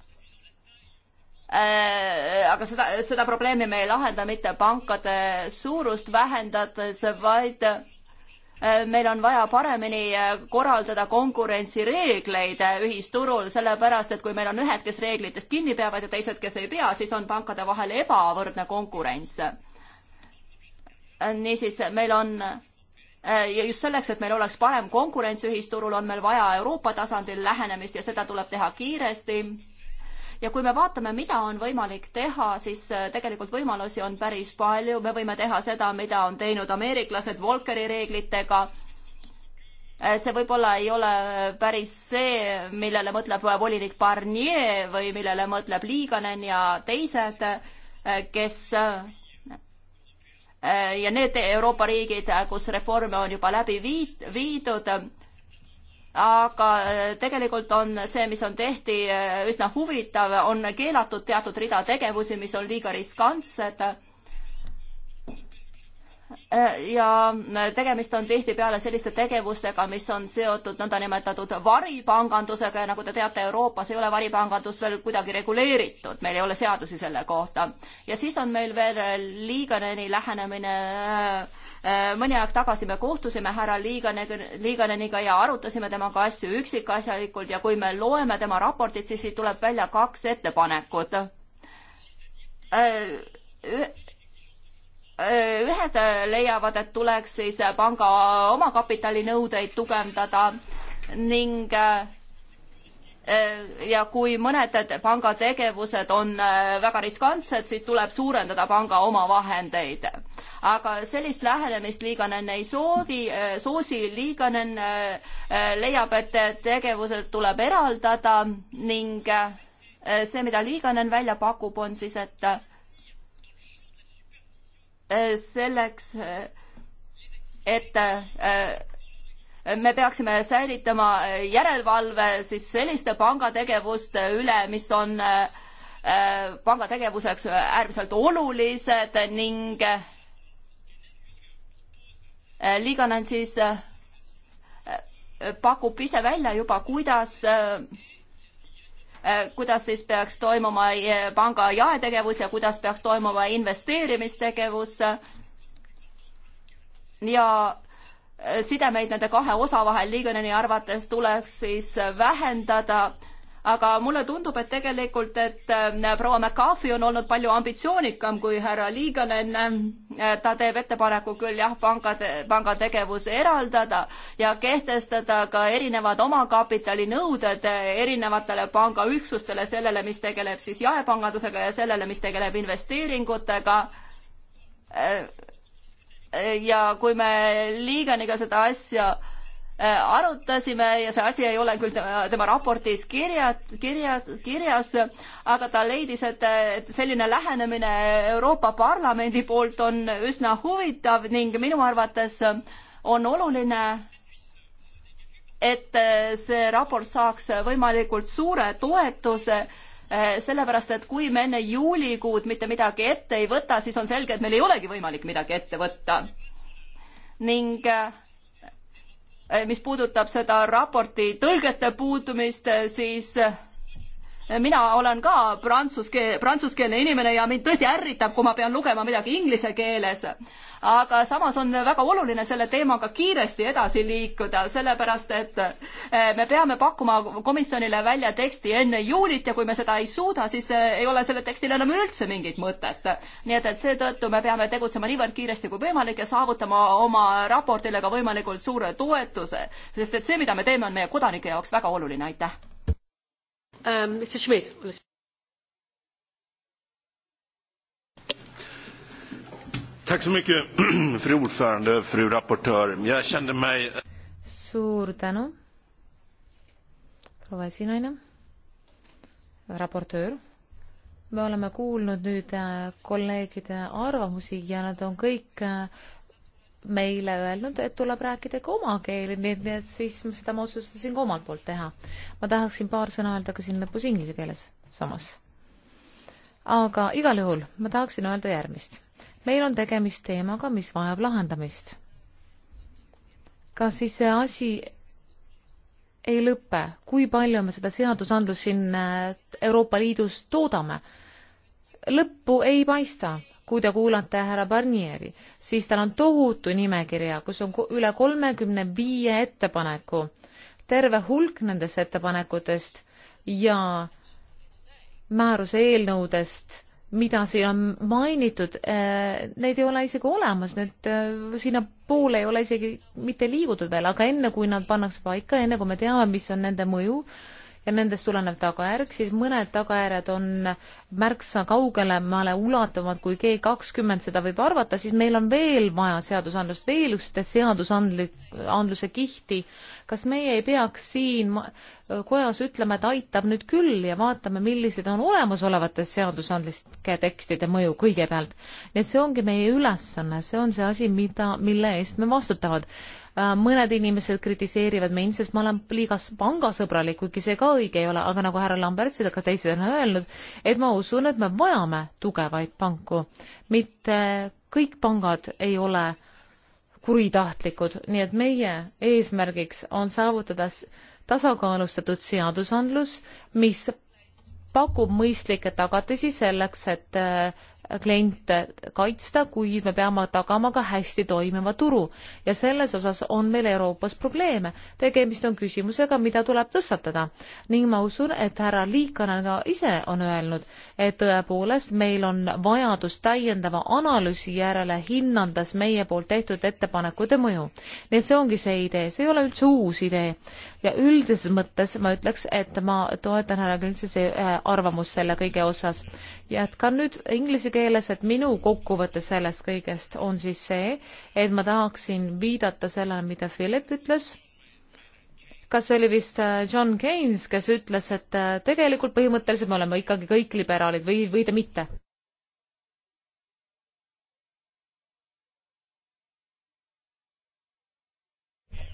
Äh, aga seda, seda probleemi me ei lahenda mitte pankade suurust vähendades, vaid äh, meil on vaja paremini äh, korraldada konkurentsireegleid ühisturul, sellepärast et kui meil on ühed, kes reeglitest kinni peavad ja teised, kes ei pea, siis on pankade vahel ebavõrdne konkurents. niisiis, meil on ja just selleks, et meil oleks parem konkurents ühisturul, on meil vaja Euroopa tasandil lähenemist ja seda tuleb teha kiiresti ja kui me vaatame, mida on võimalik teha, siis äh, tegelikult võimalusi on päris palju, me võime teha seda, mida on teinud ameeriklased Volkeri reeglitega, äh, see võib-olla ei ole päris see, millele mõtleb äh, volinik Barnier või millele mõtleb Liiganen ja teised, kes ja need Euroopa riigid, kus reforme on juba läbi viid-, viidud, aga äh, tegelikult on see, mis on tehti, äh, üsna huvitav, on keelatud teatud rida tegevusi, mis on liiga riskantsed. Äh, ja tegemist on tihtipeale selliste tegevustega, mis on seotud nõndanimetatud varipangandusega ja nagu te teate, Euroopas ei ole varipangandus veel kuidagi reguleeritud, meil ei ole seadusi selle kohta. ja siis on meil veel liigane lähenemine äh, Äh, mõni aeg tagasi me kohtusime härra Liiganeniga, Liiganeniga ja arutasime temaga asju üksikasjalikult ja kui me loeme tema raportit, siis siit tuleb välja kaks ettepanekut. Äh, äh, ühed leiavad, et tuleks siis panga omakapitali nõudeid tugevdada ning Äh, ja kui mõned panga tegevused on äh, väga riskantsed, siis tuleb suurendada panga omavahendeid. aga sellist lähenemist Liiganen ei soovi, äh, soosi, Liiganen leiab, et tegevused tuleb eraldada ning see, mida Liiganen välja pakub, on siis, et selleks, et me peaksime säilitama järelevalve siis selliste pangategevuste üle, mis on äh, panga tegevuseks äärmiselt olulised ning äh, Liiganen siis äh, pakub ise välja juba, kuidas kuidas siis peaks toimuma panga jaetegevus ja kuidas peaks toimuma investeerimistegevus. ja sidemeid nende kahe osa vahel Liiganeni arvates tuleks siis vähendada. aga mulle tundub, et tegelikult, et äh, proua McCarthy on olnud palju ambitsioonikam kui härra Liiganen. Äh, ta teeb ettepaneku küll jah, pangade, panga tegevus eraldada ja kehtestada ka erinevad omakapitalinõuded äh, erinevatele pangaüksustele, sellele, mis tegeleb siis jaepangandusega ja sellele, mis tegeleb investeeringutega ja kui me Liiganiga seda asja äh, arutasime ja see asi ei ole küll tema, tema raportis kirjad, kirjad, kirjas, aga ta leidis, et, et selline lähenemine Euroopa Parlamendi poolt on üsna huvitav ning minu arvates on oluline, et see raport saaks võimalikult suure toetuse Eh, sellepärast et kui me enne juulikuud mitte midagi ette ei võta, siis on selge, et meil ei olegi võimalik midagi ette võtta. ning eh, eh, mis puudutab seda raporti tõlgete puudumist, siis mina olen ka prantsuske-, prantsuskeelne inimene ja mind tõesti ärritab, kui ma pean lugema midagi inglise keeles. aga samas on väga oluline selle teemaga kiiresti edasi liikuda, sellepärast et eh, me peame pakkuma komisjonile välja teksti enne juulit ja kui me seda ei suuda, siis eh, ei ole sellel tekstil enam üldse mingit mõtet. nii et, et seetõttu me peame tegutsema niivõrd kiiresti kui võimalik ja saavutama oma raportile ka võimalikult suure toetuse, sest et see, mida me teeme, on meie kodanike jaoks väga oluline, aitäh! Um, Mr. Schmidt. Tack så mycket, fru ordförande, fru rapportör. Jag kände mig... Eh, Suur tänu, proua esinaine, raportöör. me oleme kuulnud nüüd eh, kolleegide arvamusi ja nad on kõik eh, meile öelnud, et tuleb rääkida ka oma keeli, nii et, nii et siis seda ma otsustasin ka omalt poolt teha. ma tahaksin paar sõna öelda ka siin lõpus inglise keeles samas. aga igal juhul ma tahaksin öelda järgmist. meil on tegemist teemaga, mis vajab lahendamist. kas siis see asi ei lõpe, kui palju me seda seadusandlust siin äh, Euroopa Liidus toodame? lõppu ei paista kui te kuulate härra Barnieri, siis tal on tohutu nimekirja, kus on üle kolmekümne viie ettepaneku, terve hulk nendest ettepanekutest ja määruse eelnõudest, mida siin on mainitud, eh, neid ei ole isegi olemas, need, eh, sinnapoole ei ole isegi mitte liigutud veel, aga enne, kui nad pannakse paika, enne kui me teame, mis on nende mõju, ja nendest tulenev tagajärg, siis mõned tagajärjed on märksa kaugelemale ulatuvad, kui G kakskümmend seda võib arvata, siis meil on veel vaja seadusandlust, veel ühte seadusandlik, andluse kihti. kas meie ei peaks siin kojas ütlema, et aitab nüüd küll ja vaatame, millised on olemasolevate seadusandlike tekstide mõju kõigepealt. nii et see ongi meie ülesanne, see on see asi, mida, mille eest me vastutavad Äh, mõned inimesed kritiseerivad mind, sest ma olen liiga pangasõbralik, kuigi see ka õige ei ole, aga nagu härra Lambert seda ka teised on öelnud, et ma usun, et me vajame tugevaid panku. mitte kõik pangad ei ole kuritahtlikud, nii et meie eesmärgiks on saavutada tasakaalustatud seadusandlus, mis pakub mõistlikke tagatisi selleks, et äh, kliente kaitsta, kuid me peame tagama ka hästi toimiva turu ja selles osas on meil Euroopas probleeme. tegemist on küsimusega, mida tuleb tõstatada ning ma usun, et härra Liikanen ka ise on öelnud, et tõepoolest meil on vajadus täiendava analüüsi järele hinnandas meie poolt tehtud ettepanekute mõju. nii et see ongi see idee, see ei ole üldse uus idee ja üldises mõttes ma ütleks, et ma toetan härra Klintsi äh, arvamust selle kõige osas jätkan nüüd inglise keeles, et minu kokkuvõte sellest kõigest on siis see, et ma tahaksin viidata sellele, mida Philip ütles. kas see oli vist äh, John Keynes, kes ütles, et äh, tegelikult põhimõtteliselt me oleme ikkagi kõik liberaalid või, või te mitte?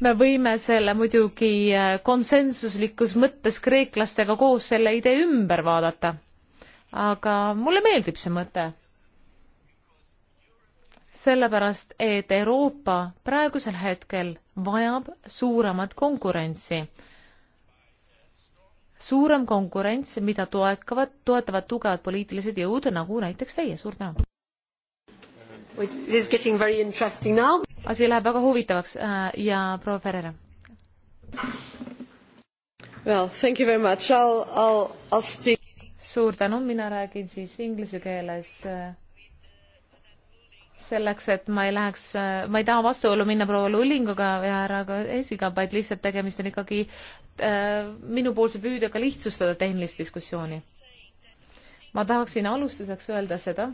me võime selle muidugi äh, konsensuslikus mõttes kreeklastega koos selle idee ümber vaadata aga mulle meeldib see mõte. sellepärast, et Euroopa praegusel hetkel vajab suuremat konkurentsi. suurem konkurents, mida toekavad, toetavad tugevad poliitilised jõud, nagu näiteks teie, suur tänu! asi läheb väga huvitavaks äh, ja proua Ferreira. Well, thank you very much. I'll, I'll, I'll speak suur tänu, mina räägin siis inglise keeles. Äh, selleks, et ma ei läheks, äh, ma ei taha vastuollu minna proua Lullinguga ja härra Esiga, vaid lihtsalt tegemist on ikkagi äh, minupoolse püüdega lihtsustada tehnilist diskussiooni. ma tahaksin alustuseks öelda seda,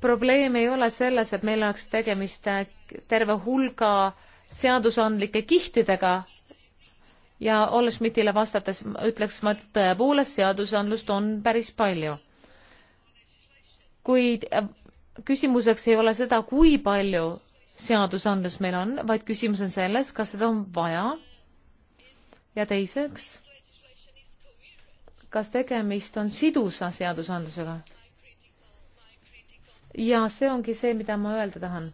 probleem ei ole selles, et meil oleks tegemist äh, terve hulga seadusandlike kihtidega, ja Olle Schmidtile vastates ütleks ma, et tõepoolest seadusandlust on päris palju. kuid äh, küsimuseks ei ole seda, kui palju seadusandlus meil on, vaid küsimus on selles, kas seda on vaja. ja teiseks, kas tegemist on sidusa seadusandlusega? ja see ongi see, mida ma öelda tahan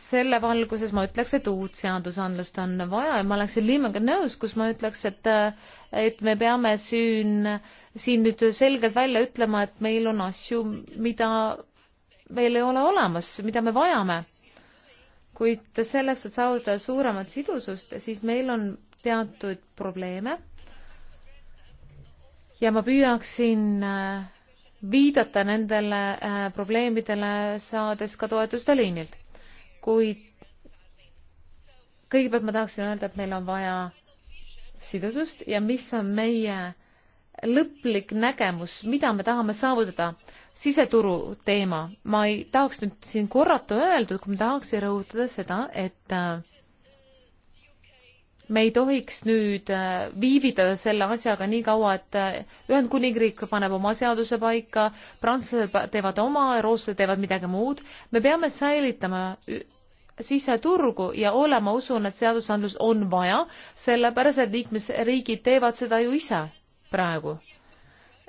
selle valguses ma ütleks, et uut seadusandlust on vaja ja ma oleksin Liimaga nõus, kus ma ütleks, et et me peame siin, siin nüüd selgelt välja ütlema, et meil on asju, mida meil ei ole olemas, mida me vajame. kuid selleks, et saavutada suuremat sidusust, siis meil on teatud probleeme ja ma püüaksin äh, viidata nendele äh, probleemidele, saades ka toetust Tallinnilt kuid kõigepealt ma tahaksin öelda, et meil on vaja sidusust ja mis on meie lõplik nägemus, mida me tahame saavutada. siseturu teema, ma ei tahaks nüüd siin korrata öeldud, kui ma tahaks rõhutada seda, et äh, me ei tohiks nüüd äh, viivitada selle asjaga nii kaua, et äh, Ühendkuningriik paneb oma seaduse paika, prantslased teevad oma, rootslased teevad midagi muud. me peame säilitama siseturgu ja ole, ma usun, et seadusandlus on vaja, sellepärast et liikmesriigid teevad seda ju ise praegu.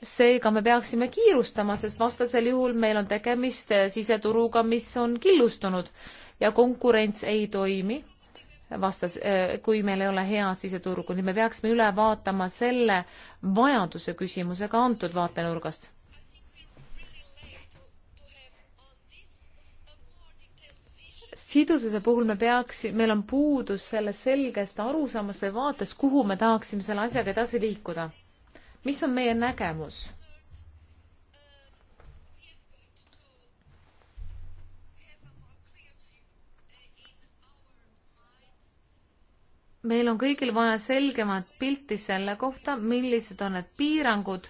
seega me peaksime kiirustama, sest vastasel juhul meil on tegemist siseturuga, mis on killustunud ja konkurents ei toimi vastas, kui meil ei ole head siseturgu, nii me peaksime üle vaatama selle vajaduse küsimuse ka antud vaatenurgast sidususe puhul me peaks, meil on puudus sellest selgest arusaamast või vaatest, kuhu me tahaksime selle asjaga edasi liikuda. mis on meie nägemus? meil on kõigil vaja selgemat pilti selle kohta, millised on need piirangud,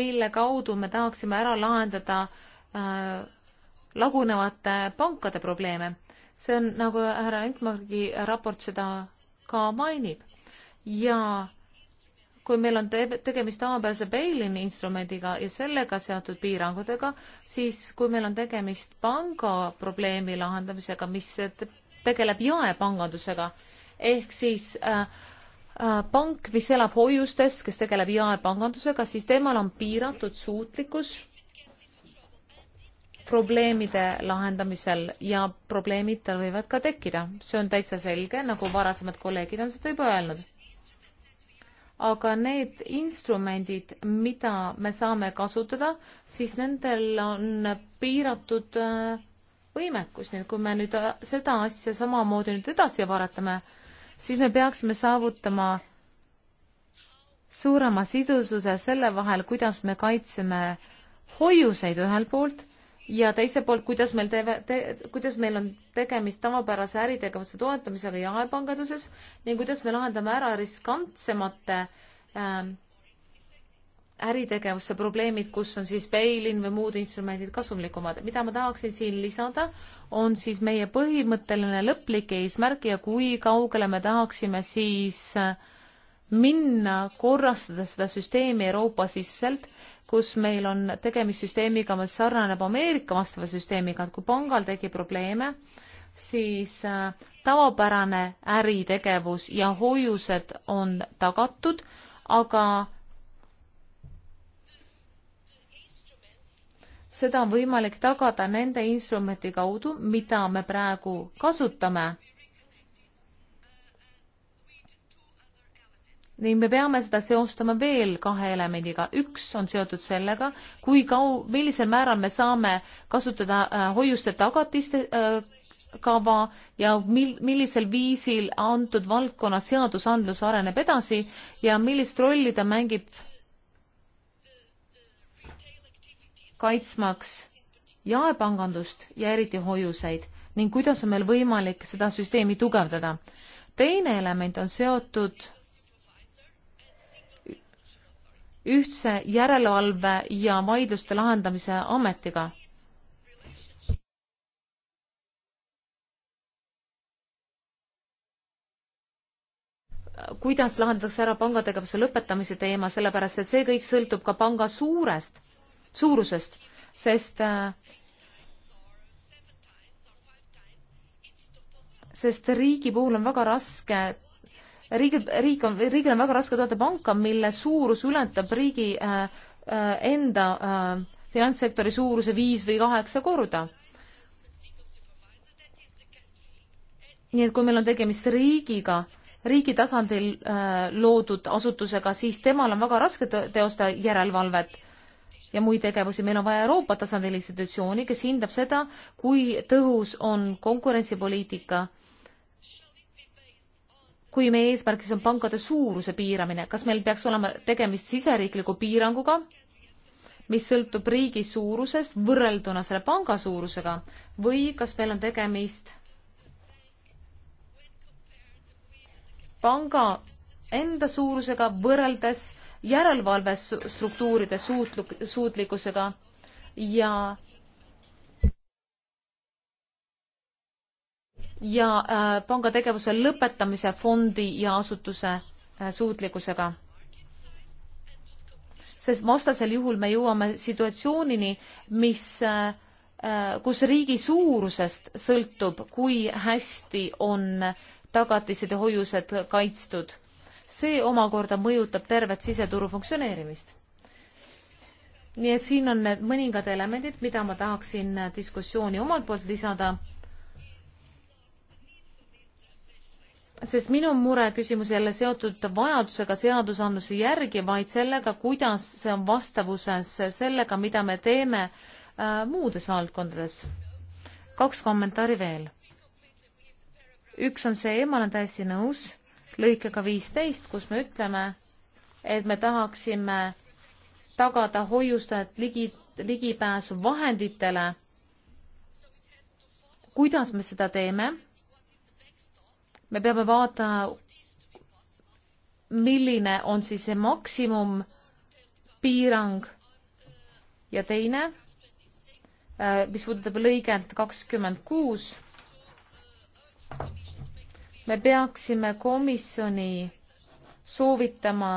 mille kaudu me tahaksime ära lahendada äh, lagunevate pankade probleeme. see on, nagu härra Enkmargi raport seda ka mainib. ja kui meil on te tegemist tavapärase bail-in instrumendiga ja sellega seatud piirangutega, siis kui meil on tegemist panga probleemi lahendamisega, mis tegeleb jaepangandusega, ehk siis äh, äh, pank, mis elab hoiustes, kes tegeleb jaepangandusega, siis temal on piiratud suutlikkus probleemide lahendamisel ja probleemid tal võivad ka tekkida. see on täitsa selge, nagu varasemad kolleegid on seda juba öelnud. aga need instrumendid, mida me saame kasutada, siis nendel on piiratud äh, võimekus, nii et kui me nüüd äh, seda asja samamoodi nüüd edasi varatame, siis me peaksime saavutama suurema sidususe selle vahel, kuidas me kaitseme hoiuseid ühelt poolt ja teiselt poolt, kuidas meil teve, te, kuidas meil on tegemist tavapärase äritegevuse toetamisega jaepanganduses ning kuidas me lahendame ära riskantsemate ähm, äritegevuse probleemid, kus on siis bail-in või muud instrumendid kasumlikumad. mida ma tahaksin siin lisada, on siis meie põhimõtteline lõplik eesmärk ja kui kaugele me tahaksime siis äh, minna, korrastada seda süsteemi Euroopa siseselt kus meil on tegemist süsteemiga, mis sarnaneb Ameerika vastava süsteemiga, et kui pangal tegi probleeme, siis äh, tavapärane äritegevus ja hoiused on tagatud, aga seda on võimalik tagada nende instrumenti kaudu, mida me praegu kasutame nii me peame seda seostama veel kahe elemendiga, üks on seotud sellega, kui kau-, millisel määral me saame kasutada äh, hoiuste tagatiste äh, kava ja mil-, millisel viisil antud valdkonna seadusandlus areneb edasi ja millist rolli ta mängib kaitsmaks jaepangandust ja eriti hoiuseid ning kuidas on meil võimalik seda süsteemi tugevdada. teine element on seotud ühtse järelevalve ja vaidluste lahendamise ametiga kuidas lahendatakse ära pangategevuse lõpetamise teema, sellepärast et see kõik sõltub ka panga suurest, suurusest, sest sest riigi puhul on väga raske riigil, riik on, riigil on väga raske toota panka, mille suurus ületab riigi äh, äh, enda äh, finantssektori suuruse viis või kaheksa korda. nii et kui meil on tegemist riigiga, riigi tasandil äh, loodud asutusega, siis temal on väga raske teosta järelevalvet ja muid tegevusi, meil on vaja Euroopa tasandil institutsiooni, kes hindab seda, kui tõhus on konkurentsipoliitika kui meie eesmärgiks on pankade suuruse piiramine, kas meil peaks olema tegemist siseriikliku piiranguga, mis sõltub riigi suurusest võrrelduna selle panga suurusega või kas meil on tegemist panga enda suurusega võrreldes järelevalvestruktuuride suutlik-, suutlikkusega ja ja äh, panga tegevuse lõpetamise fondi ja asutuse äh, suutlikkusega. sest vastasel juhul me jõuame situatsioonini, mis äh, äh, kus riigi suurusest sõltub, kui hästi on tagatised ja hoiused kaitstud. see omakorda mõjutab tervet siseturu funktsioneerimist. nii et siin on need mõningad elemendid, mida ma tahaksin diskussiooni omalt poolt lisada sest minu mureküsimus jälle seotud vajadusega seadusandluse järgi, vaid sellega, kuidas see on vastavuses sellega, mida me teeme äh, muudes valdkondades. kaks kommentaari veel. üks on see, ma olen täiesti nõus, lõikega viisteist, kus me ütleme, et me tahaksime tagada hoiustajat ligi, ligipääsu vahenditele. kuidas me seda teeme? me peame vaatama, milline on siis see maksimumpiirang ja teine, äh, mis puudutab lõiget kakskümmend kuus, me peaksime komisjoni soovitama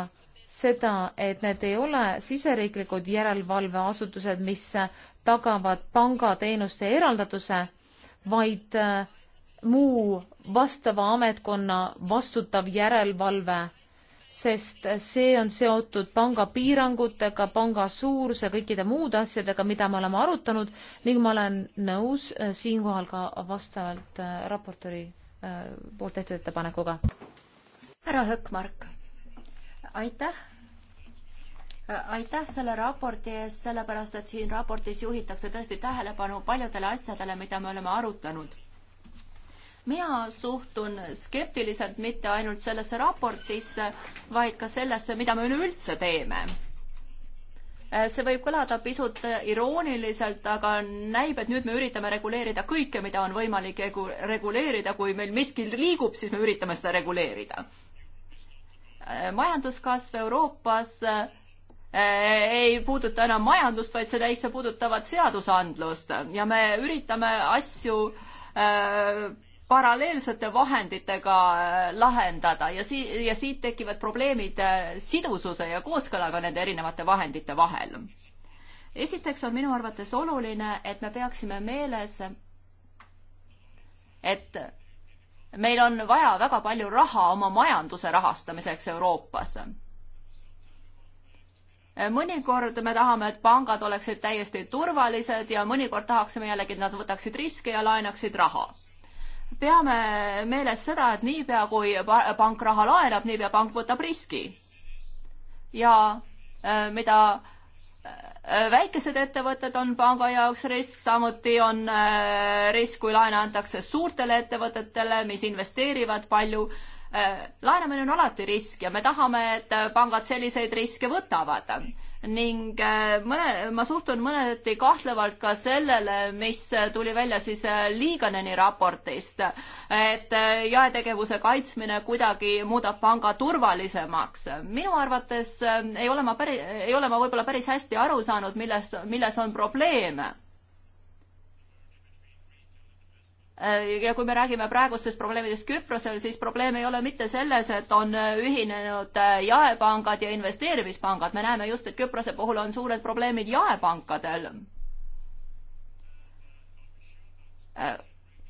seda, et need ei ole siseriiklikud järelevalveasutused, mis tagavad pangateenuste eraldatuse, vaid äh, muu vastava ametkonna vastutav järelevalve, sest see on seotud panga piirangutega, panga suuruse, kõikide muude asjadega, mida me oleme arutanud ning ma olen nõus äh, siinkohal ka vastavalt äh, raportööri äh, poolt tehtud ettepanekuga. härra Höökmark, aitäh aitäh selle raporti eest, sellepärast et siin raportis juhitakse tõesti tähelepanu paljudele asjadele, mida me oleme arutanud mina suhtun skeptiliselt mitte ainult sellesse raportisse, vaid ka sellesse, mida me üleüldse teeme. Äh, see võib kõlada pisut irooniliselt, aga näib, et nüüd me üritame reguleerida kõike, mida on võimalik reguleerida, kui meil miski liigub, siis me üritame seda reguleerida. Äh, majanduskasv Euroopas äh, ei puuduta enam majandust, vaid see täitsa puudutavad seadusandlust ja me üritame asju äh, paralleelsete vahenditega äh, lahendada ja sii-, ja siit tekivad probleemid äh, sidususe ja kooskõlaga nende erinevate vahendite vahel. esiteks on minu arvates oluline, et me peaksime meeles, et meil on vaja väga palju raha oma majanduse rahastamiseks Euroopas mõnikord me tahame, et pangad oleksid täiesti turvalised ja mõnikord tahaksime jällegi, et nad võtaksid riske ja laenaksid raha peame meeles seda, et niipea kui pank raha laenab, niipea pank võtab riski. ja äh, mida äh, väikesed ettevõtted on panga jaoks risk, samuti on äh, risk, kui laene antakse suurtele ettevõtetele, mis investeerivad palju. laenamine on alati risk ja me tahame, et pangad selliseid riske võtavad ning äh, mõne, ma suhtun mõneti kahtlevalt ka sellele, mis tuli välja siis äh, Liiganeni raportist, et äh, jaetegevuse kaitsmine kuidagi muudab panga turvalisemaks. minu arvates ei ole ma päri, ei ole ma võib-olla päris hästi aru saanud, milles, milles on probleem Äh, ja kui me räägime praegustest probleemidest Küprosel, siis probleem ei ole mitte selles, et on äh, ühinenud äh, jaepangad ja investeerimispangad, me näeme just, et Küprose puhul on suured probleemid jaepankadel.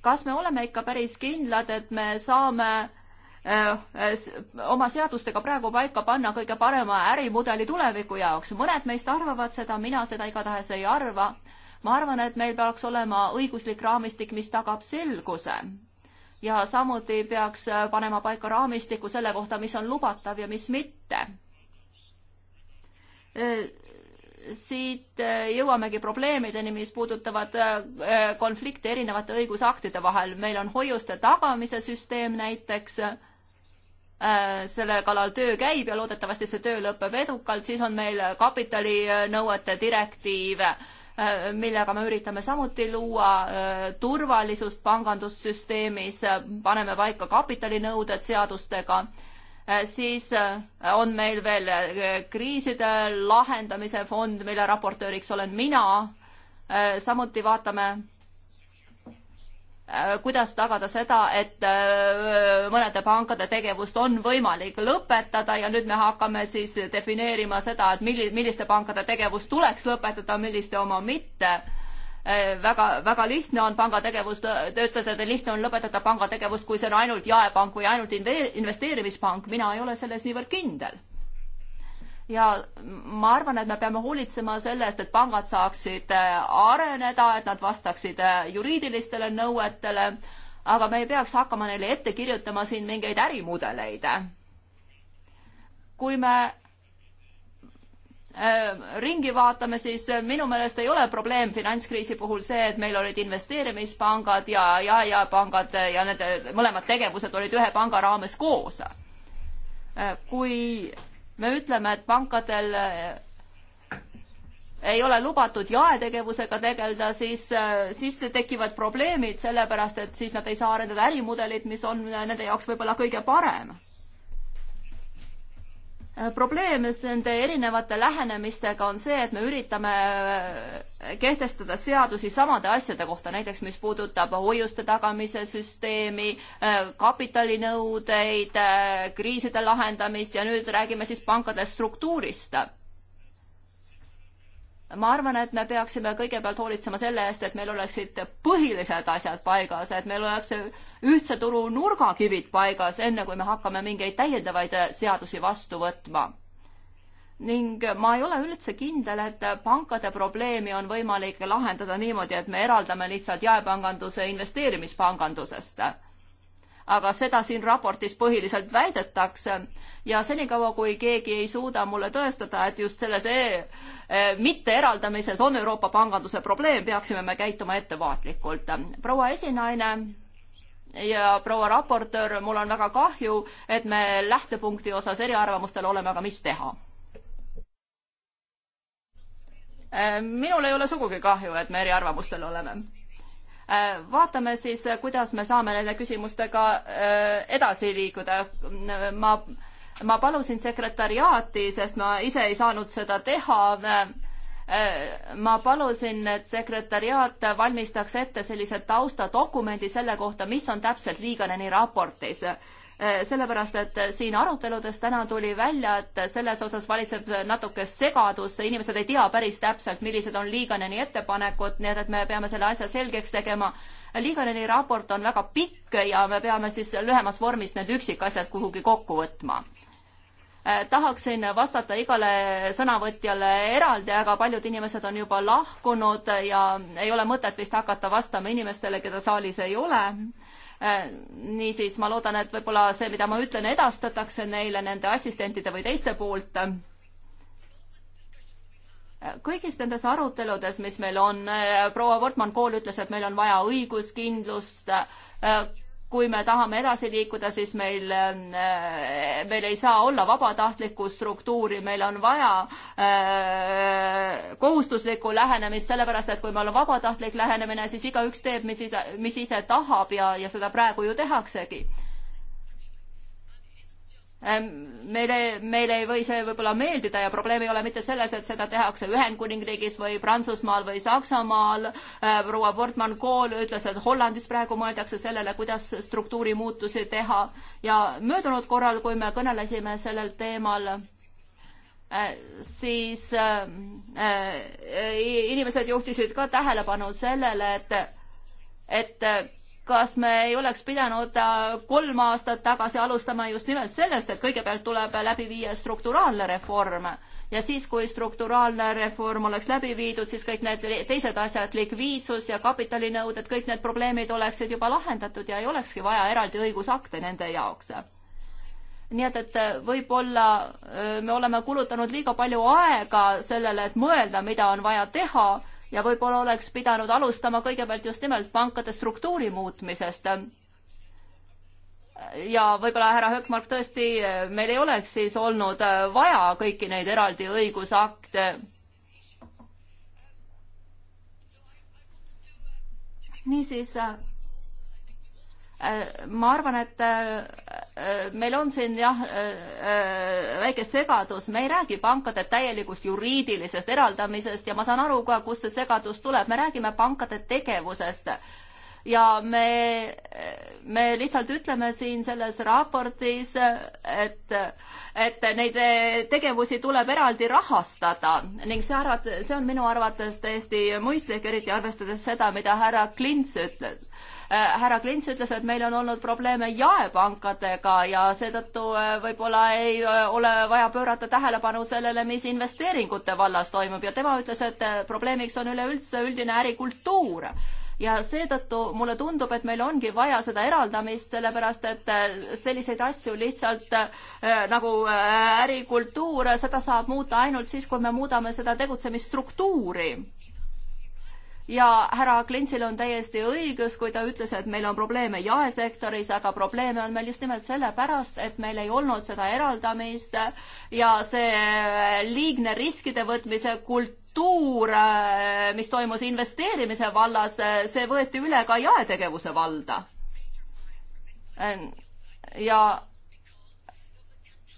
kas me oleme ikka päris kindlad, et me saame oma seadustega praegu paika panna kõige parema ärimudeli tuleviku jaoks, mõned meist arvavad seda, mina seda igatahes ei arva ma arvan, et meil peaks olema õiguslik raamistik, mis tagab selguse ja samuti peaks äh, panema paika raamistiku selle kohta, mis on lubatav ja mis mitte. Äh, siit äh, jõuamegi probleemideni, mis puudutavad konflikte erinevate õigusaktide vahel. meil on hoiuste tagamise süsteem näiteks selle kallal töö käib ja loodetavasti see töö lõpeb edukalt, siis on meil kapitalinõuete direktiiv Äh, millega me üritame samuti luua äh, turvalisust pangandussüsteemis, paneme paika kapitalinõuded seadustega, äh, siis on meil veel kriiside lahendamise fond, mille raportööriks olen mina, samuti vaatame Äh, kuidas tagada seda, et äh, mõnede pankade tegevust on võimalik lõpetada ja nüüd me hakkame siis defineerima seda, et milli-, milliste pankade tegevus tuleks lõpetada, milliste oma mitte. Äh, väga, väga lihtne on panga tegevus, te ütlete, et lihtne on lõpetada panga tegevust, kui see on ainult jaepank või ainult investeerimispank, mina ei ole selles niivõrd kindel ja ma arvan, et me peame hoolitsema selle eest, et pangad saaksid äh, areneda, et nad vastaksid äh, juriidilistele nõuetele, aga me ei peaks hakkama neile ette kirjutama siin mingeid ärimudeleid. kui me äh, ringi vaatame, siis minu meelest ei ole probleem finantskriisi puhul see, et meil olid investeerimispangad ja, ja, ja pangad ja need mõlemad tegevused olid ühe panga raames koos. kui me ütleme, et pankadel äh, ei ole lubatud jaetegevusega tegeleda, siis, äh, siis tekivad probleemid, sellepärast et siis nad ei saa arendada ärimudelit, mis on äh, nende jaoks võib-olla kõige parem Äh, probleem nende erinevate lähenemistega on see, et me üritame äh, kehtestada seadusi samade asjade kohta, näiteks mis puudutab hoiuste tagamise süsteemi, äh, kapitalinõudeid, kriiside lahendamist ja nüüd räägime siis pankade struktuurist ma arvan, et me peaksime kõigepealt hoolitsema selle eest, et meil oleksid põhilised asjad paigas, et meil oleks ühtse turu nurgakivid paigas, enne kui me hakkame mingeid täiendavaid seadusi vastu võtma. ning ma ei ole üldse kindel, et pankade probleemi on võimalik lahendada niimoodi, et me eraldame lihtsalt jaepanganduse investeerimispangandusest aga seda siin raportis põhiliselt väidetakse ja senikaua, kui keegi ei suuda mulle tõestada, et just selles e e mitteeraldamises on Euroopa panganduse probleem, peaksime me käituma ettevaatlikult. proua esinaine ja proua raportöör, mul on väga kahju, et me lähtepunkti osas eriarvamustel oleme, aga mis teha? minul ei ole sugugi kahju, et me eriarvamustel oleme Äh, vaatame siis, kuidas me saame nende küsimustega äh, edasi liikuda. ma, ma palusin sekretariaati, sest ma ise ei saanud seda teha. Äh, ma palusin, et sekretariaat valmistaks ette sellise taustadokumendi selle kohta, mis on täpselt Liiganeni raportis Äh, sellepärast et siin aruteludes täna tuli välja, et selles osas valitseb natuke segadus, inimesed ei tea päris täpselt, millised on Liiganeni ettepanekud, nii et, et me peame selle asja selgeks tegema. Liiganeni raport on väga pikk ja me peame siis lühemas vormis need üksikasjad kuhugi kokku võtma äh, tahaksin vastata igale sõnavõtjale eraldi, aga paljud inimesed on juba lahkunud ja ei ole mõtet vist hakata vastama inimestele, keda saalis ei ole Äh, niisiis ma loodan, et võib-olla see, mida ma ütlen, edastatakse neile nende assistentide või teiste poolt. Äh, kõigis nendes aruteludes, mis meil on, äh, proua Wortmann Kool ütles, et meil on vaja õiguskindlust kui me tahame edasi liikuda, siis meil, äh, meil ei saa olla vabatahtlikku struktuuri, meil on vaja äh, kohustuslikku lähenemist, sellepärast et kui meil on vabatahtlik lähenemine, siis igaüks teeb, mis ise, mis ise tahab ja, ja seda praegu ju tehaksegi Ehm, meile, meile ei või see võib-olla meeldida ja probleem ei ole mitte selles, et seda tehakse Ühendkuningriigis või Prantsusmaal või Saksamaal. Ehm, proua Portman Kool ütles, et Hollandis praegu mõeldakse sellele, kuidas struktuurimuutusi teha ja möödunud korral, kui me kõnelesime sellel teemal, ehm, siis e, e, inimesed juhtisid ka tähelepanu sellele, et et kas me ei oleks pidanud äh, kolm aastat tagasi alustama just nimelt sellest, et kõigepealt tuleb läbi viia strukturaalne reform ja siis, kui strukturaalne reform oleks läbi viidud, siis kõik need teised asjad, likviidsus ja kapitalinõuded, kõik need probleemid oleksid juba lahendatud ja ei olekski vaja eraldi õigusakte nende jaoks nii et, et äh, võib-olla äh, me oleme kulutanud liiga palju aega sellele, et mõelda, mida on vaja teha ja võib-olla oleks pidanud alustama kõigepealt just nimelt pankade struktuuri muutmisest. ja võib-olla härra Höökmark, tõesti, meil ei oleks siis olnud vaja kõiki neid eraldi õigusakte niisiis ma arvan, et Äh, meil on siin jah äh, äh, väike segadus, me ei räägi pankade täielikust juriidilisest eraldamisest ja ma saan aru ka, kust see segadus tuleb, me räägime pankade tegevusest. ja me, me lihtsalt ütleme siin selles raportis, et, et neid tegevusi tuleb eraldi rahastada ning see arvat-, see on minu arvates täiesti mõistlik, eriti arvestades seda, mida härra Klints ütles Äh, härra Klints ütles, et meil on olnud probleeme jaepankadega ja seetõttu äh, võib-olla ei äh, ole vaja pöörata tähelepanu sellele, mis investeeringute vallas toimub ja tema ütles, et probleemiks on üleüldse üldine ärikultuur ja seetõttu mulle tundub, et meil ongi vaja seda eraldamist, sellepärast et selliseid asju lihtsalt äh, nagu ärikultuur, seda saab muuta ainult siis, kui me muudame seda tegutsemisstruktuuri ja härra Klintsil on täiesti õigus, kui ta ütles, et meil on probleeme jaesektoris, aga probleeme on meil just nimelt sellepärast, et meil ei olnud seda eraldamist ja see liigne riskide võtmise kultuur, mis toimus investeerimise vallas, see võeti üle ka jaetegevuse valda. ja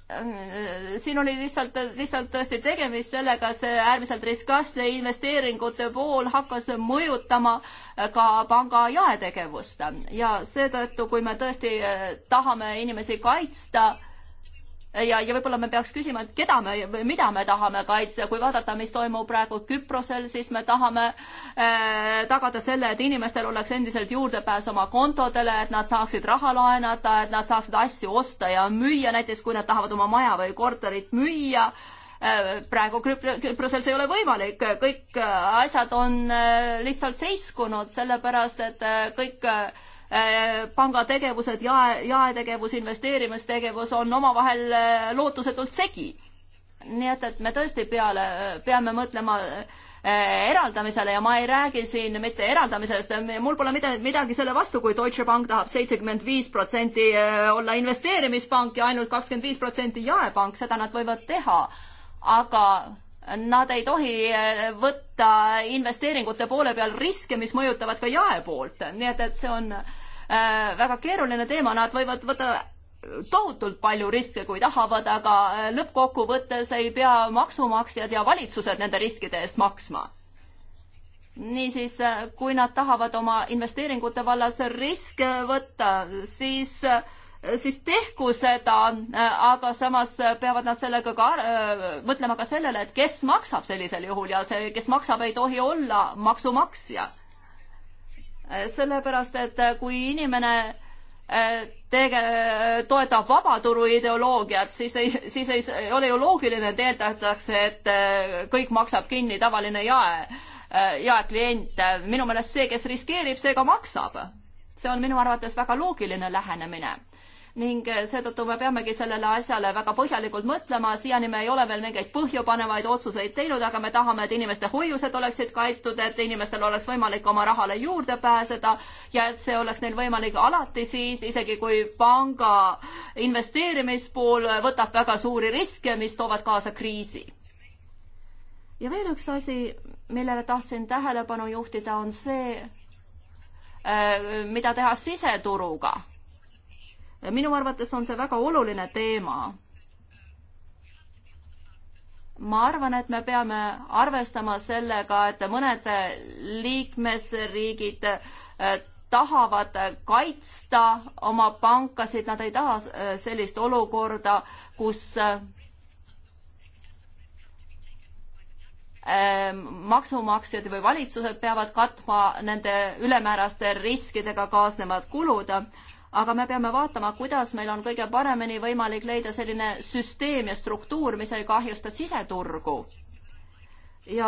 Ähm, äh, siin oli lihtsalt, lihtsalt tõesti tegemist sellega, see äärmiselt riskantne investeeringute pool hakkas mõjutama äh, ka panga jaetegevust ja seetõttu, kui me tõesti äh, tahame inimesi kaitsta, ja, ja võib-olla me peaks küsima, et keda me, mida me tahame kaitsta, kui vaadata, mis toimub praegu Küprosel, siis me tahame äh, tagada selle, et inimestel oleks endiselt juurdepääs oma kontodele, et nad saaksid raha laenata, et nad saaksid asju osta ja müüa, näiteks kui nad tahavad oma maja või korterit müüa äh,. praegu Küprosel see ei ole võimalik, kõik eh, asjad on äh, lihtsalt seiskunud, sellepärast et kõik panga tegevused, jae, jaetegevus, investeerimistegevus on omavahel äh, lootusetult segi. nii et, et me tõesti peale, peame mõtlema äh, eraldamisele ja ma ei räägi siin mitte eraldamisest, mul pole midagi, midagi selle vastu, kui Deutsche Bank tahab seitsekümmend viis protsenti äh, olla investeerimispank ja ainult kakskümmend viis protsenti jaepank, seda nad võivad teha. aga nad ei tohi eh, võtta investeeringute poole peal riske, mis mõjutavad ka jaepoolt, nii et, et see on eh, väga keeruline teema, nad võivad võtta tohutult palju riske, kui tahavad, aga eh, lõppkokkuvõttes ei pea maksumaksjad ja valitsused nende riskide eest maksma. niisiis, kui nad tahavad oma investeeringute vallas riske võtta, siis äh, siis tehku seda, aga samas peavad nad sellega ka mõtlema ka sellele, et kes maksab sellisel juhul ja see, kes maksab, ei tohi olla maksumaksja. sellepärast, et kui inimene eh, tege-, toetab vabaturu ideoloogiat, siis ei, siis ei, ei ole ju loogiline, et eeldatakse, et eh, kõik maksab kinni tavaline jae, eh, jaeklient. minu meelest see, kes riskeerib, see ka maksab. see on minu arvates väga loogiline lähenemine ning seetõttu me peamegi sellele asjale väga põhjalikult mõtlema, siiani me ei ole veel mingeid põhjupanevaid otsuseid teinud, aga me tahame, et inimeste hoiused oleksid kaitstud, et inimestel oleks võimalik oma rahale juurde pääseda ja et see oleks neil võimalik alati siis, isegi kui panga investeerimispool võtab väga suuri riske, mis toovad kaasa kriisi. ja veel üks asi, millele tahtsin tähelepanu juhtida, on see, äh, mida teha siseturuga minu arvates on see väga oluline teema. ma arvan, et me peame arvestama sellega, et mõned liikmesriigid äh, tahavad kaitsta oma pankasid, nad ei taha äh, sellist olukorda, kus äh, ähm, maksumaksjad või valitsused peavad katma nende ülemääraste riskidega kaasnevad kulud aga me peame vaatama, kuidas meil on kõige paremini võimalik leida selline süsteem ja struktuur, mis ei kahjusta siseturgu. ja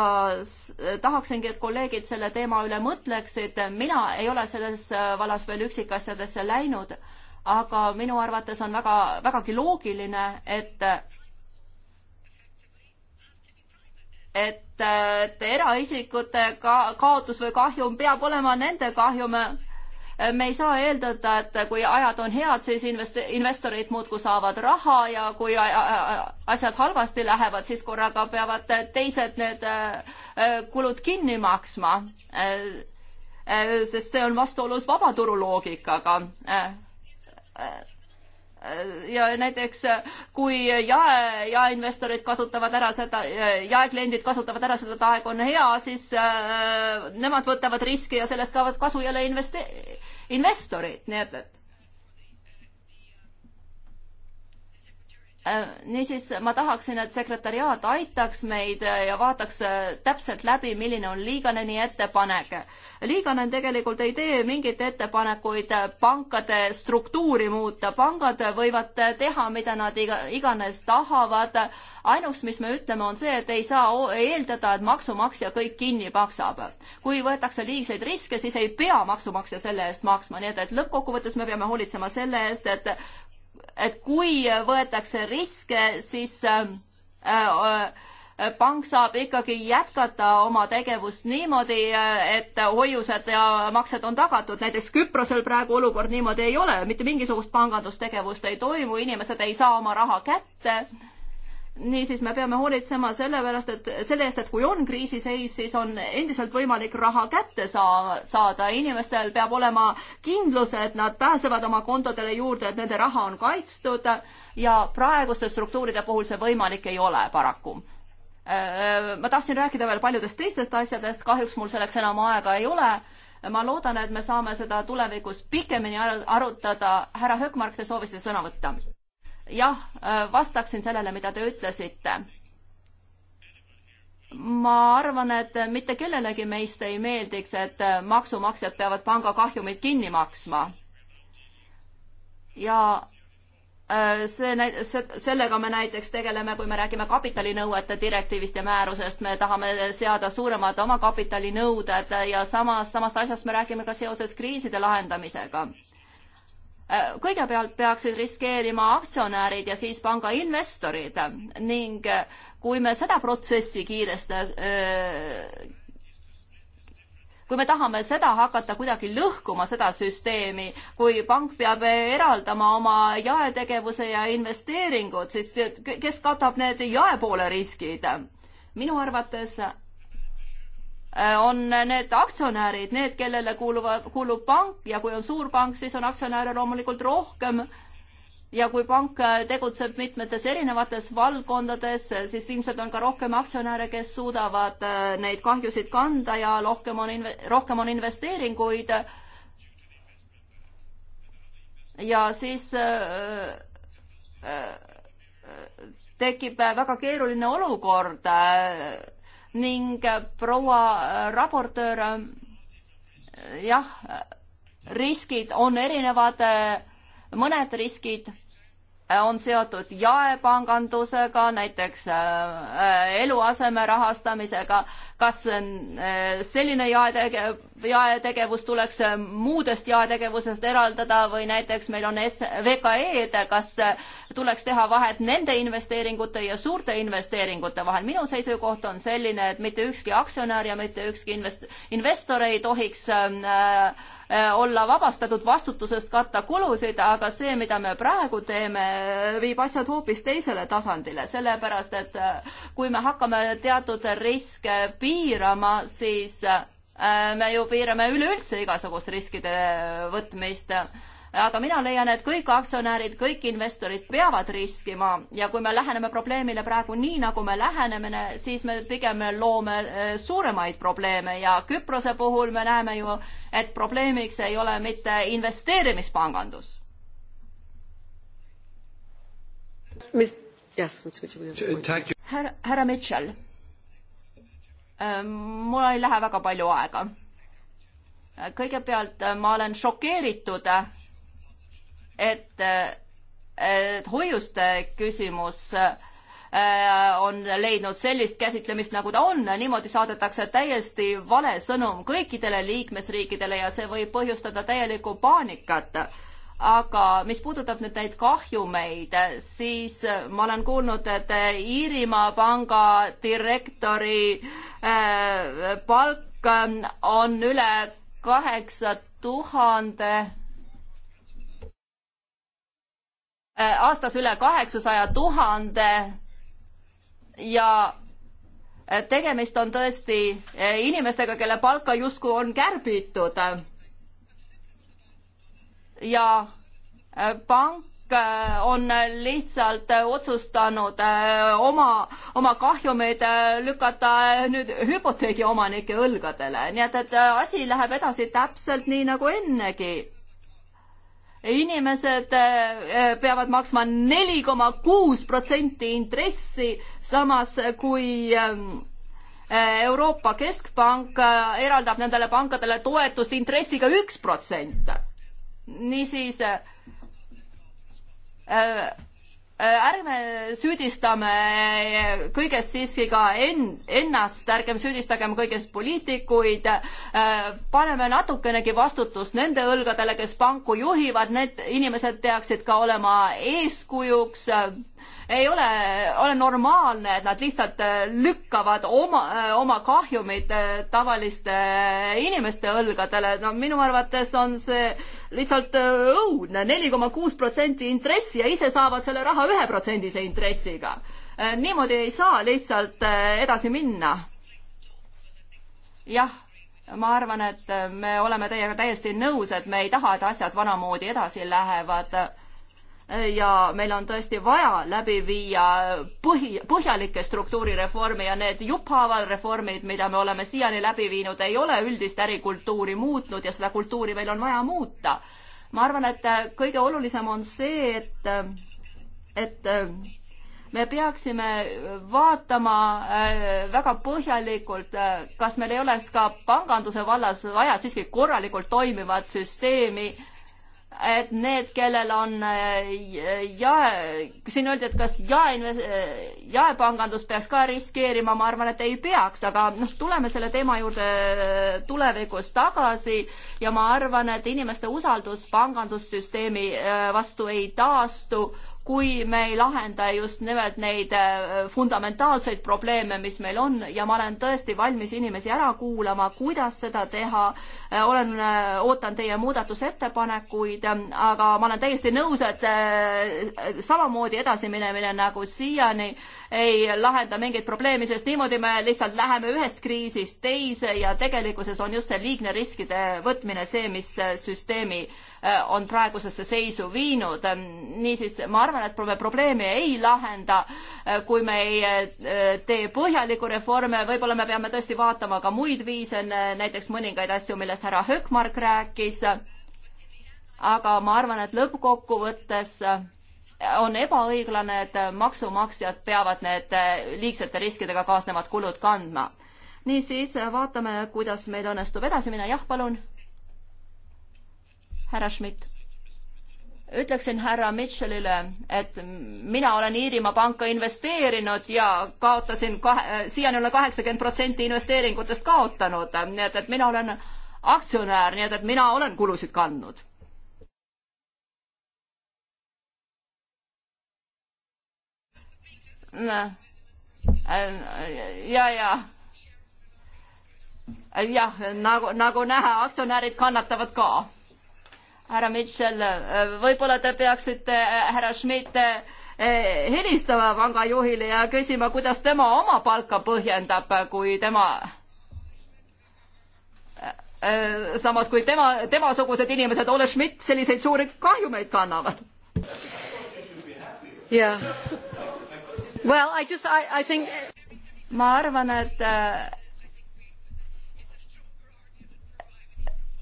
tahaksingi, et kolleegid selle teema üle mõtleksid, mina ei ole selles äh, vallas veel üksikasjadesse läinud, aga minu arvates on väga, vägagi loogiline, et et, äh, et eraisikute ka, kaotus või kahjum peab olema nende kahjum, me ei saa eeldada, et kui ajad on head, siis invest-, investorid muudkui saavad raha ja kui asjad halvasti lähevad, siis korraga peavad teised need äh, äh, kulud kinni maksma. Äh, sest see on vastuolus vabaturu loogikaga Äh, ja näiteks äh, kui jae, jaeinvestorid kasutavad ära seda, äh, jaekliendid kasutavad ära seda, et aeg on hea, siis nemad võtavad riski ja sellest kaovad kasu jälle investe-, investorid, nii et, et Äh, niisiis, ma tahaksin, et sekretäriaat aitaks meid äh, ja vaataks äh, täpselt läbi, milline on Liiganeni ettepanek. Liiganen tegelikult ei tee mingeid ettepanekuid pankade struktuuri muuta, pangad võivad teha, mida nad iga, iganes tahavad. ainus, mis me ütleme, on see, et ei saa eeldada, et maksumaksja kõik kinni maksab. kui võetakse liigseid riske, siis ei pea maksumaksja selle eest maksma, nii et, et lõppkokkuvõttes me peame hoolitsema selle eest, et et kui võetakse riske, siis ähm, äh, äh, pank saab ikkagi jätkata oma tegevust niimoodi, äh, et hoiused ja maksed on tagatud. näiteks Küprosel praegu olukord niimoodi ei ole, mitte mingisugust pangandustegevust ei toimu, inimesed ei saa oma raha kätte niisiis me peame hoolitsema selle pärast, et selle eest, et kui on kriisiseis, siis on endiselt võimalik raha kätte saa-, saada, inimestel peab olema kindlus, et nad pääsevad oma kontodele juurde, et nende raha on kaitstud ja praeguste struktuuride puhul see võimalik ei ole paraku äh, ma tahtsin rääkida veel paljudest teistest asjadest, kahjuks mul selleks enam aega ei ole. ma loodan, et me saame seda tulevikus pikemini arutada. härra Höökmark, te soovisite sõna võtta? jah, äh, vastaksin sellele, mida te ütlesite ma arvan, et mitte kellelegi meist ei meeldiks, et äh, maksumaksjad peavad panga kahjumid kinni maksma. ja äh, see, sellega me näiteks tegeleme, kui me räägime kapitalinõuete direktiivist ja määrusest, me tahame seada suuremad omakapitalinõuded ja samas, samast asjast me räägime ka seoses kriiside lahendamisega Äh, kõigepealt peaksid riskeerima aktsionärid ja siis panga investorid ning äh, kui me seda protsessi kiiresti äh, kui me tahame seda hakata kuidagi lõhkuma, seda süsteemi, kui pank peab eraldama oma jaetegevuse ja investeeringud, siis kes katab need jaepoole riskid? minu arvates Äh, on need aktsionärid, need, kellele kuuluvad, kuulub pank ja kui on suur pank, siis on aktsionäre loomulikult rohkem. ja kui pank äh, tegutseb mitmetes erinevates valdkondades, äh, siis ilmselt on ka rohkem aktsionäre, kes suudavad neid kahjusid kanda ja rohkem on, rohkem on investeeringuid. ja siis äh, äh, tekib väga keeruline olukord ning proua raportöör, jah, riskid on erinevad, mõned riskid on seotud jaepangandusega, näiteks äh, äh, eluaseme rahastamisega, kas äh, selline jaetege-, jaetegevus tuleks muudest jaetegevusest eraldada või näiteks meil on S-, VKE-d, kas tuleks teha vahet nende investeeringute ja suurte investeeringute vahel? minu seisukoht on selline, et mitte ükski aktsionär ja mitte ükski invest-, investor ei tohiks äh, Äh, olla vabastatud vastutusest katta kulusid, aga see, mida me praegu teeme, viib asjad hoopis teisele tasandile, sellepärast et äh, kui me hakkame teatud riske piirama, siis äh, me ju piirame üleüldse igasugust riskide võtmist aga mina leian, et kõik aktsionärid, kõik investorid peavad riskima ja kui me läheneme probleemile praegu nii, nagu me läheneme, siis me pigem loome äh, suuremaid probleeme ja Küprose puhul me näeme ju, et probleemiks ei ole mitte investeerimispangandus. härra, härra Mitchell, äh, mul ei lähe väga palju aega kõigepealt äh, ma olen šokeeritud et, et hoiuste küsimus äh, on leidnud sellist käsitlemist, nagu ta on, niimoodi saadetakse täiesti vale sõnum kõikidele liikmesriikidele ja see võib põhjustada täielikku paanikat. aga mis puudutab nüüd neid kahjumeid, siis ma olen kuulnud, et Iirimaa panga direktori äh, palk on üle kaheksa tuhande Äh, aastas üle kaheksasaja tuhande ja äh, tegemist on tõesti äh, inimestega, kelle palka justkui on kärbitud. ja pank on lihtsalt otsustanud oma, oma kahjumeid lükata nüüd hüpoteegiomanike õlgadele, nii et, et asi läheb edasi täpselt nii nagu ennegi inimesed eh, eh, peavad maksma neli koma kuus protsenti intressi, samas kui ehm, eh, Euroopa Keskpank eraldab nendele pankadele toetust intressiga üks protsent. niisiis Äh, ärme süüdistame kõiges siiski ka en-, ennast, ärgem süüdistagem kõiges poliitikuid, äh, paneme natukenegi vastutust nende õlgadele, kes panku juhivad, need inimesed peaksid ka olema eeskujuks ei ole, ole normaalne, et nad lihtsalt äh, lükkavad oma, äh, oma kahjumid äh, tavaliste inimeste õlgadele, no minu arvates on see lihtsalt õudne, neli koma kuus protsenti intressi ja ise saavad selle raha üheprotsendise intressiga. niimoodi ei saa lihtsalt edasi minna. jah ma arvan, et me oleme teiega täiesti nõus, et me ei taha, et asjad vanamoodi edasi lähevad ja meil on tõesti vaja läbi viia põhi, põhjalikke struktuurireforme ja need jupphaaval reformid, mida me oleme siiani läbi viinud, ei ole üldist ärikultuuri muutnud ja seda kultuuri meil on vaja muuta. ma arvan, et äh, kõige olulisem on see, et, äh, et äh, me peaksime vaatama väga põhjalikult, kas meil ei oleks ka panganduse vallas vaja siiski korralikult toimivat süsteemi et need, kellel on äh, jae, siin öeldi, et kas jae, äh, jaepangandus peaks ka riskeerima, ma arvan, et ei peaks, aga noh, tuleme selle teema juurde äh, tulevikus tagasi ja ma arvan, et inimeste usaldus pangandussüsteemi vastu ei taastu kui me ei lahenda just nimelt neid äh, fundamentaalseid probleeme, mis meil on ja ma olen tõesti valmis inimesi ära kuulama, kuidas seda teha. Äh, olen, äh, ootan teie muudatusettepanekuid, aga ma olen täiesti nõus, et samamoodi edasiminemine nagu siiani ei lahenda mingeid probleeme, sest niimoodi me lihtsalt läheme ühest kriisist teise ja tegelikkuses on just see liigne riskide võtmine see, mis süsteemi Äh, on praegusesse seisu viinud. niisiis, ma arvan, et me probleemi ei lahenda, äh, kui me ei äh, tee põhjalikku reforme, võib-olla me peame tõesti vaatama ka muid viise, näiteks mõningaid asju, millest härra Höökmark rääkis. aga ma arvan, et lõppkokkuvõttes on ebaõiglane, et maksumaksjad peavad need liigsete riskidega kaasnevad kulud kandma. niisiis vaatame, kuidas meil õnnestub edasi minna, jah, palun härra Schmidt ütleksin härra Mitchellile, et mina olen Iirimaa panka investeerinud ja kaotasin kahe, siiani olen kaheksakümmend protsenti investeeringutest kaotanud, nii et, et mina olen aktsionär, nii et, et mina olen kulusid kandnud. ja, ja jah, nagu, nagu näha, aktsionärid kannatavad ka härra Mitchell, äh, võib-olla te peaksite äh, härra Schmidt äh, helistama pangajuhile ja küsima, kuidas tema oma palka põhjendab, kui tema samas kui tema, temasugused inimesed, Ole Schmidt, selliseid suuri kahjumeid kannavad. jah. Well, I just, I, I think ma arvan, et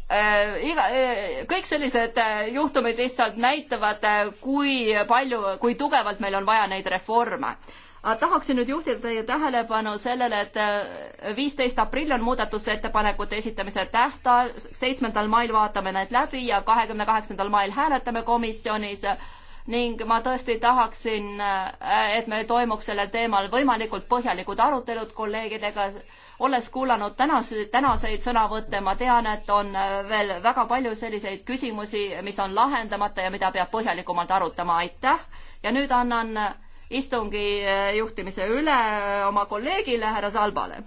Äh, iga, äh, kõik sellised äh, juhtumid lihtsalt näitavad, kui palju, kui tugevalt meil on vaja neid reforme. tahaksin nüüd juhtida teie tähelepanu sellele, et viisteist aprill on muudatusettepanekute esitamise tähtaeg, seitsmendal mail vaatame need läbi ja kahekümne kaheksandal mail hääletame komisjonis ning ma tõesti tahaksin, äh, et meil toimuks sellel teemal võimalikult põhjalikud arutelud kolleegidega. olles kuulanud tänase, tänaseid sõnavõtte, ma tean, et on äh, veel väga palju selliseid küsimusi, mis on lahendamata ja mida peab põhjalikumalt arutama, aitäh. ja nüüd annan istungi äh, juhtimise üle oma kolleegile, härra Salbale.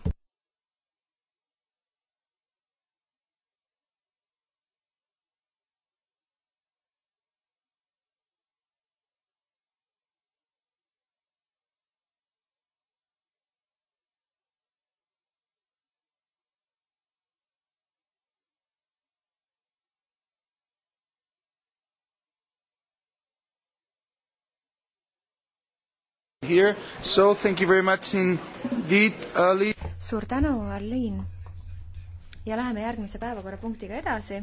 here. So thank you very much indeed, Ali. suur tänu, Arliin. ja läheme järgmise päevakorrapunktiga edasi.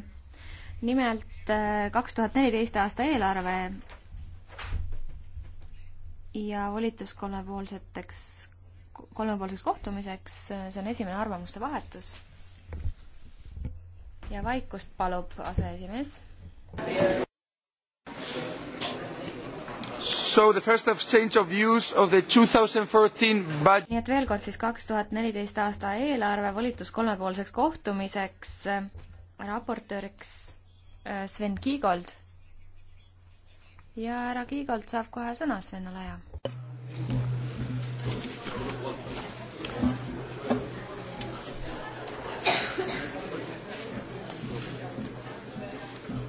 nimelt äh, kaks tuhat neliteist aasta eelarve ja volitus kolmepoolseteks, kolmepoolseks kohtumiseks, see on esimene arvamuste vahetus. ja vaikust palub aseesimees. nii et veel kord siis kaks tuhat neliteist aasta eelarve volitus kolmepoolseks kohtumiseks äh, raportööriks äh, Sven Kiigold. ja härra Kiigold saab kohe sõna, Sven, ole hea.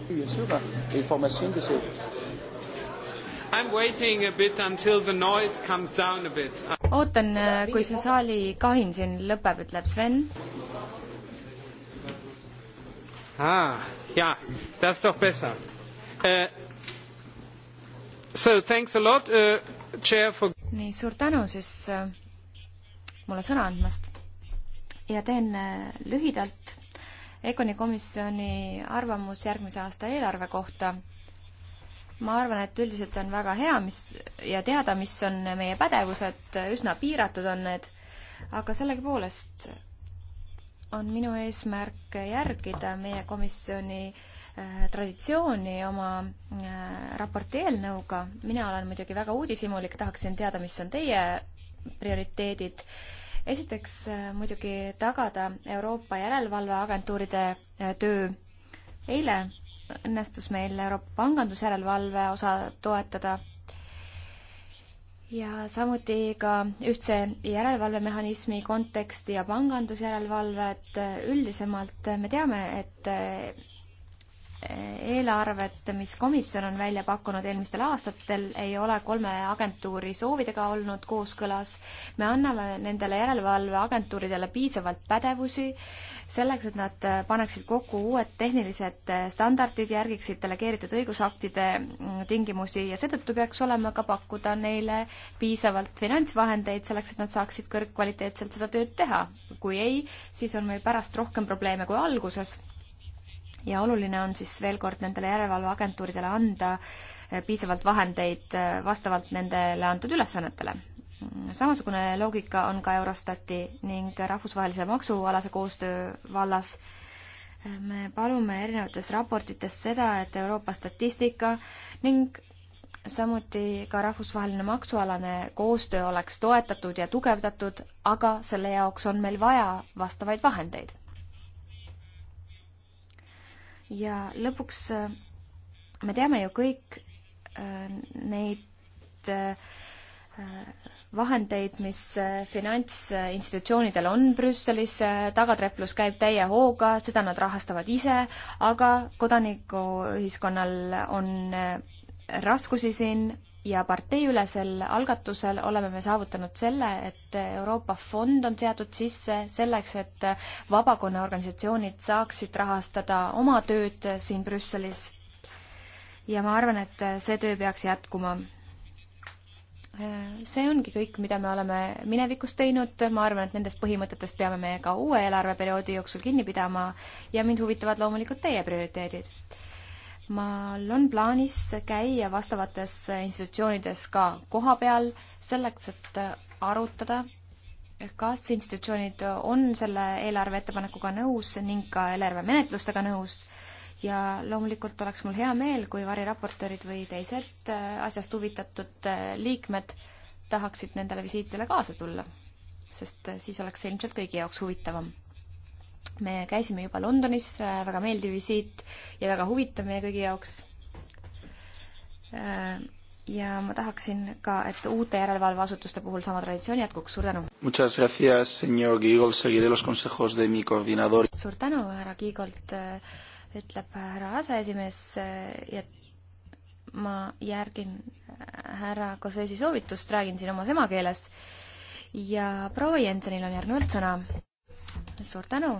bien sûr, l'information de ces ootan, äh, kui see saali kahin siin lõpeb, ütleb Sven. Ah, ja, das ist doch besser. Uh, so thanks a lot uh,, chair for. nii, suur tänu siis uh, mulle sõna andmast. ja teen uh, lühidalt Econi komisjoni arvamus järgmise aasta eelarve kohta ma arvan, et üldiselt on väga hea, mis ja teada, mis on meie pädevused, üsna piiratud on need, aga sellegipoolest on minu eesmärk järgida meie komisjoni äh, traditsiooni oma äh, raporti eelnõuga. mina olen muidugi väga uudishimulik, tahaksin teada, mis on teie prioriteedid. esiteks äh, muidugi tagada Euroopa järelevalveagentuuride äh, töö. eile õnnestus meil Euroopa pangandusjärelevalve osa toetada ja samuti ka ühtse järelevalvemehhanismi konteksti ja pangandusjärelevalvet üldisemalt me teame, et eelarvet, mis komisjon on välja pakkunud eelmistel aastatel, ei ole kolme agentuuri soovidega olnud kooskõlas. me anname nendele järelevalveagentuuridele piisavalt pädevusi selleks, et nad paneksid kokku uued tehnilised standardid, järgiksid delegeeritud õigusaktide tingimusi ja seetõttu peaks olema ka pakkuda neile piisavalt finantsvahendeid selleks, et nad saaksid kõrgkvaliteetselt seda tööd teha. kui ei, siis on meil pärast rohkem probleeme kui alguses ja oluline on siis veel kord nendele järelevalveagentuuridele anda eh, piisavalt vahendeid eh, vastavalt nendele antud ülesannetele. samasugune loogika on ka Eurostati ning rahvusvahelise maksualase koostöö vallas. me palume erinevates raportites seda, et Euroopa statistika ning samuti ka rahvusvaheline maksualane koostöö oleks toetatud ja tugevdatud, aga selle jaoks on meil vaja vastavaid vahendeid ja lõpuks äh, me teame ju kõik äh, neid äh, vahendeid, mis finantsinstitutsioonidel on Brüsselis, tagatreplus käib täie hooga, seda nad rahastavad ise, aga kodanikuühiskonnal on raskusi siin, ja parteiülesel algatusel oleme me saavutanud selle, et Euroopa fond on seatud sisse selleks, et vabakonna organisatsioonid saaksid rahastada oma tööd siin Brüsselis. ja ma arvan, et see töö peaks jätkuma. see ongi kõik, mida me oleme minevikus teinud, ma arvan, et nendest põhimõtetest peame me ka uue eelarveperioodi jooksul kinni pidama ja mind huvitavad loomulikult teie prioriteedid mal on plaanis käia vastavates institutsioonides ka kohapeal selleks, et arutada, kas institutsioonid on selle eelarve ettepanekuga nõus ning ka eelarve menetlustega nõus ja loomulikult oleks mul hea meel, kui variraportöörid või teised äh, asjast huvitatud äh, liikmed tahaksid nendele visiitidele kaasa tulla, sest äh, siis oleks see ilmselt kõigi jaoks huvitavam me käisime juba Londonis, äh, väga meeldiv visiit ja väga huvitav meie kõigi jaoks. Äh, ja ma tahaksin ka, et uute järelevalveasutuste puhul sama traditsioon jätkuks, suur tänu! suur tänu, härra Kiigolt, äh, ütleb härra aseesimees ja ma järgin härra Kosesi soovitust, räägin siin omas emakeeles ja proua Jensenil on järgnevalt sõna. suur tänu!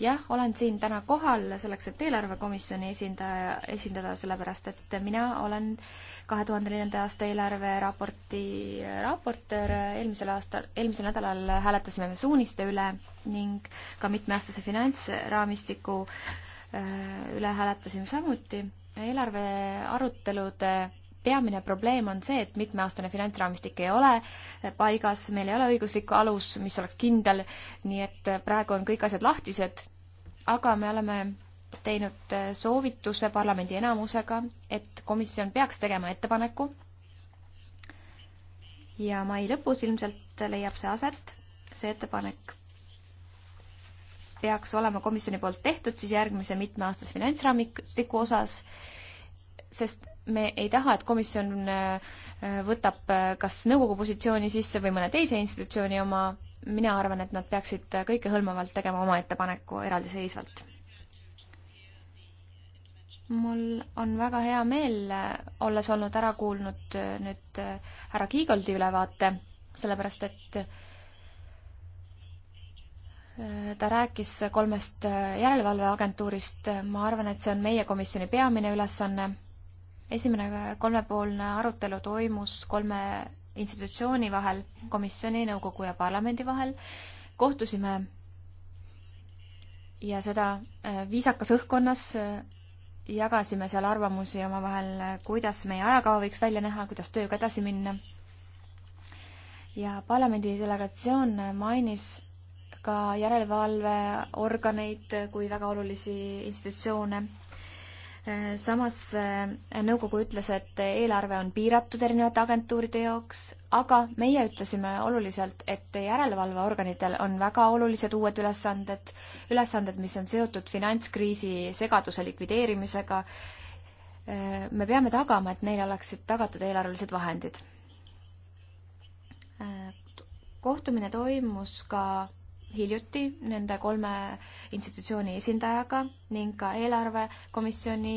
jah, olen siin täna kohal selleks, et eelarvekomisjoni esindaja, esindada, sellepärast et mina olen kahe tuhande neljanda aasta eelarveraporti raportöör, eelmisel aastal, eelmisel nädalal hääletasime me suuniste üle ning ka mitmeaastase finantsraamistiku äh, üle hääletasime samuti. eelarve arutelude peamine probleem on see, et mitmeaastane finantsraamistik ei ole paigas, meil ei ole õiguslikku alus, mis oleks kindel, nii et praegu on kõik asjad lahtised, aga me oleme teinud soovituse parlamendi enamusega, et komisjon peaks tegema ettepaneku ja mai lõpus ilmselt leiab see aset, see ettepanek peaks olema komisjoni poolt tehtud siis järgmise mitmeaastase finantsraamistiku osas sest me ei taha, et komisjon äh, võtab äh, kas nõukogu positsiooni sisse või mõne teise institutsiooni oma, mina arvan, et nad peaksid äh, kõikehõlmavalt tegema oma ettepaneku eraldiseisvalt. mul on väga hea meel, olles olnud ära kuulnud nüüd härra Kiigoldi ülevaate, sellepärast et ta rääkis kolmest järelevalveagentuurist, ma arvan, et see on meie komisjoni peamine ülesanne esimene kolmepoolne arutelu toimus kolme institutsiooni vahel, komisjoni, nõukogu ja parlamendi vahel. kohtusime ja seda äh, viisakas õhkkonnas äh, jagasime seal arvamusi omavahel, kuidas meie ajakava võiks välja näha, kuidas tööga edasi minna. ja parlamendi delegatsioon mainis ka järelevalveorganeid kui väga olulisi institutsioone samas eh, nõukogu ütles, et eelarve on piiratud erinevate agentuuride jaoks, aga meie ütlesime oluliselt, et järelevalveorganitel on väga olulised uued ülesanded, ülesanded, mis on seotud finantskriisi segaduse likvideerimisega. Eh, me peame tagama, et neil oleksid tagatud eelarvelised vahendid. Eh, kohtumine toimus ka hiljuti nende kolme institutsiooni esindajaga ning ka eelarvekomisjoni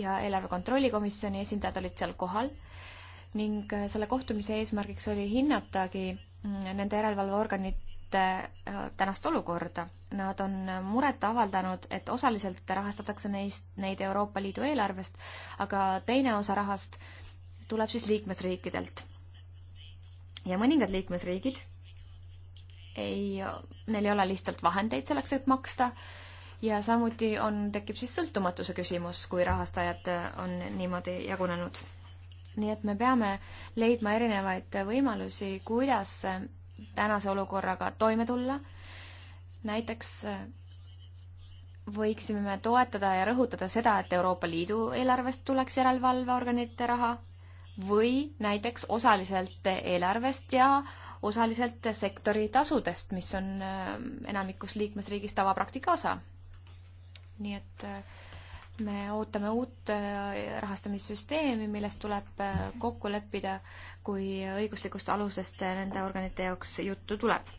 ja eelarve kontrolli komisjoni esindajad olid seal kohal ning äh, selle kohtumise eesmärgiks oli hinnatagi mm, nende järelevalveorganite äh, tänast olukorda. Nad on äh, muret avaldanud, et osaliselt rahastatakse neist, neid Euroopa Liidu eelarvest, aga teine osa rahast tuleb siis liikmesriikidelt. ja mõningad liikmesriigid ei, neil ei ole lihtsalt vahendeid selleks, et maksta ja samuti on, tekib siis sõltumatuse küsimus, kui rahastajad on niimoodi jagunenud. nii et me peame leidma erinevaid võimalusi, kuidas tänase olukorraga toime tulla. näiteks võiksime me toetada ja rõhutada seda, et Euroopa Liidu eelarvest tuleks järelevalveorganite raha või näiteks osaliselt eelarvest ja osaliselt sektori tasudest, mis on äh, enamikus liikmesriigis tavapraktika osa. nii et äh, me ootame uut äh, rahastamissüsteemi, milles tuleb kokku leppida, kui õiguslikust alusest nende organite jaoks juttu tuleb.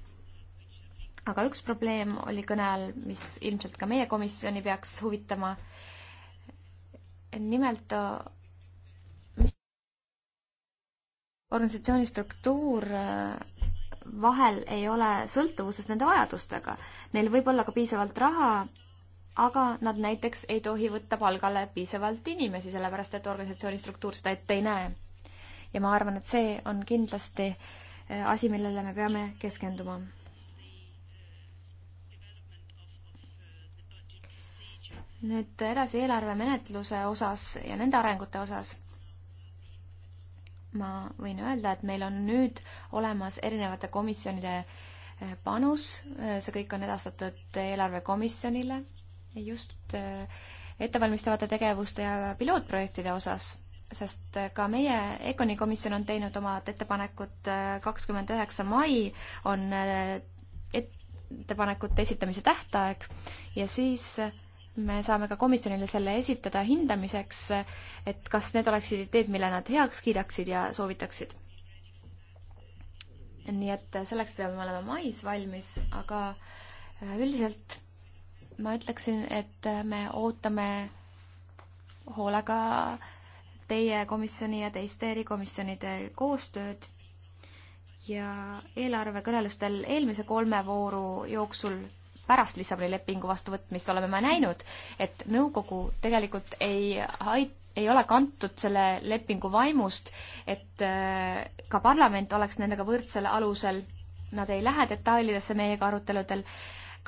aga üks probleem oli kõne all, mis ilmselt ka meie komisjoni peaks huvitama. nimelt organisatsiooni struktuur vahel ei ole sõltuvuses nende vajadustega. Neil võib olla ka piisavalt raha, aga nad näiteks ei tohi võtta palgale piisavalt inimesi, sellepärast et organisatsiooni struktuur seda ette ei näe. ja ma arvan, et see on kindlasti eh, asi, millele me peame keskenduma. nüüd edasi eelarvemenetluse osas ja nende arengute osas ma võin öelda, et meil on nüüd olemas erinevate komisjonide eh, panus, eh, see kõik on edastatud eelarvekomisjonile just eh, ettevalmistavate tegevuste ja pilootprojektide osas, sest ka meie EKONi komisjon on teinud omad ettepanekud, kakskümmend üheksa mai on ettepanekute esitamise tähtaeg ja siis me saame ka komisjonile selle esitada hindamiseks, et kas need oleksid ideed, mille nad heaks kiidaksid ja soovitaksid. nii et selleks peame olema mais valmis, aga äh, üldiselt ma ütleksin, et äh, me ootame hoolega teie komisjoni ja teiste erikomisjonide koostööd ja eelarvekõnelustel eelmise kolme vooru jooksul pärast Lissaboni lepingu vastuvõtmist oleme me näinud, et nõukogu tegelikult ei ait-, ei ole kantud selle lepingu vaimust, et äh, ka parlament oleks nendega võrdsel alusel, nad ei lähe detailidesse meiega aruteludel,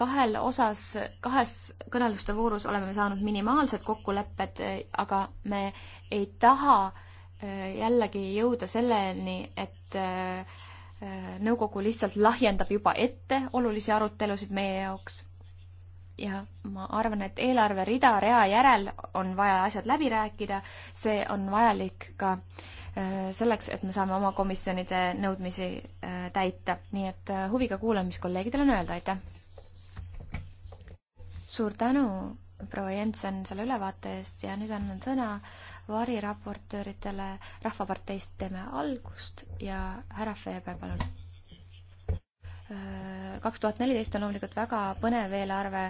kahel osas, kahes kõneluste voorus oleme me saanud minimaalsed kokkulepped, äh, aga me ei taha äh, jällegi jõuda selleni, et äh, nõukogu lihtsalt lahjendab juba ette olulisi arutelusid meie jaoks. ja ma arvan, et eelarve rida rea järel on vaja asjad läbi rääkida, see on vajalik ka äh, selleks, et me saame oma komisjonide nõudmisi äh, täita. nii et äh, huviga kuulan, mis kolleegidel on öelda, aitäh! suur tänu, proua Jensen, selle ülevaate eest ja nüüd annan sõna äh, variraportööridele Rahvaparteist teeme algust ja härra Feeber, palun äh, kaks tuhat neliteist on loomulikult väga põnev eelarve,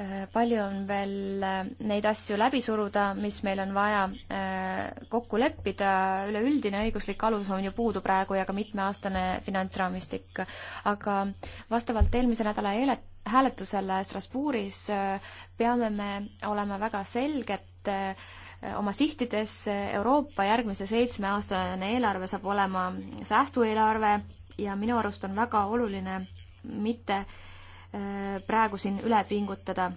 äh, palju on veel äh, neid asju läbi suruda, mis meil on vaja kokku leppida, üleüldine õiguslik alus on ju puudu praegu ja ka mitmeaastane finantsraamistik. aga vastavalt eelmise nädala eele-, hääletusele Strasbourgis peame me olema väga selged oma sihtides. Euroopa järgmise seitsmeaastane eelarve saab olema säästueelarve ja minu arust on väga oluline mitte äh, praegu siin üle pingutada.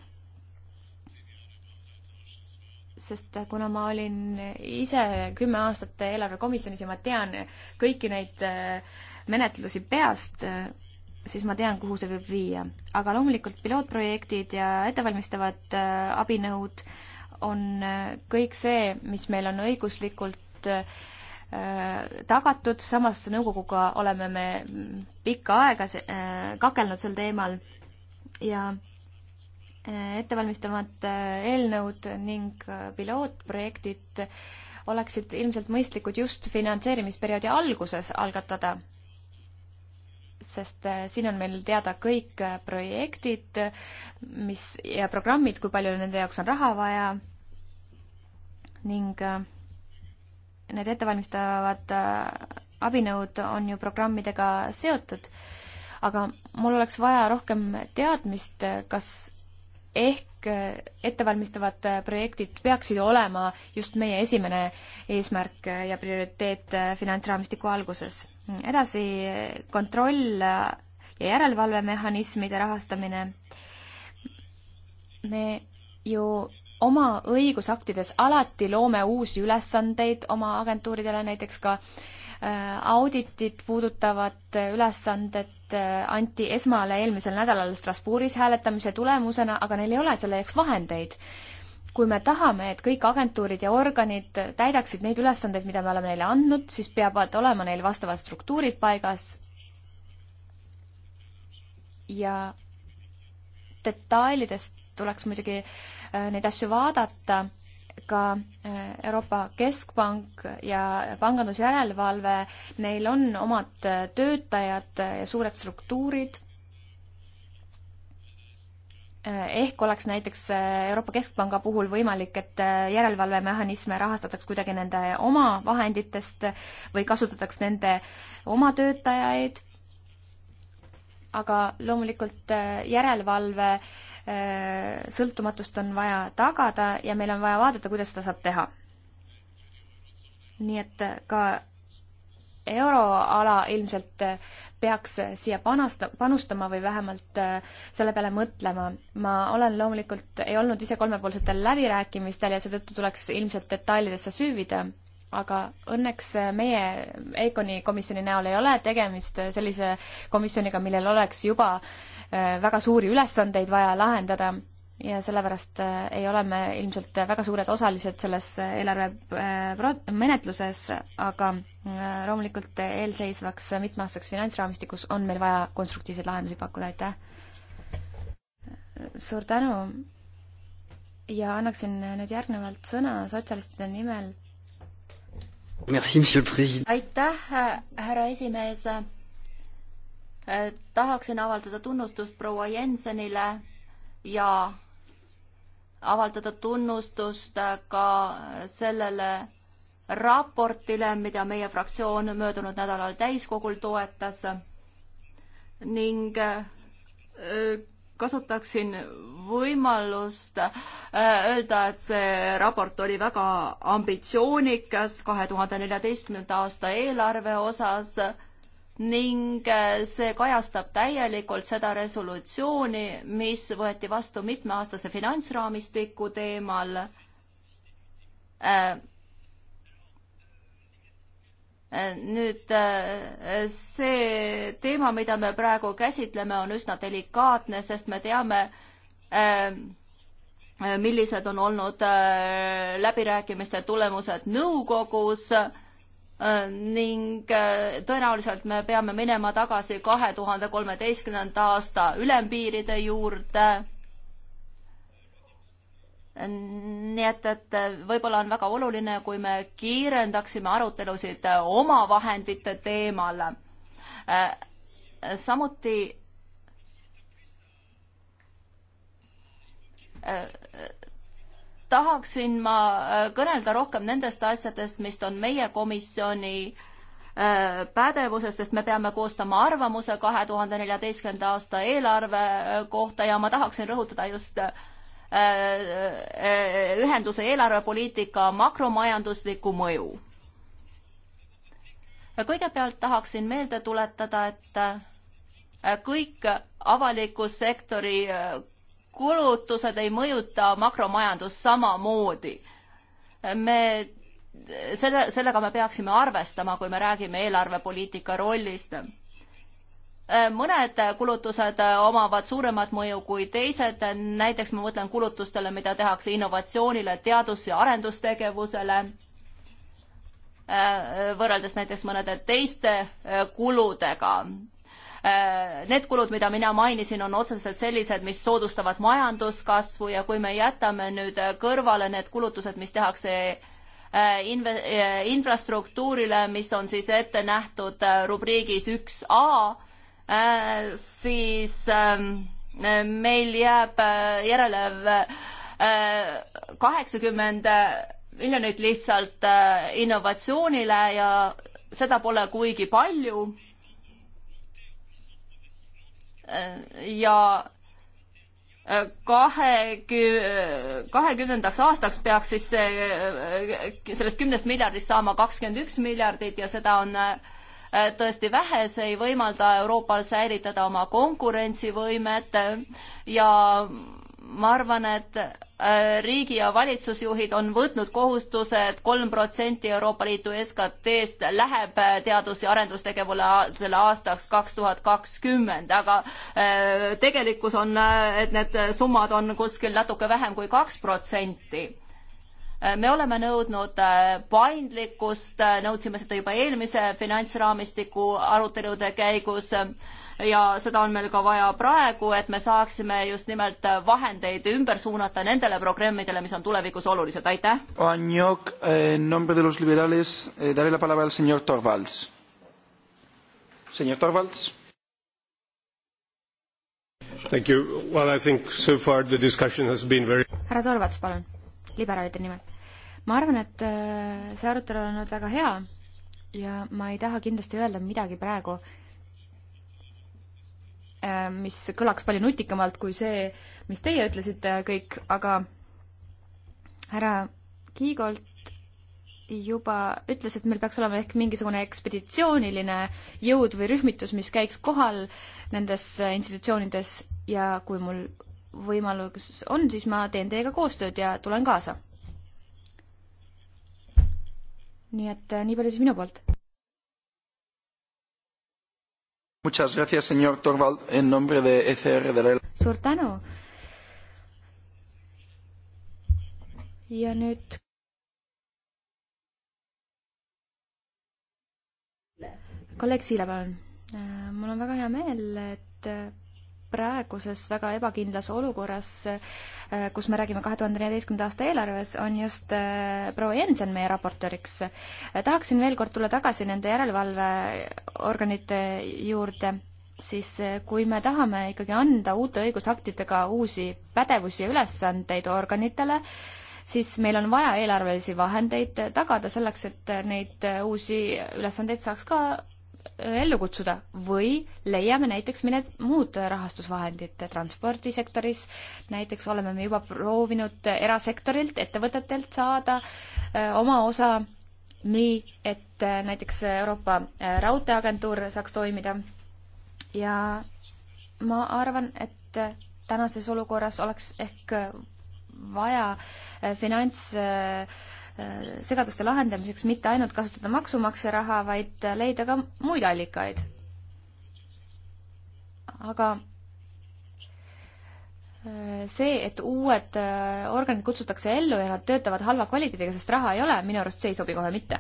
sest kuna ma olin ise kümme aastat eelarvekomisjonis ja ma tean kõiki neid äh, menetlusi peast, äh, siis ma tean, kuhu see võib viia. aga loomulikult pilootprojektid ja ettevalmistavad abinõud äh, on äh, kõik see, mis meil on õiguslikult äh, tagatud, samas nõukoguga oleme me pikka aega äh, kakelnud sel teemal ja ettevalmistavad eelnõud ning pilootprojektid oleksid ilmselt mõistlikud just finantseerimisperioodi alguses algatada, sest siin on meil teada kõik projektid, mis ja programmid, kui palju nende jaoks on raha vaja ning äh, need ettevalmistavad äh, abinõud on ju programmidega seotud, aga mul oleks vaja rohkem teadmist, kas ehk äh, ettevalmistavad projektid peaksid olema just meie esimene eesmärk ja prioriteet finantsraamistiku alguses. edasi kontroll ja järelevalvemehhanismide rahastamine. me ju oma õigusaktides alati loome uusi ülesandeid oma agentuuridele, näiteks ka äh, auditit puudutavad ülesanded äh, anti esmale eelmisel nädalal Strasbourgis hääletamise tulemusena, aga neil ei ole selleks vahendeid. kui me tahame, et kõik agentuurid ja organid täidaksid neid ülesandeid, mida me oleme neile andnud, siis peavad olema neil vastavad struktuurid paigas ja detailidest tuleks muidugi äh, neid asju vaadata, ka äh, Euroopa Keskpank ja pangandusjärelevalve, neil on omad äh, töötajad ja suured struktuurid, ehk oleks näiteks Euroopa Keskpanga puhul võimalik, et järelevalvemehhanisme rahastataks kuidagi nende oma vahenditest või kasutataks nende oma töötajaid, aga loomulikult järelevalve äh, Äh, sõltumatust on vaja tagada ja meil on vaja vaadata, kuidas seda saab teha. nii et äh, ka euroala ilmselt äh, peaks siia panasta, panustama või vähemalt selle peale mõtlema. ma olen loomulikult, ei olnud ise kolmepoolsetel läbirääkimistel ja seetõttu tuleks ilmselt detailidesse süüvida, aga õnneks meie EKONi komisjoni näol ei ole tegemist sellise komisjoniga, millel oleks juba äh, Äh, väga suuri ülesandeid vaja lahendada ja sellepärast äh, ei ole me ilmselt väga suured osalised selles äh, eelarve menetluses, aga loomulikult eelseisvaks mitmeaastaseks finantsraamistikus on meil vaja konstruktiivseid lahendusi pakkuda, aitäh! suur tänu ja annaksin nüüd järgnevalt sõna sotsialistide nimel. aitäh, härra esimees! Äh, tahaksin avaldada tunnustust proua Jensenile ja avaldada tunnustust äh, ka sellele raportile, mida meie fraktsioon möödunud nädalal täiskogul toetas ning äh, kasutaksin võimalust öelda, et see raport oli väga ambitsioonikas kahe tuhande neljateistkümnenda aasta eelarve osas ning äh, see kajastab täielikult seda resolutsiooni, mis võeti vastu mitmeaastase finantsraamistiku teemal äh, äh,. nüüd äh, see teema, mida me praegu käsitleme, on üsna delikaatne, sest me teame äh,, millised on olnud äh, läbirääkimiste tulemused nõukogus äh, Äh, ning äh, tõenäoliselt me peame minema tagasi kahe tuhande kolmeteistkümnenda aasta ülempiiride juurde. nii et, et võib-olla on väga oluline, kui me kiirendaksime arutelusid omavahendite teemal. Äh, samuti tahaksin ma äh, kõnelda rohkem nendest asjadest, mis on meie komisjoni äh, pädevuses, sest me peame koostama arvamuse kahe tuhande neljateistkümnenda aasta eelarve äh, kohta ja ma tahaksin rõhutada just ühenduse eelarvepoliitika makromajanduslikku mõju. kõigepealt tahaksin meelde tuletada, et kõik avaliku sektori kulutused ei mõjuta makromajandust samamoodi. me, selle, sellega me peaksime arvestama, kui me räägime eelarvepoliitika rollist. mõned kulutused omavad suuremat mõju kui teised, näiteks ma mõtlen kulutustele, mida tehakse innovatsioonile teadus, teadus- ja arendustegevusele võrreldes näiteks mõnede teiste kuludega. Äh, need kulud, mida mina mainisin, on otseselt sellised, mis soodustavad majanduskasvu ja kui me jätame nüüd äh, kõrvale need kulutused, mis tehakse äh, inve-, infrastruktuurile, mis on siis ette nähtud rubriigis üks A, siis ähm, meil jääb järele kaheksakümmend miljonit lihtsalt innovatsioonile ja seda pole kuigi palju ja äh, kahekümne, kahekümnendaks aastaks peaks siis see, äh, sellest kümnest miljardist saama kakskümmend üks miljardit ja seda on äh, tõesti vähe, see ei võimalda Euroopal säilitada oma konkurentsivõimet ja ma arvan, et Äh, riigi- ja valitsusjuhid on võtnud kohustuse et, et kolm protsenti Euroopa Liidu SKT-st läheb äh, teadus- ja arendustegevusele selle aastaks kaks tuhat kakskümmend, aga äh, tegelikkus on, et need summad on kuskil natuke vähem kui kaks protsenti me oleme nõudnud äh, paindlikkust, äh, nõudsime seda juba eelmise finantsraamistiku arutelude käigus äh, ja seda on meil ka vaja praegu, et me saaksime just nimelt vahendeid ümber suunata nendele programmidele, mis on tulevikus olulised, aitäh. Eh, eh, señor Torvalds. Thank you. Well, I think so far the discussion has been very... härra Torvalds, palun, liberaalide nimel ma arvan, et äh, see arutelu on olnud väga hea ja ma ei taha kindlasti öelda midagi praegu, äh, mis kõlaks palju nutikamalt kui see, mis teie ütlesite kõik, aga härra Kiigolt juba ütles, et meil peaks olema ehk mingisugune ekspeditsiooniline jõud või rühmitus, mis käiks kohal nendes institutsioonides ja kui mul võimalus on, siis ma teen teiega koostööd ja tulen kaasa nii et äh, nii palju siis minu poolt. E e suur tänu. ja nüüd. kolleeg Siile, palun. Äh, mul on väga hea meel, et äh, praeguses väga ebakindlas olukorras, äh, kus me räägime kahe tuhande neljateistkümnenda aasta eelarves, on just äh, proua Jensen meie raportööriks. tahaksin veel kord tulla tagasi nende järelevalveorganite juurde siis äh, kui me tahame ikkagi anda uute õigusaktidega uusi pädevusi ja ülesandeid organitele, siis meil on vaja eelarvelisi vahendeid tagada selleks, et neid uusi ülesandeid saaks ka ellu kutsuda või leiame näiteks mõned muud rahastusvahendid transpordisektoris, näiteks oleme me juba proovinud erasektorilt, ettevõtetelt saada öö, äh, oma osa, nii et äh, näiteks Euroopa äh, Raudteeagentuur saaks toimida. ja ma arvan, et tänases olukorras oleks ehk vaja finants öö, segaduste lahendamiseks mitte ainult kasutada maksumaksja raha, vaid leida ka muid allikaid. aga äh, see, et uued äh, organid kutsutakse ellu ja nad töötavad halva kvaliteediga, sest raha ei ole, minu arust see ei sobi kohe mitte.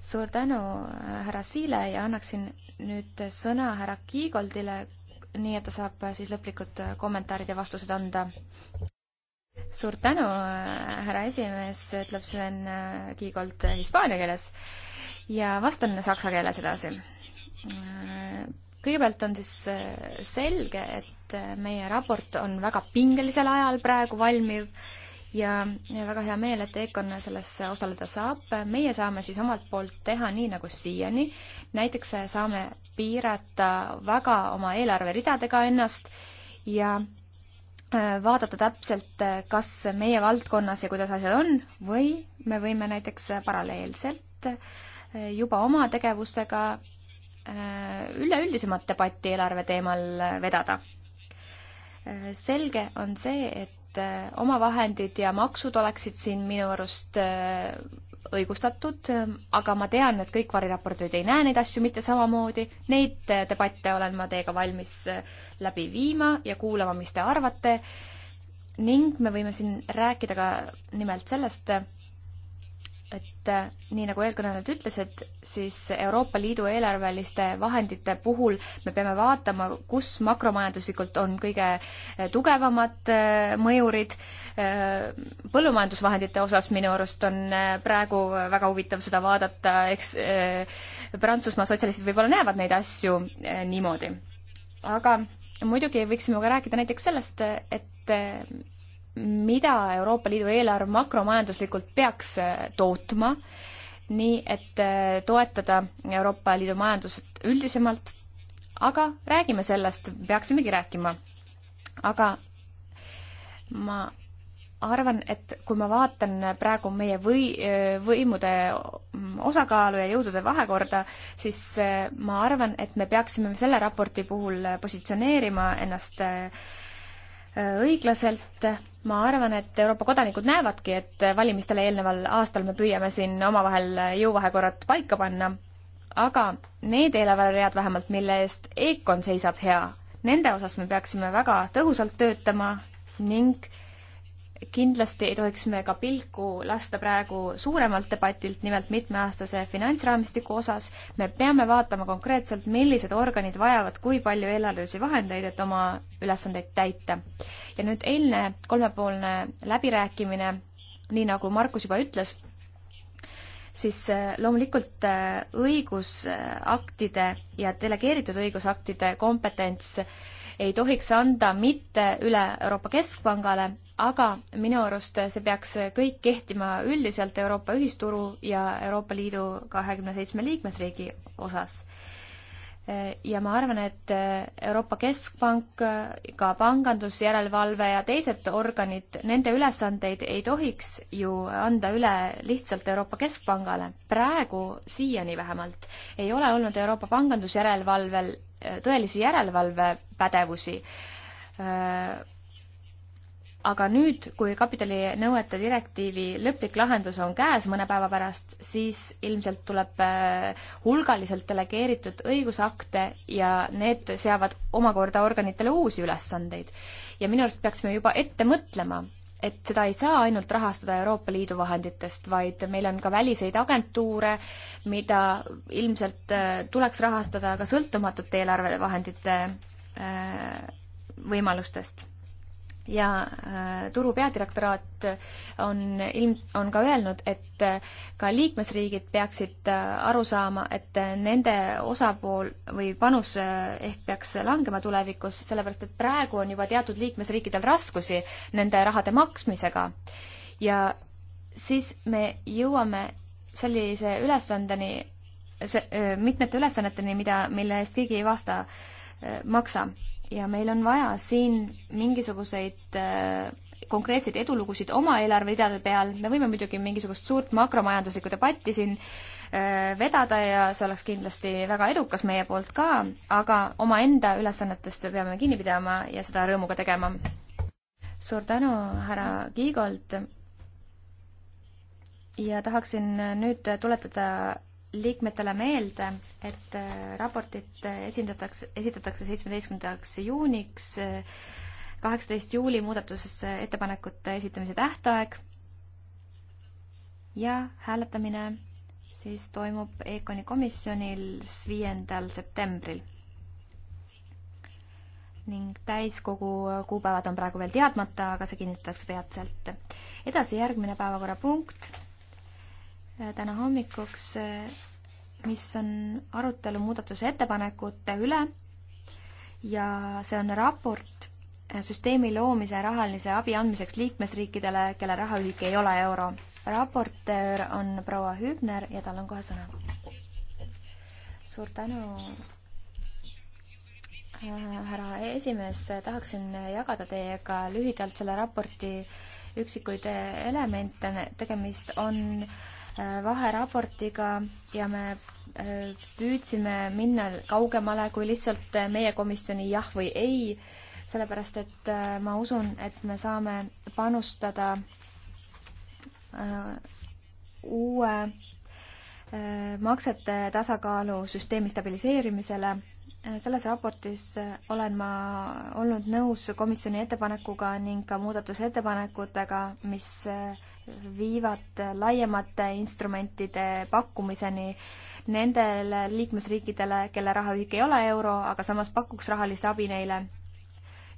suur tänu, äh, härra Siile ja annaksin nüüd sõna härra Kiigoldile, nii et ta saab siis lõplikud kommentaarid ja vastused anda suur tänu, äh, härra esimees, ütleb Sven äh, Kiigolt äh, hispaania keeles ja vastan saksa keeles edasi. kõigepealt on siis selge, et meie raport on väga pingelisel ajal praegu valmiv ja, ja väga hea meel, et Econ selles osaleda saab. meie saame siis omalt poolt teha nii nagu siiani. näiteks saame piirata väga oma eelarveridadega ennast ja Äh, vaadata täpselt, äh, kas meie valdkonnas ja kuidas asjad on või me võime näiteks äh, paralleelselt juba oma tegevustega üleüldisemat debatti eelarve teemal vedada. selge on see, et omavahendid ja maksud oleksid siin minu arust õigustatud, aga ma tean, et kõik variraportöörid ei näe neid asju mitte samamoodi. Neid äh, debatte olen ma teiega valmis äh, läbi viima ja kuulama, mis te arvate. ning me võime siin rääkida ka nimelt sellest, et äh, nii nagu eelkõnelejad ütlesid, siis Euroopa Liidu eelarveliste vahendite puhul me peame vaatama, kus makromajanduslikult on kõige äh, tugevamad äh, mõjurid. põllumajandusvahendite osas minu arust on praegu väga huvitav seda vaadata, eks Prantsusmaa sotsialistid võib-olla näevad neid asju niimoodi. aga muidugi võiksime ka rääkida näiteks sellest, et mida Euroopa Liidu eelarv makromajanduslikult peaks äh, tootma, nii et äh, toetada Euroopa Liidu majandust üldisemalt, aga räägime sellest, peaksimegi rääkima. aga ma arvan, et kui ma vaatan praegu meie või, võimude osakaalu ja jõudude vahekorda, siis äh, ma arvan, et me peaksime selle raporti puhul positsioneerima ennast äh, Äh, õiglaselt. ma arvan, et Euroopa kodanikud näevadki, et valimistele eelneval aastal me püüame siin omavahel jõuvahekorrad paika panna, aga need eelarveread vähemalt, mille eest EKOn seisab hea, nende osas me peaksime väga tõhusalt töötama ning äh, kindlasti ei tohiks me ka pilku lasta praegu suuremalt debatilt, nimelt mitmeaastase finantsraamistiku osas. me peame vaatama konkreetselt, millised organid vajavad kui palju eelarvelisi vahendeid, et oma ülesandeid täita. ja nüüd eilne kolmepoolne läbirääkimine, nii nagu Markus juba ütles, siis äh, loomulikult äh, õigusaktide ja delegeeritud õigusaktide kompetents ei tohiks anda mitte üle Euroopa Keskpangale, aga minu arust see peaks kõik kehtima üldiselt Euroopa ühisturu ja Euroopa Liidu kahekümne seitsme liikmesriigi osas. ja ma arvan, et Euroopa Keskpank, ka pangandusjärelevalve ja teised organid, nende ülesandeid ei tohiks ju anda üle lihtsalt Euroopa Keskpangale. praegu, siiani vähemalt, ei ole olnud Euroopa pangandusjärelevalvel tõelisi järelevalvepädevusi aga nüüd, kui kapitalinõuete direktiivi lõplik lahendus on käes mõne päeva pärast, siis ilmselt tuleb äh, hulgaliselt delegeeritud õigusakte ja need seavad omakorda organitele uusi ülesandeid. ja minu arust peaksime juba ette mõtlema, et seda ei saa ainult rahastada Euroopa Liidu vahenditest, vaid meil on ka väliseid agentuure, mida ilmselt äh, tuleks rahastada ka sõltumatute eelarvevahendite äh, võimalustest ja äh, turu peadirektoraat on ilm, on ka öelnud, et äh, ka liikmesriigid peaksid äh, aru saama, et nende osapool või panus ehk peaks langema tulevikus, sellepärast et praegu on juba teatud liikmesriikidel raskusi nende rahade maksmisega. ja siis me jõuame sellise ülesandeni, see, mitmete ülesanneteni, mida, mille eest keegi ei vasta, maksa ja meil on vaja siin mingisuguseid äh, konkreetseid edulugusid oma eelarveridade peal, me võime muidugi mingisugust suurt makromajanduslikku debatti siin äh, vedada ja see oleks kindlasti väga edukas meie poolt ka, aga omaenda ülesannetest peame kinni pidama ja seda rõõmuga tegema. suur tänu, härra Kiigolt. ja tahaksin nüüd tuletada liikmetele meelde, et äh, raportit äh, esindatakse, esitatakse seitsmeteistkümnendaks juuniks, äh, kaheksateist juuli muudatusettepanekute esitamise tähtaeg ja hääletamine siis toimub EKONi komisjonis viiendal septembril. ning täiskogu kuupäevad on praegu veel teadmata, aga see kinnitatakse peatselt. edasi järgmine päevakorrapunkt Äh, täna hommikuks, äh, mis on arutelu muudatusettepanekute üle ja see on raport äh, süsteemi loomise rahalise abi andmiseks liikmesriikidele, kelle rahaühik ei ole euro. raportöör on proua Hübner ja tal on kohe sõna. suur tänu härra esimees, tahaksin jagada teiega lühidalt selle raporti üksikuid elemente, tegemist on äh, Äh, vaheraportiga ja me äh, püüdsime minna kaugemale kui lihtsalt äh, meie komisjoni jah või ei, sellepärast et ma usun, et me saame panustada uue maksete tasakaalu süsteemi stabiliseerimisele selles raportis olen ma olnud nõus komisjoni ettepanekuga ning ka muudatusettepanekutega, mis viivad laiemate instrumentide pakkumiseni nendele liikmesriikidele, kelle rahaühik ei ole euro, aga samas pakuks rahalist abi neile.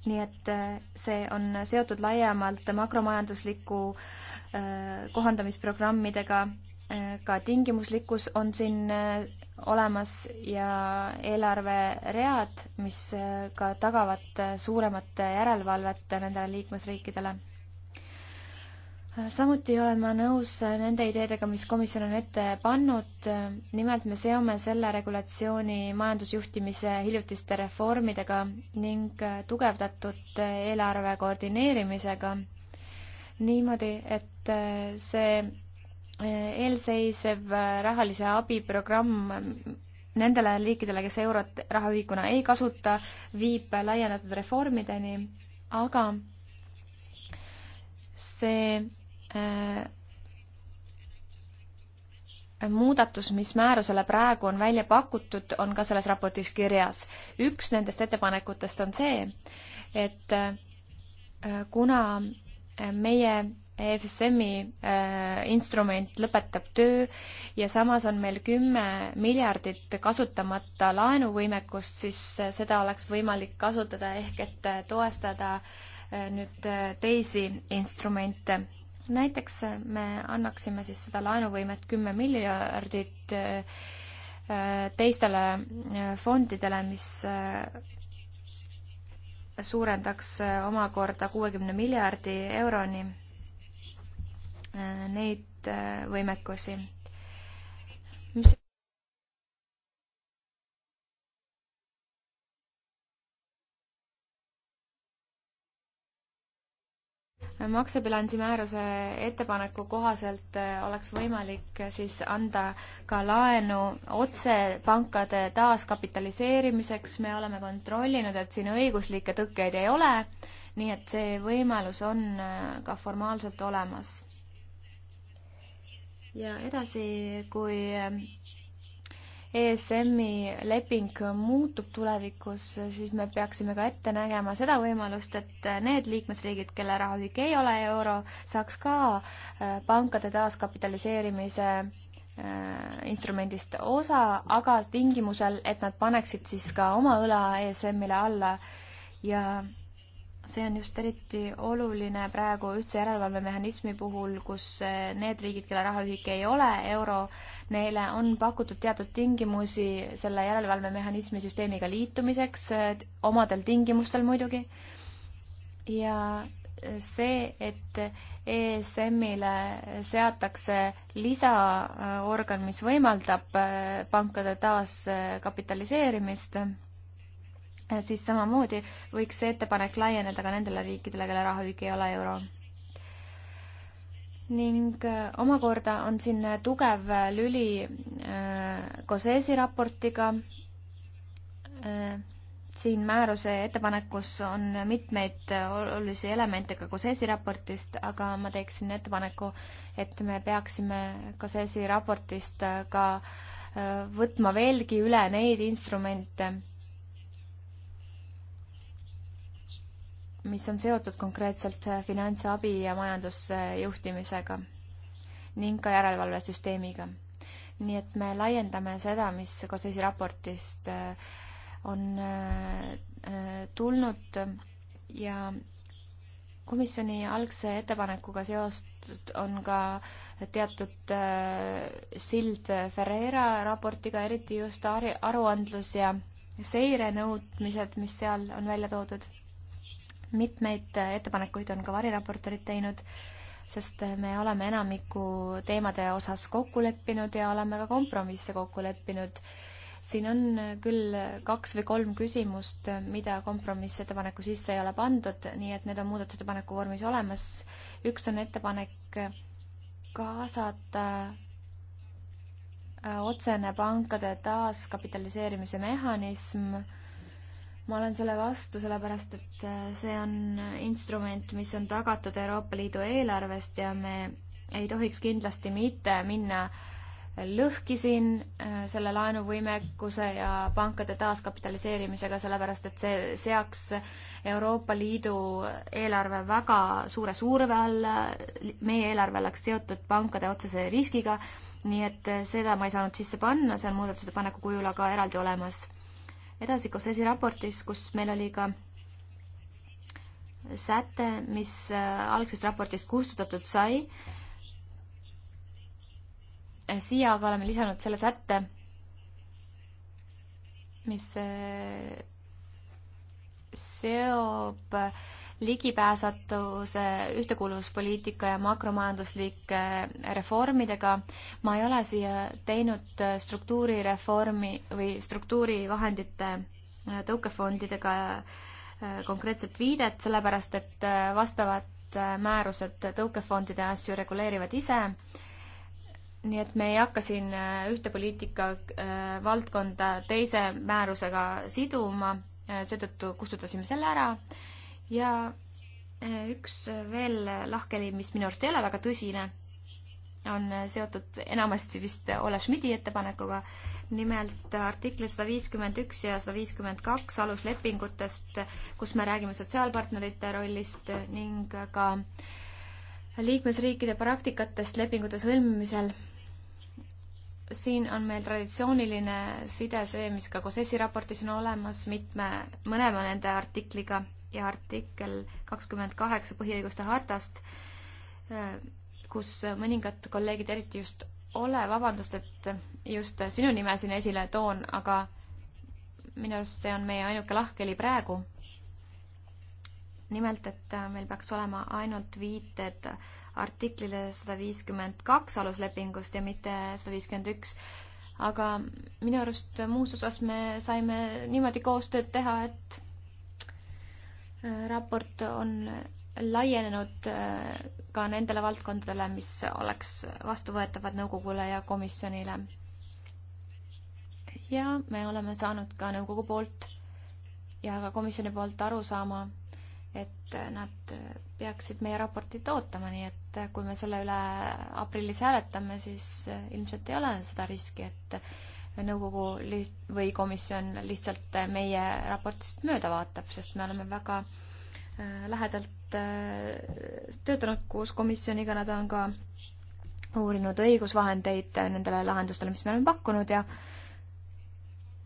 nii et äh, see on seotud laiemalt makromajandusliku äh, kohandamisprogrammidega, äh, ka tingimuslikkus on siin olemas ja eelarveread, mis ka tagavad suuremat järelevalvet nendele liikmesriikidele samuti olen ma nõus nende ideedega, mis komisjon on ette pannud. nimelt me seome selle regulatsiooni majandusjuhtimise hiljutiste reformidega ning tugevdatud eelarve koordineerimisega niimoodi, et see eelseisev rahalise abi programm nendele liikidele, kes eurot rahaühikuna ei kasuta, viib laiendatud reformideni, aga see Äh, muudatus, mis määrusele praegu on välja pakutud, on ka selles raportis kirjas. üks nendest ettepanekutest on see, et äh, kuna meie EFSM-i äh, instrument lõpetab töö ja samas on meil kümme miljardit kasutamata laenuvõimekust, siis seda oleks võimalik kasutada ehk et toestada nüüd teisi instrumente näiteks me annaksime siis seda laenuvõimet kümme miljardit äh, teistele äh, fondidele, mis äh, suurendaks omakorda kuuekümne miljardi euroni neid võimekusi. mis maksebilansi määruse ettepaneku kohaselt äh, oleks võimalik äh, siis anda ka laenu otse pankade taaskapitaliseerimiseks. me oleme kontrollinud, et siin õiguslikke tõkkeid ei ole, nii et see võimalus on äh, ka formaalselt olemas. ja edasi, kui ESM-i leping muutub tulevikus, siis me peaksime ka ette nägema seda võimalust, et need liikmesriigid, kelle rahaühik ei ole euro, saaks ka äh, pankade taaskapitaliseerimise äh, instrumendist osa, aga tingimusel, et nad paneksid siis ka oma õla ESM-ile alla ja see on just eriti oluline praegu ühtse järelevalvemehhanismi puhul, kus eh, need riigid, kelle rahaühik ei ole euro, neile on pakutud teatud tingimusi selle järelevalvemehhanismi süsteemiga liitumiseks, eh, omadel tingimustel muidugi. ja eh, see, et ESM-ile seatakse lisaorgan, mis võimaldab pankade taaskapitaliseerimist Äh, siis samamoodi võiks see ettepanek laieneda ka nendele riikidele, kelle rahaühik ei ole euro. ning äh, omakorda on siin äh, tugev lüli COSES-i raportiga. siin määruse ettepanekus on mitmeid olulisi elemente ka COSES-i raportist, aga ma teeksin ettepaneku, et me peaksime COSES-i raportist ka võtma veelgi üle neid instrumente mis on seotud konkreetselt äh, finantsabi ja majandusjuhtimisega ning ka järelevalvesüsteemiga. nii et me laiendame seda, mis COSES-i raportist äh, on äh, tulnud ja komisjoni algse ettepanekuga seost on ka teatud sild Ferreira raportiga, eriti just aruandlus ja seire nõudmised, mis seal on välja toodud mitmeid ettepanekuid on ka variraportorid teinud, sest me oleme enamiku teemade osas kokku leppinud ja oleme ka kompromisse kokku leppinud. siin on küll kaks või kolm küsimust, mida kompromissettepaneku sisse ei ole pandud, nii et need on muudatusettepaneku vormis olemas. üks on ettepanek kaasata äh, otsene pankade taaskapitaliseerimise mehhanism äh, ma olen selle vastu, sellepärast et äh, see on instrument, mis on tagatud Euroopa Liidu eelarvest ja me ei tohiks kindlasti mitte minna lõhki siin äh, selle laenuvõimekuse ja pankade taaskapitaliseerimisega, sellepärast et see seaks Euroopa Liidu eelarve väga suure surve alla, meie eelarve oleks seotud pankade otsese riskiga, nii et äh, seda ma ei saanud sisse panna, see on muudatusettepaneku kujul aga eraldi olemas edasikus esiraportis, kus meil oli ka säte, mis äh, algsest raportist kustutatud sai. siia aga oleme lisanud selle sätte, mis äh, seob äh, ligipääsetavuse, ühtekuuluvuspoliitika ja makromajanduslike reformidega. ma ei ole siia teinud struktuurireformi või struktuurivahendite äh, tõukefondidega äh, konkreetset viidet, sellepärast et äh, vastavad määrused tõukefondide asju reguleerivad ise. nii et me ei hakka siin ühte poliitika valdkonda teise määrusega siduma, seetõttu kustutasime selle ära ja äh, üks äh, veel lahkheli, mis minu arust ei ole väga tõsine, on äh, seotud enamasti vist Ole Schmidti ettepanekuga. nimelt artiklid sada viiskümmend üks ja sada viiskümmend kaks aluslepingutest, kus me räägime sotsiaalpartnerite rollist ning ka liikmesriikide praktikatest lepingute sõlmimisel siin on meil traditsiooniline side, see, mis ka COSESi raportis on olemas mitme, mõlema nende artikliga ja artikkel kakskümmend kaheksa põhiõiguste hartast, kus mõningad kolleegid, eriti just Ole, vabandust, et just sinu nime siin esile toon, aga minu arust see on meie ainuke lahkheli praegu. nimelt, et meil peaks olema ainult viited artiklile sada viiskümmend kaks aluslepingust ja mitte sada viiskümmend üks aga minu arust muus osas me saime niimoodi koostööd teha, et raport on laienenud äh, ka nendele valdkondadele, mis oleks vastuvõetavad nõukogule ja komisjonile. ja me oleme saanud ka nõukogu poolt ja ka komisjoni poolt aru saama, et nad peaksid meie raportit ootama, nii et kui me selle üle aprillis hääletame, siis ilmselt ei ole seda riski, et nõukogu liht- või komisjon lihtsalt meie raportist mööda vaatab, sest me oleme väga äh, lähedalt äh, töötanud koos komisjoniga, nad on ka uurinud õigusvahendeid nendele lahendustele, mis me oleme pakkunud ja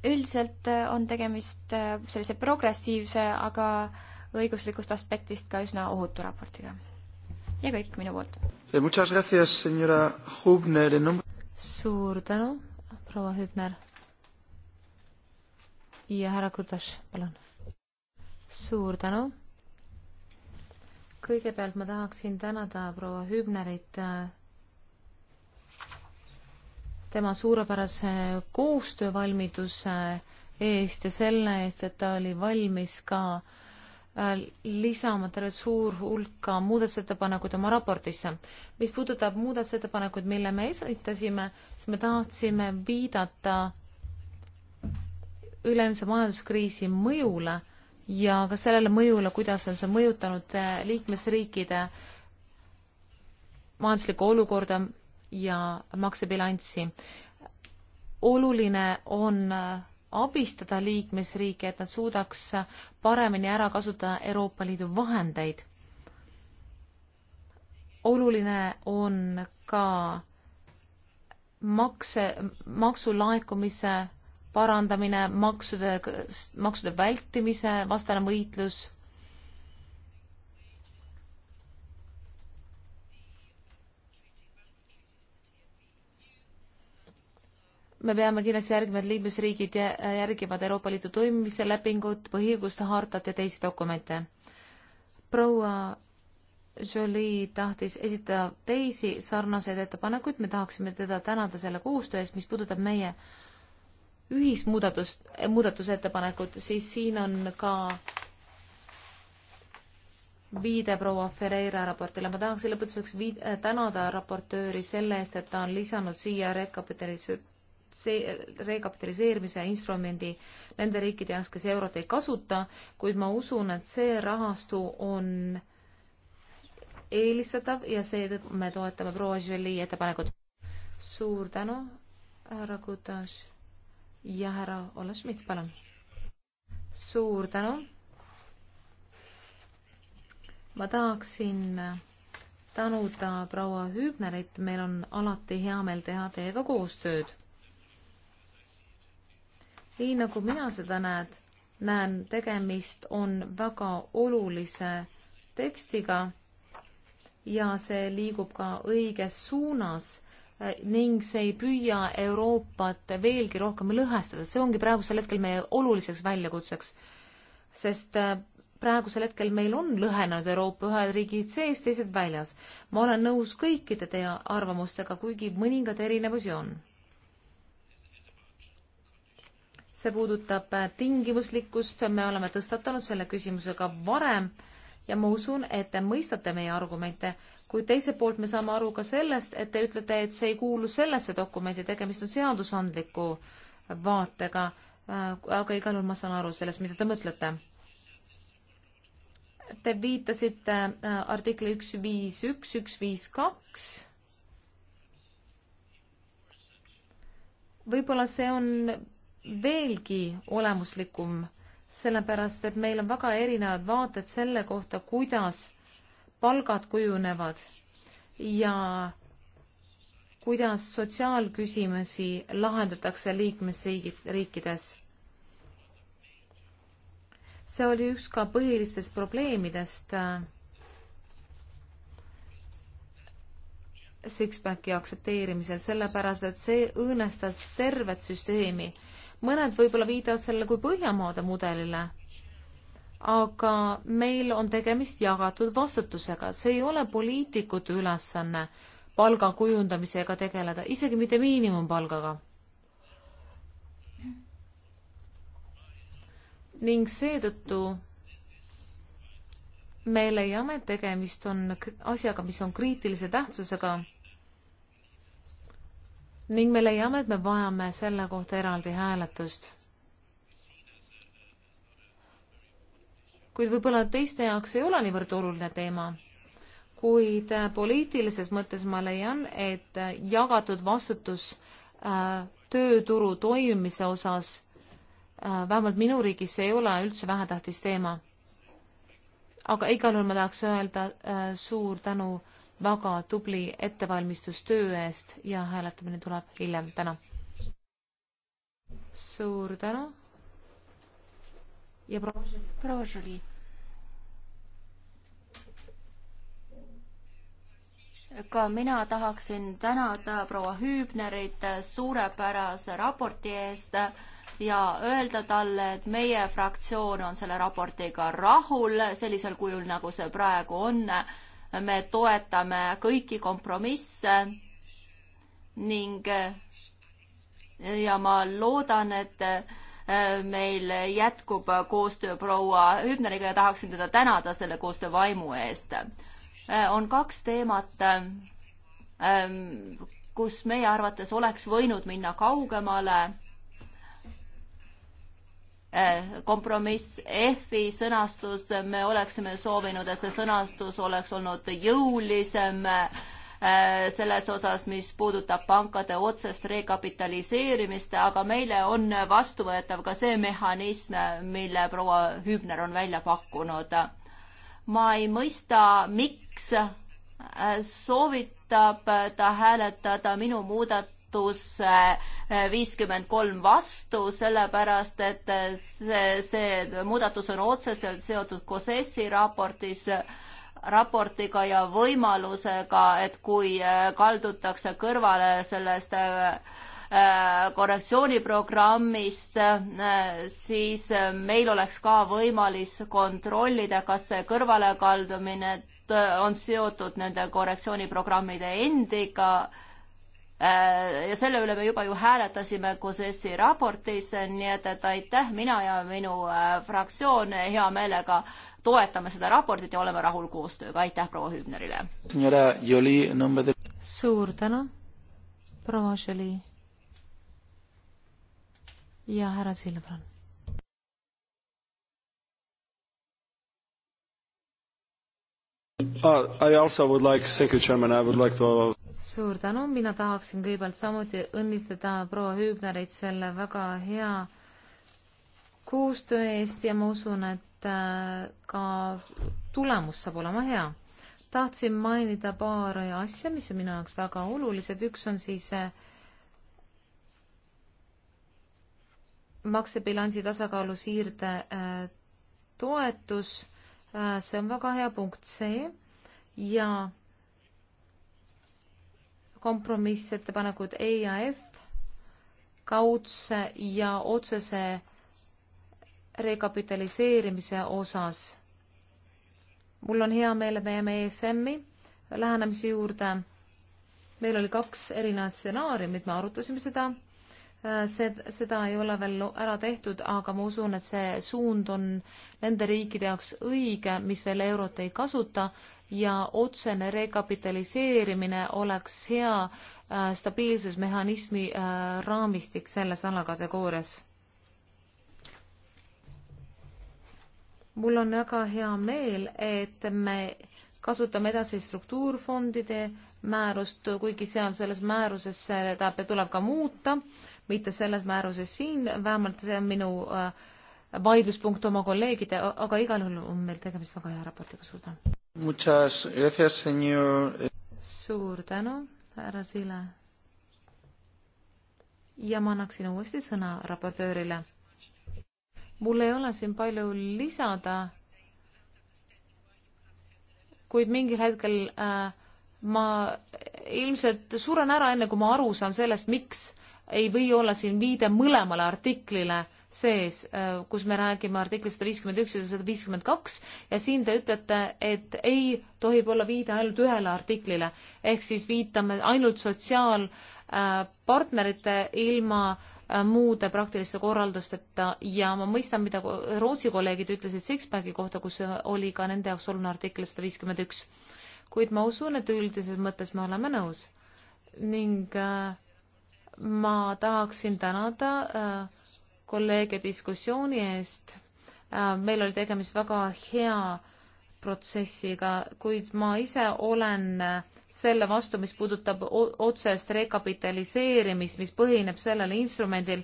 üldiselt äh, on tegemist sellise progressiivse, aga õiguslikust aspektist ka üsna ohutu raportiga. ja kõik minu poolt. Eh, suur tänu proua Hübner. ja härra Kutas, palun. suur tänu. kõigepealt ma tahaksin tänada proua Hübnerit äh, tema suurepärase koostöövalmiduse eest ja selle eest, et ta oli valmis ka äh, Äh, lisama terve suur hulka muudatusettepanekuid oma raportisse. mis puudutab muudatusettepanekuid, mille me esitasime, siis me tahtsime viidata üleilmse majanduskriisi mõjule ja ka sellele mõjule, kuidas on see mõjutanud äh, liikmesriikide majanduslikku olukorda ja maksebilanssi. oluline on äh, abistada liikmesriike, et nad suudaks paremini ära kasutada Euroopa Liidu vahendeid. oluline on ka makse, maksulaekumise parandamine, maksude, maksude vältimise vastane võitlus me peame kindlasti järgima, et liikmesriigid järgivad Euroopa Liidu toimimise lepingut, põhiõiguste hartat ja teisi dokumente. proua Jolie tahtis esitada teisi sarnaseid ettepanekuid, me tahaksime teda tänada selle koostöö eest, mis puudutab meie ühismuudatust, muudatusettepanekut, siis siin on ka viide proua Ferreira raportile, ma tahaks lõpetuseks viid-, tänada raportööri selle eest, et ta on lisanud siia rekapitaliseeritud see rekapitaliseerimise instrumendi nende riikide jaoks, kes eurot ei kasuta, kuid ma usun, et see rahastu on eelistatav ja seetõttu me toetame proua Jolie ettepanekut. suur tänu, härra Kutaš ja härra Olle Schmidt, palun. suur tänu. ma tahaksin tänuda proua Hübnerit, meil on alati hea meel teha teiega koostööd nii nagu mina seda näed, näen, tegemist on väga olulise tekstiga ja see liigub ka õiges suunas eh, ning see ei püüa Euroopat veelgi rohkem lõhestada, see ongi praegusel hetkel meie oluliseks väljakutseks. sest eh, praegusel hetkel meil on lõhenenud Euroopa ühed riigid sees, teised väljas. ma olen nõus kõikide teie arvamustega, kuigi mõningad erinevusi on see puudutab äh, tingimuslikkust, me oleme tõstatanud selle küsimuse ka varem ja ma usun, et te mõistate meie argumente, kuid teiselt poolt me saame aru ka sellest, et te ütlete, et see ei kuulu sellesse dokumendi, tegemist on seadusandliku vaatega, äh, aga igal juhul ma saan aru sellest, mida te mõtlete. Te viitasite äh, artikli üks viis üks, üks viis kaks võib-olla see on veelgi olemuslikum, sellepärast et meil on väga erinevad vaated selle kohta, kuidas palgad kujunevad ja kuidas sotsiaalküsimusi lahendatakse liikmesriigid, riikides. see oli üks ka põhilistest probleemidest Sixpacki aktsepteerimisel, sellepärast et see õõnestas tervet süsteemi mõned võib-olla viidavad sellele kui Põhjamaade mudelile, aga meil on tegemist jagatud vastutusega, see ei ole poliitikute ülesanne palga kujundamisega tegeleda, isegi mitte miinimumpalgaga. ning seetõttu me leiame, et tegemist on asjaga, mis on kriitilise tähtsusega ning me leiame, et me vajame selle kohta eraldi hääletust. kuid võib-olla teiste jaoks ei ole niivõrd oluline teema, kuid äh, poliitilises mõttes ma leian, et äh, jagatud vastutus äh, tööturu toimimise osas äh, vähemalt minu riigis ei ole üldse vähetähtis teema. aga igal juhul ma tahaks öelda äh, suur tänu äh, väga tubli ettevalmistustöö eest ja hääletamine tuleb hiljem täna. suur tänu. ja proua Žuli. proua Žuli. ka mina tahaksin tänada proua Hüübnerit suurepärase raporti eest ja öelda talle, et meie fraktsioon on selle raportiga rahul sellisel kujul, nagu see praegu on me toetame kõiki kompromisse ning ja ma loodan, et äh, meil jätkub koostöö proua Hübneriga ja tahaksin teda tänada selle koostöö vaimu eest. Äh, on kaks teemat, äh, kus meie arvates oleks võinud minna kaugemale Eh, kompromiss F-i sõnastus, me oleksime soovinud, et see sõnastus oleks olnud jõulisem eh, selles osas, mis puudutab pankade otsest rekapitaliseerimist, aga meile on vastuvõetav ka see mehhanism, mille proua Hübner on välja pakkunud. ma ei mõista, miks eh, soovitab ta hääletada minu muudat-, muudatus, eh, viiskümmend kolm vastu, sellepärast et eh, see, see muudatus on otseselt seotud COSES-i raportis, raportiga ja võimalusega, et kui eh, kaldutakse kõrvale sellest korrektsiooniprogrammist, siis meil oleks ka võimalus kontrollida, kas see kõrvalekaldumine on seotud nende korrektsiooniprogrammide endiga Äh, ja selle üle me juba ju hääletasime koos ESI raportis, nii et, et aitäh, mina ja minu äh, fraktsioon hea meelega toetame seda raportit ja oleme rahul koostööga, aitäh proua Hübnerile. suur tänu, proua Jolie ja härra Silvran. Uh, I also would like, thank you, Chairman, I would like to suur tänu, mina tahaksin kõigepealt samuti õnnitleda proua Hüübnerit selle väga hea koostöö eest ja ma usun, et äh, ka tulemus saab olema hea. tahtsin mainida paari asja, mis on minu jaoks väga olulised, üks on siis äh, maksebilansi tasakaalu siirde äh, toetus, see on väga hea punkt, see ja kompromissettepanekud E ja F kaudse ja otsese rekapitaliseerimise osas. mul on hea meel, et me jääme ESM-i lähenemise juurde. meil oli kaks erinevat stsenaariumit, me arutasime seda, see, seda ei ole veel ära tehtud, aga ma usun, et see suund on nende riikide jaoks õige, mis veel eurot ei kasuta, ja otsene rekapitaliseerimine oleks hea äh, stabiilsusmehhanismi äh, raamistik selles alakategoorias. mul on väga hea meel, et me kasutame edasi struktuurfondide määrust, kuigi seal selles määruses seda tuleb ka muuta, mitte selles määruses siin, vähemalt see on minu äh, vaidluspunkt oma kolleegide, aga igal juhul on meil tegemist väga hea raportiga, suur tänu. Eh. suur tänu, härra Sille. ja ma annaksin uuesti sõna raportöörile. mul ei ole siin palju lisada, kuid mingil hetkel äh, ma ilmselt suren ära, enne kui ma aru saan sellest, miks ei või olla siin viide mõlemale artiklile sees, äh, kus me räägime artiklist sada viiskümmend üks ja sada viiskümmend kaks ja siin te ütlete, et ei tohib olla viide ainult ühele artiklile, ehk siis viitame ainult sotsiaalpartnerite äh, ilma äh, muude praktiliste korraldusteta ja ma mõistan, mida Rootsi kolleegid ütlesid Sixpacki kohta, kus oli ka nende jaoks oluline artikkel sada viiskümmend üks. kuid ma usun, et üldises mõttes me oleme nõus ning äh, ma tahaksin tänada äh, kolleege diskussiooni eest. Äh, meil oli tegemist väga hea protsessiga, kuid ma ise olen selle vastu, mis puudutab otsest rekapitaliseerimist, mis põhineb sellel instrumendil,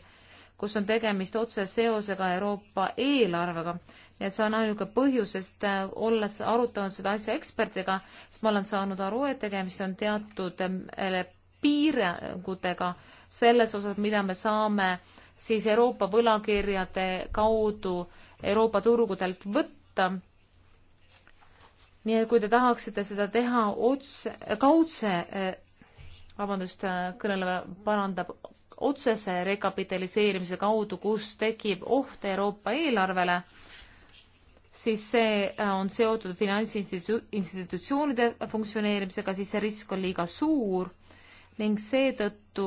kus on tegemist otse seosega Euroopa eelarvega. nii et see on ainuke põhjus, sest äh, olles arutanud seda asja ekspertiga, siis ma olen saanud aru, et tegemist on teatud ähm, äh, piirangutega selles osas, mida me saame äh, siis Euroopa võlakirjade kaudu Euroopa turgudelt võtta. nii et kui te tahaksite seda teha otse, kaudse, eh, vabandust, eh, kõneleja parandab, otsese rekapitaliseerimise kaudu, kus tekib oht Euroopa eelarvele, siis see eh, on seotud finantsinstitutsioonide funktsioneerimisega, siis see risk on liiga suur ning seetõttu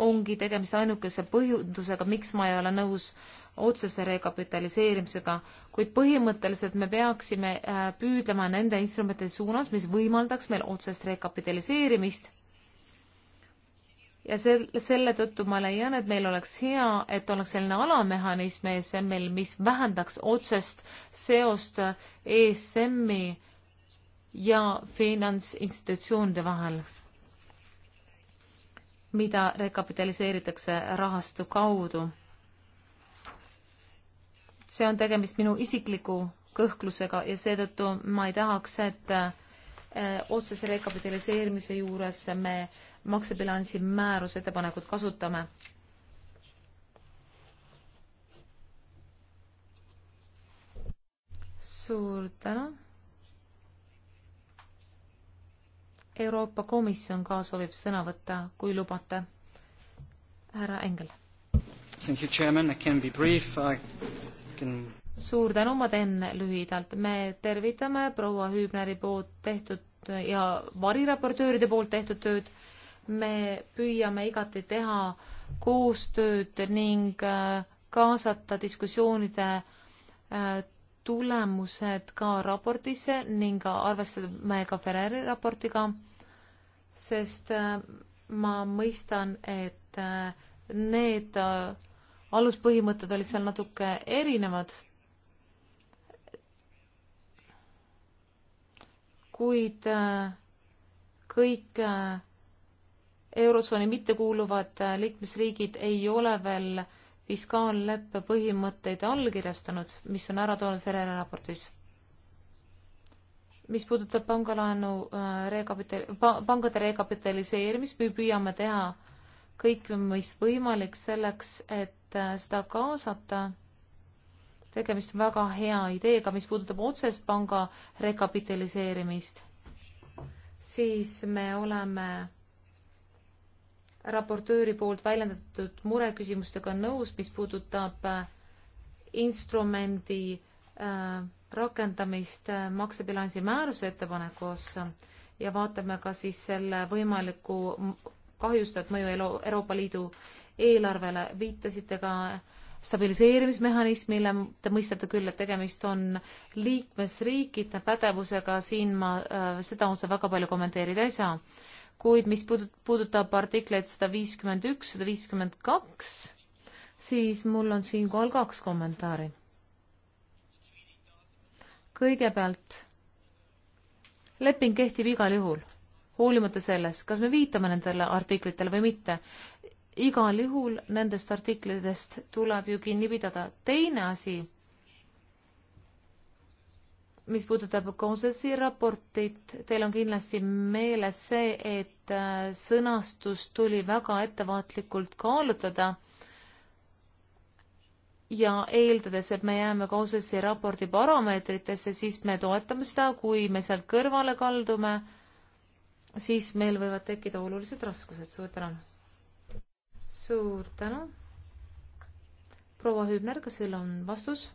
ongi tegemist ainukese põhjendusega, miks ma ei ole nõus otsese rekapitaliseerimisega, kuid põhimõtteliselt me peaksime äh, püüdlema nende instrumentide suunas, mis võimaldaks meil otsest rekapitaliseerimist. ja sel-, selle tõttu ma leian, et meil oleks hea, et oleks selline alamehhanism ESM-il, mis vähendaks otsest seost äh, ESM-i ja finantsinstitutsioonide vahel mida rekapitaliseeritakse rahastu kaudu. see on tegemist minu isikliku kõhklusega ja seetõttu ma ei tahaks, et eh, otsese rekapitaliseerimise juures me maksebilansi määruse ettepanekut kasutame. suur tänu Euroopa Komisjon ka soovib sõna võtta, kui lubate. härra Engel. Can... suur tänu, ma teen lühidalt. me tervitame proua Hübneri poolt tehtud ja variraportööride poolt tehtud tööd. me püüame igati teha koostööd ning äh, kaasata diskussioonide äh, tulemused ka raportisse ning arvestame ka Ferrari raportiga, sest äh, ma mõistan, et äh, need äh, aluspõhimõtted olid seal natuke erinevad. kuid kõik eurotsooni mittekuuluvad liikmesriigid ei ole veel äh, fiskaalleppe põhimõtteid allkirjastanud, mis on ära toonud Ferrera raportis. mis puudutab pangalaenu äh, rekapital- pa,, pankade rekapitaliseerimist, me püüame teha kõik, mis võimalik selleks, et äh, seda kaasata. tegemist on väga hea ideega, mis puudutab otsest panga rekapitaliseerimist, siis me oleme raportööri poolt väljendatud mureküsimustega nõus, mis puudutab äh, instrumendi äh, rakendamist äh, maksebilansi määruse ettepanekus ja vaatame ka siis selle võimaliku kahjustavat mõju Euroopa Liidu eelarvele. viitasite ka stabiliseerimismehhanismile, te mõistate küll, et tegemist on liikmesriikide pädevusega, siin ma äh, seda osa väga palju kommenteerida ei saa kuid mis puudutab artikleid sada viiskümmend üks, sada viiskümmend kaks, siis mul on siinkohal kaks kommentaari. kõigepealt, leping kehtib igal juhul, hoolimata sellest, kas me viitame nendele artiklitele või mitte. igal juhul nendest artiklitest tuleb ju kinni pidada. teine asi mis puudutab konsessi raportit, teil on kindlasti meeles see, et äh, sõnastust tuli väga ettevaatlikult kaalutleda ja eeldades, et me jääme konsessi raporti parameetritesse, siis me toetame seda, kui me sealt kõrvale kaldume, siis meil võivad tekkida olulised raskused. suur tänu! suur tänu! proua Hübner, kas teil on vastus?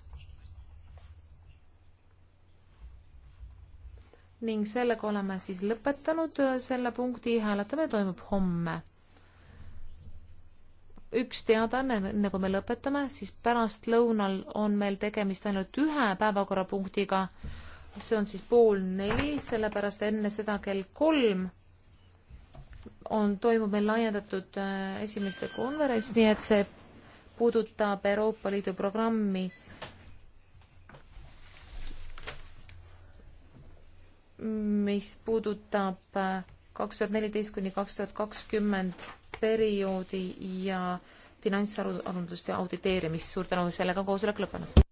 ning sellega oleme siis lõpetanud äh, selle punkti, hääletamine toimub homme. üks teadaanne, enne nagu kui me lõpetame, siis pärastlõunal on meil tegemist ainult ühe päevakorrapunktiga, see on siis pool neli, sellepärast enne seda kell kolm on, toimub meil laiendatud äh, esimeste konverents, nii et see puudutab Euroopa Liidu programmi mis puudutab äh, kaks tuhat neliteist kuni kaks tuhat kakskümmend perioodi ja finantsarvundust ja auditeerimist. suur tänu, sellega koosolek lõppenud.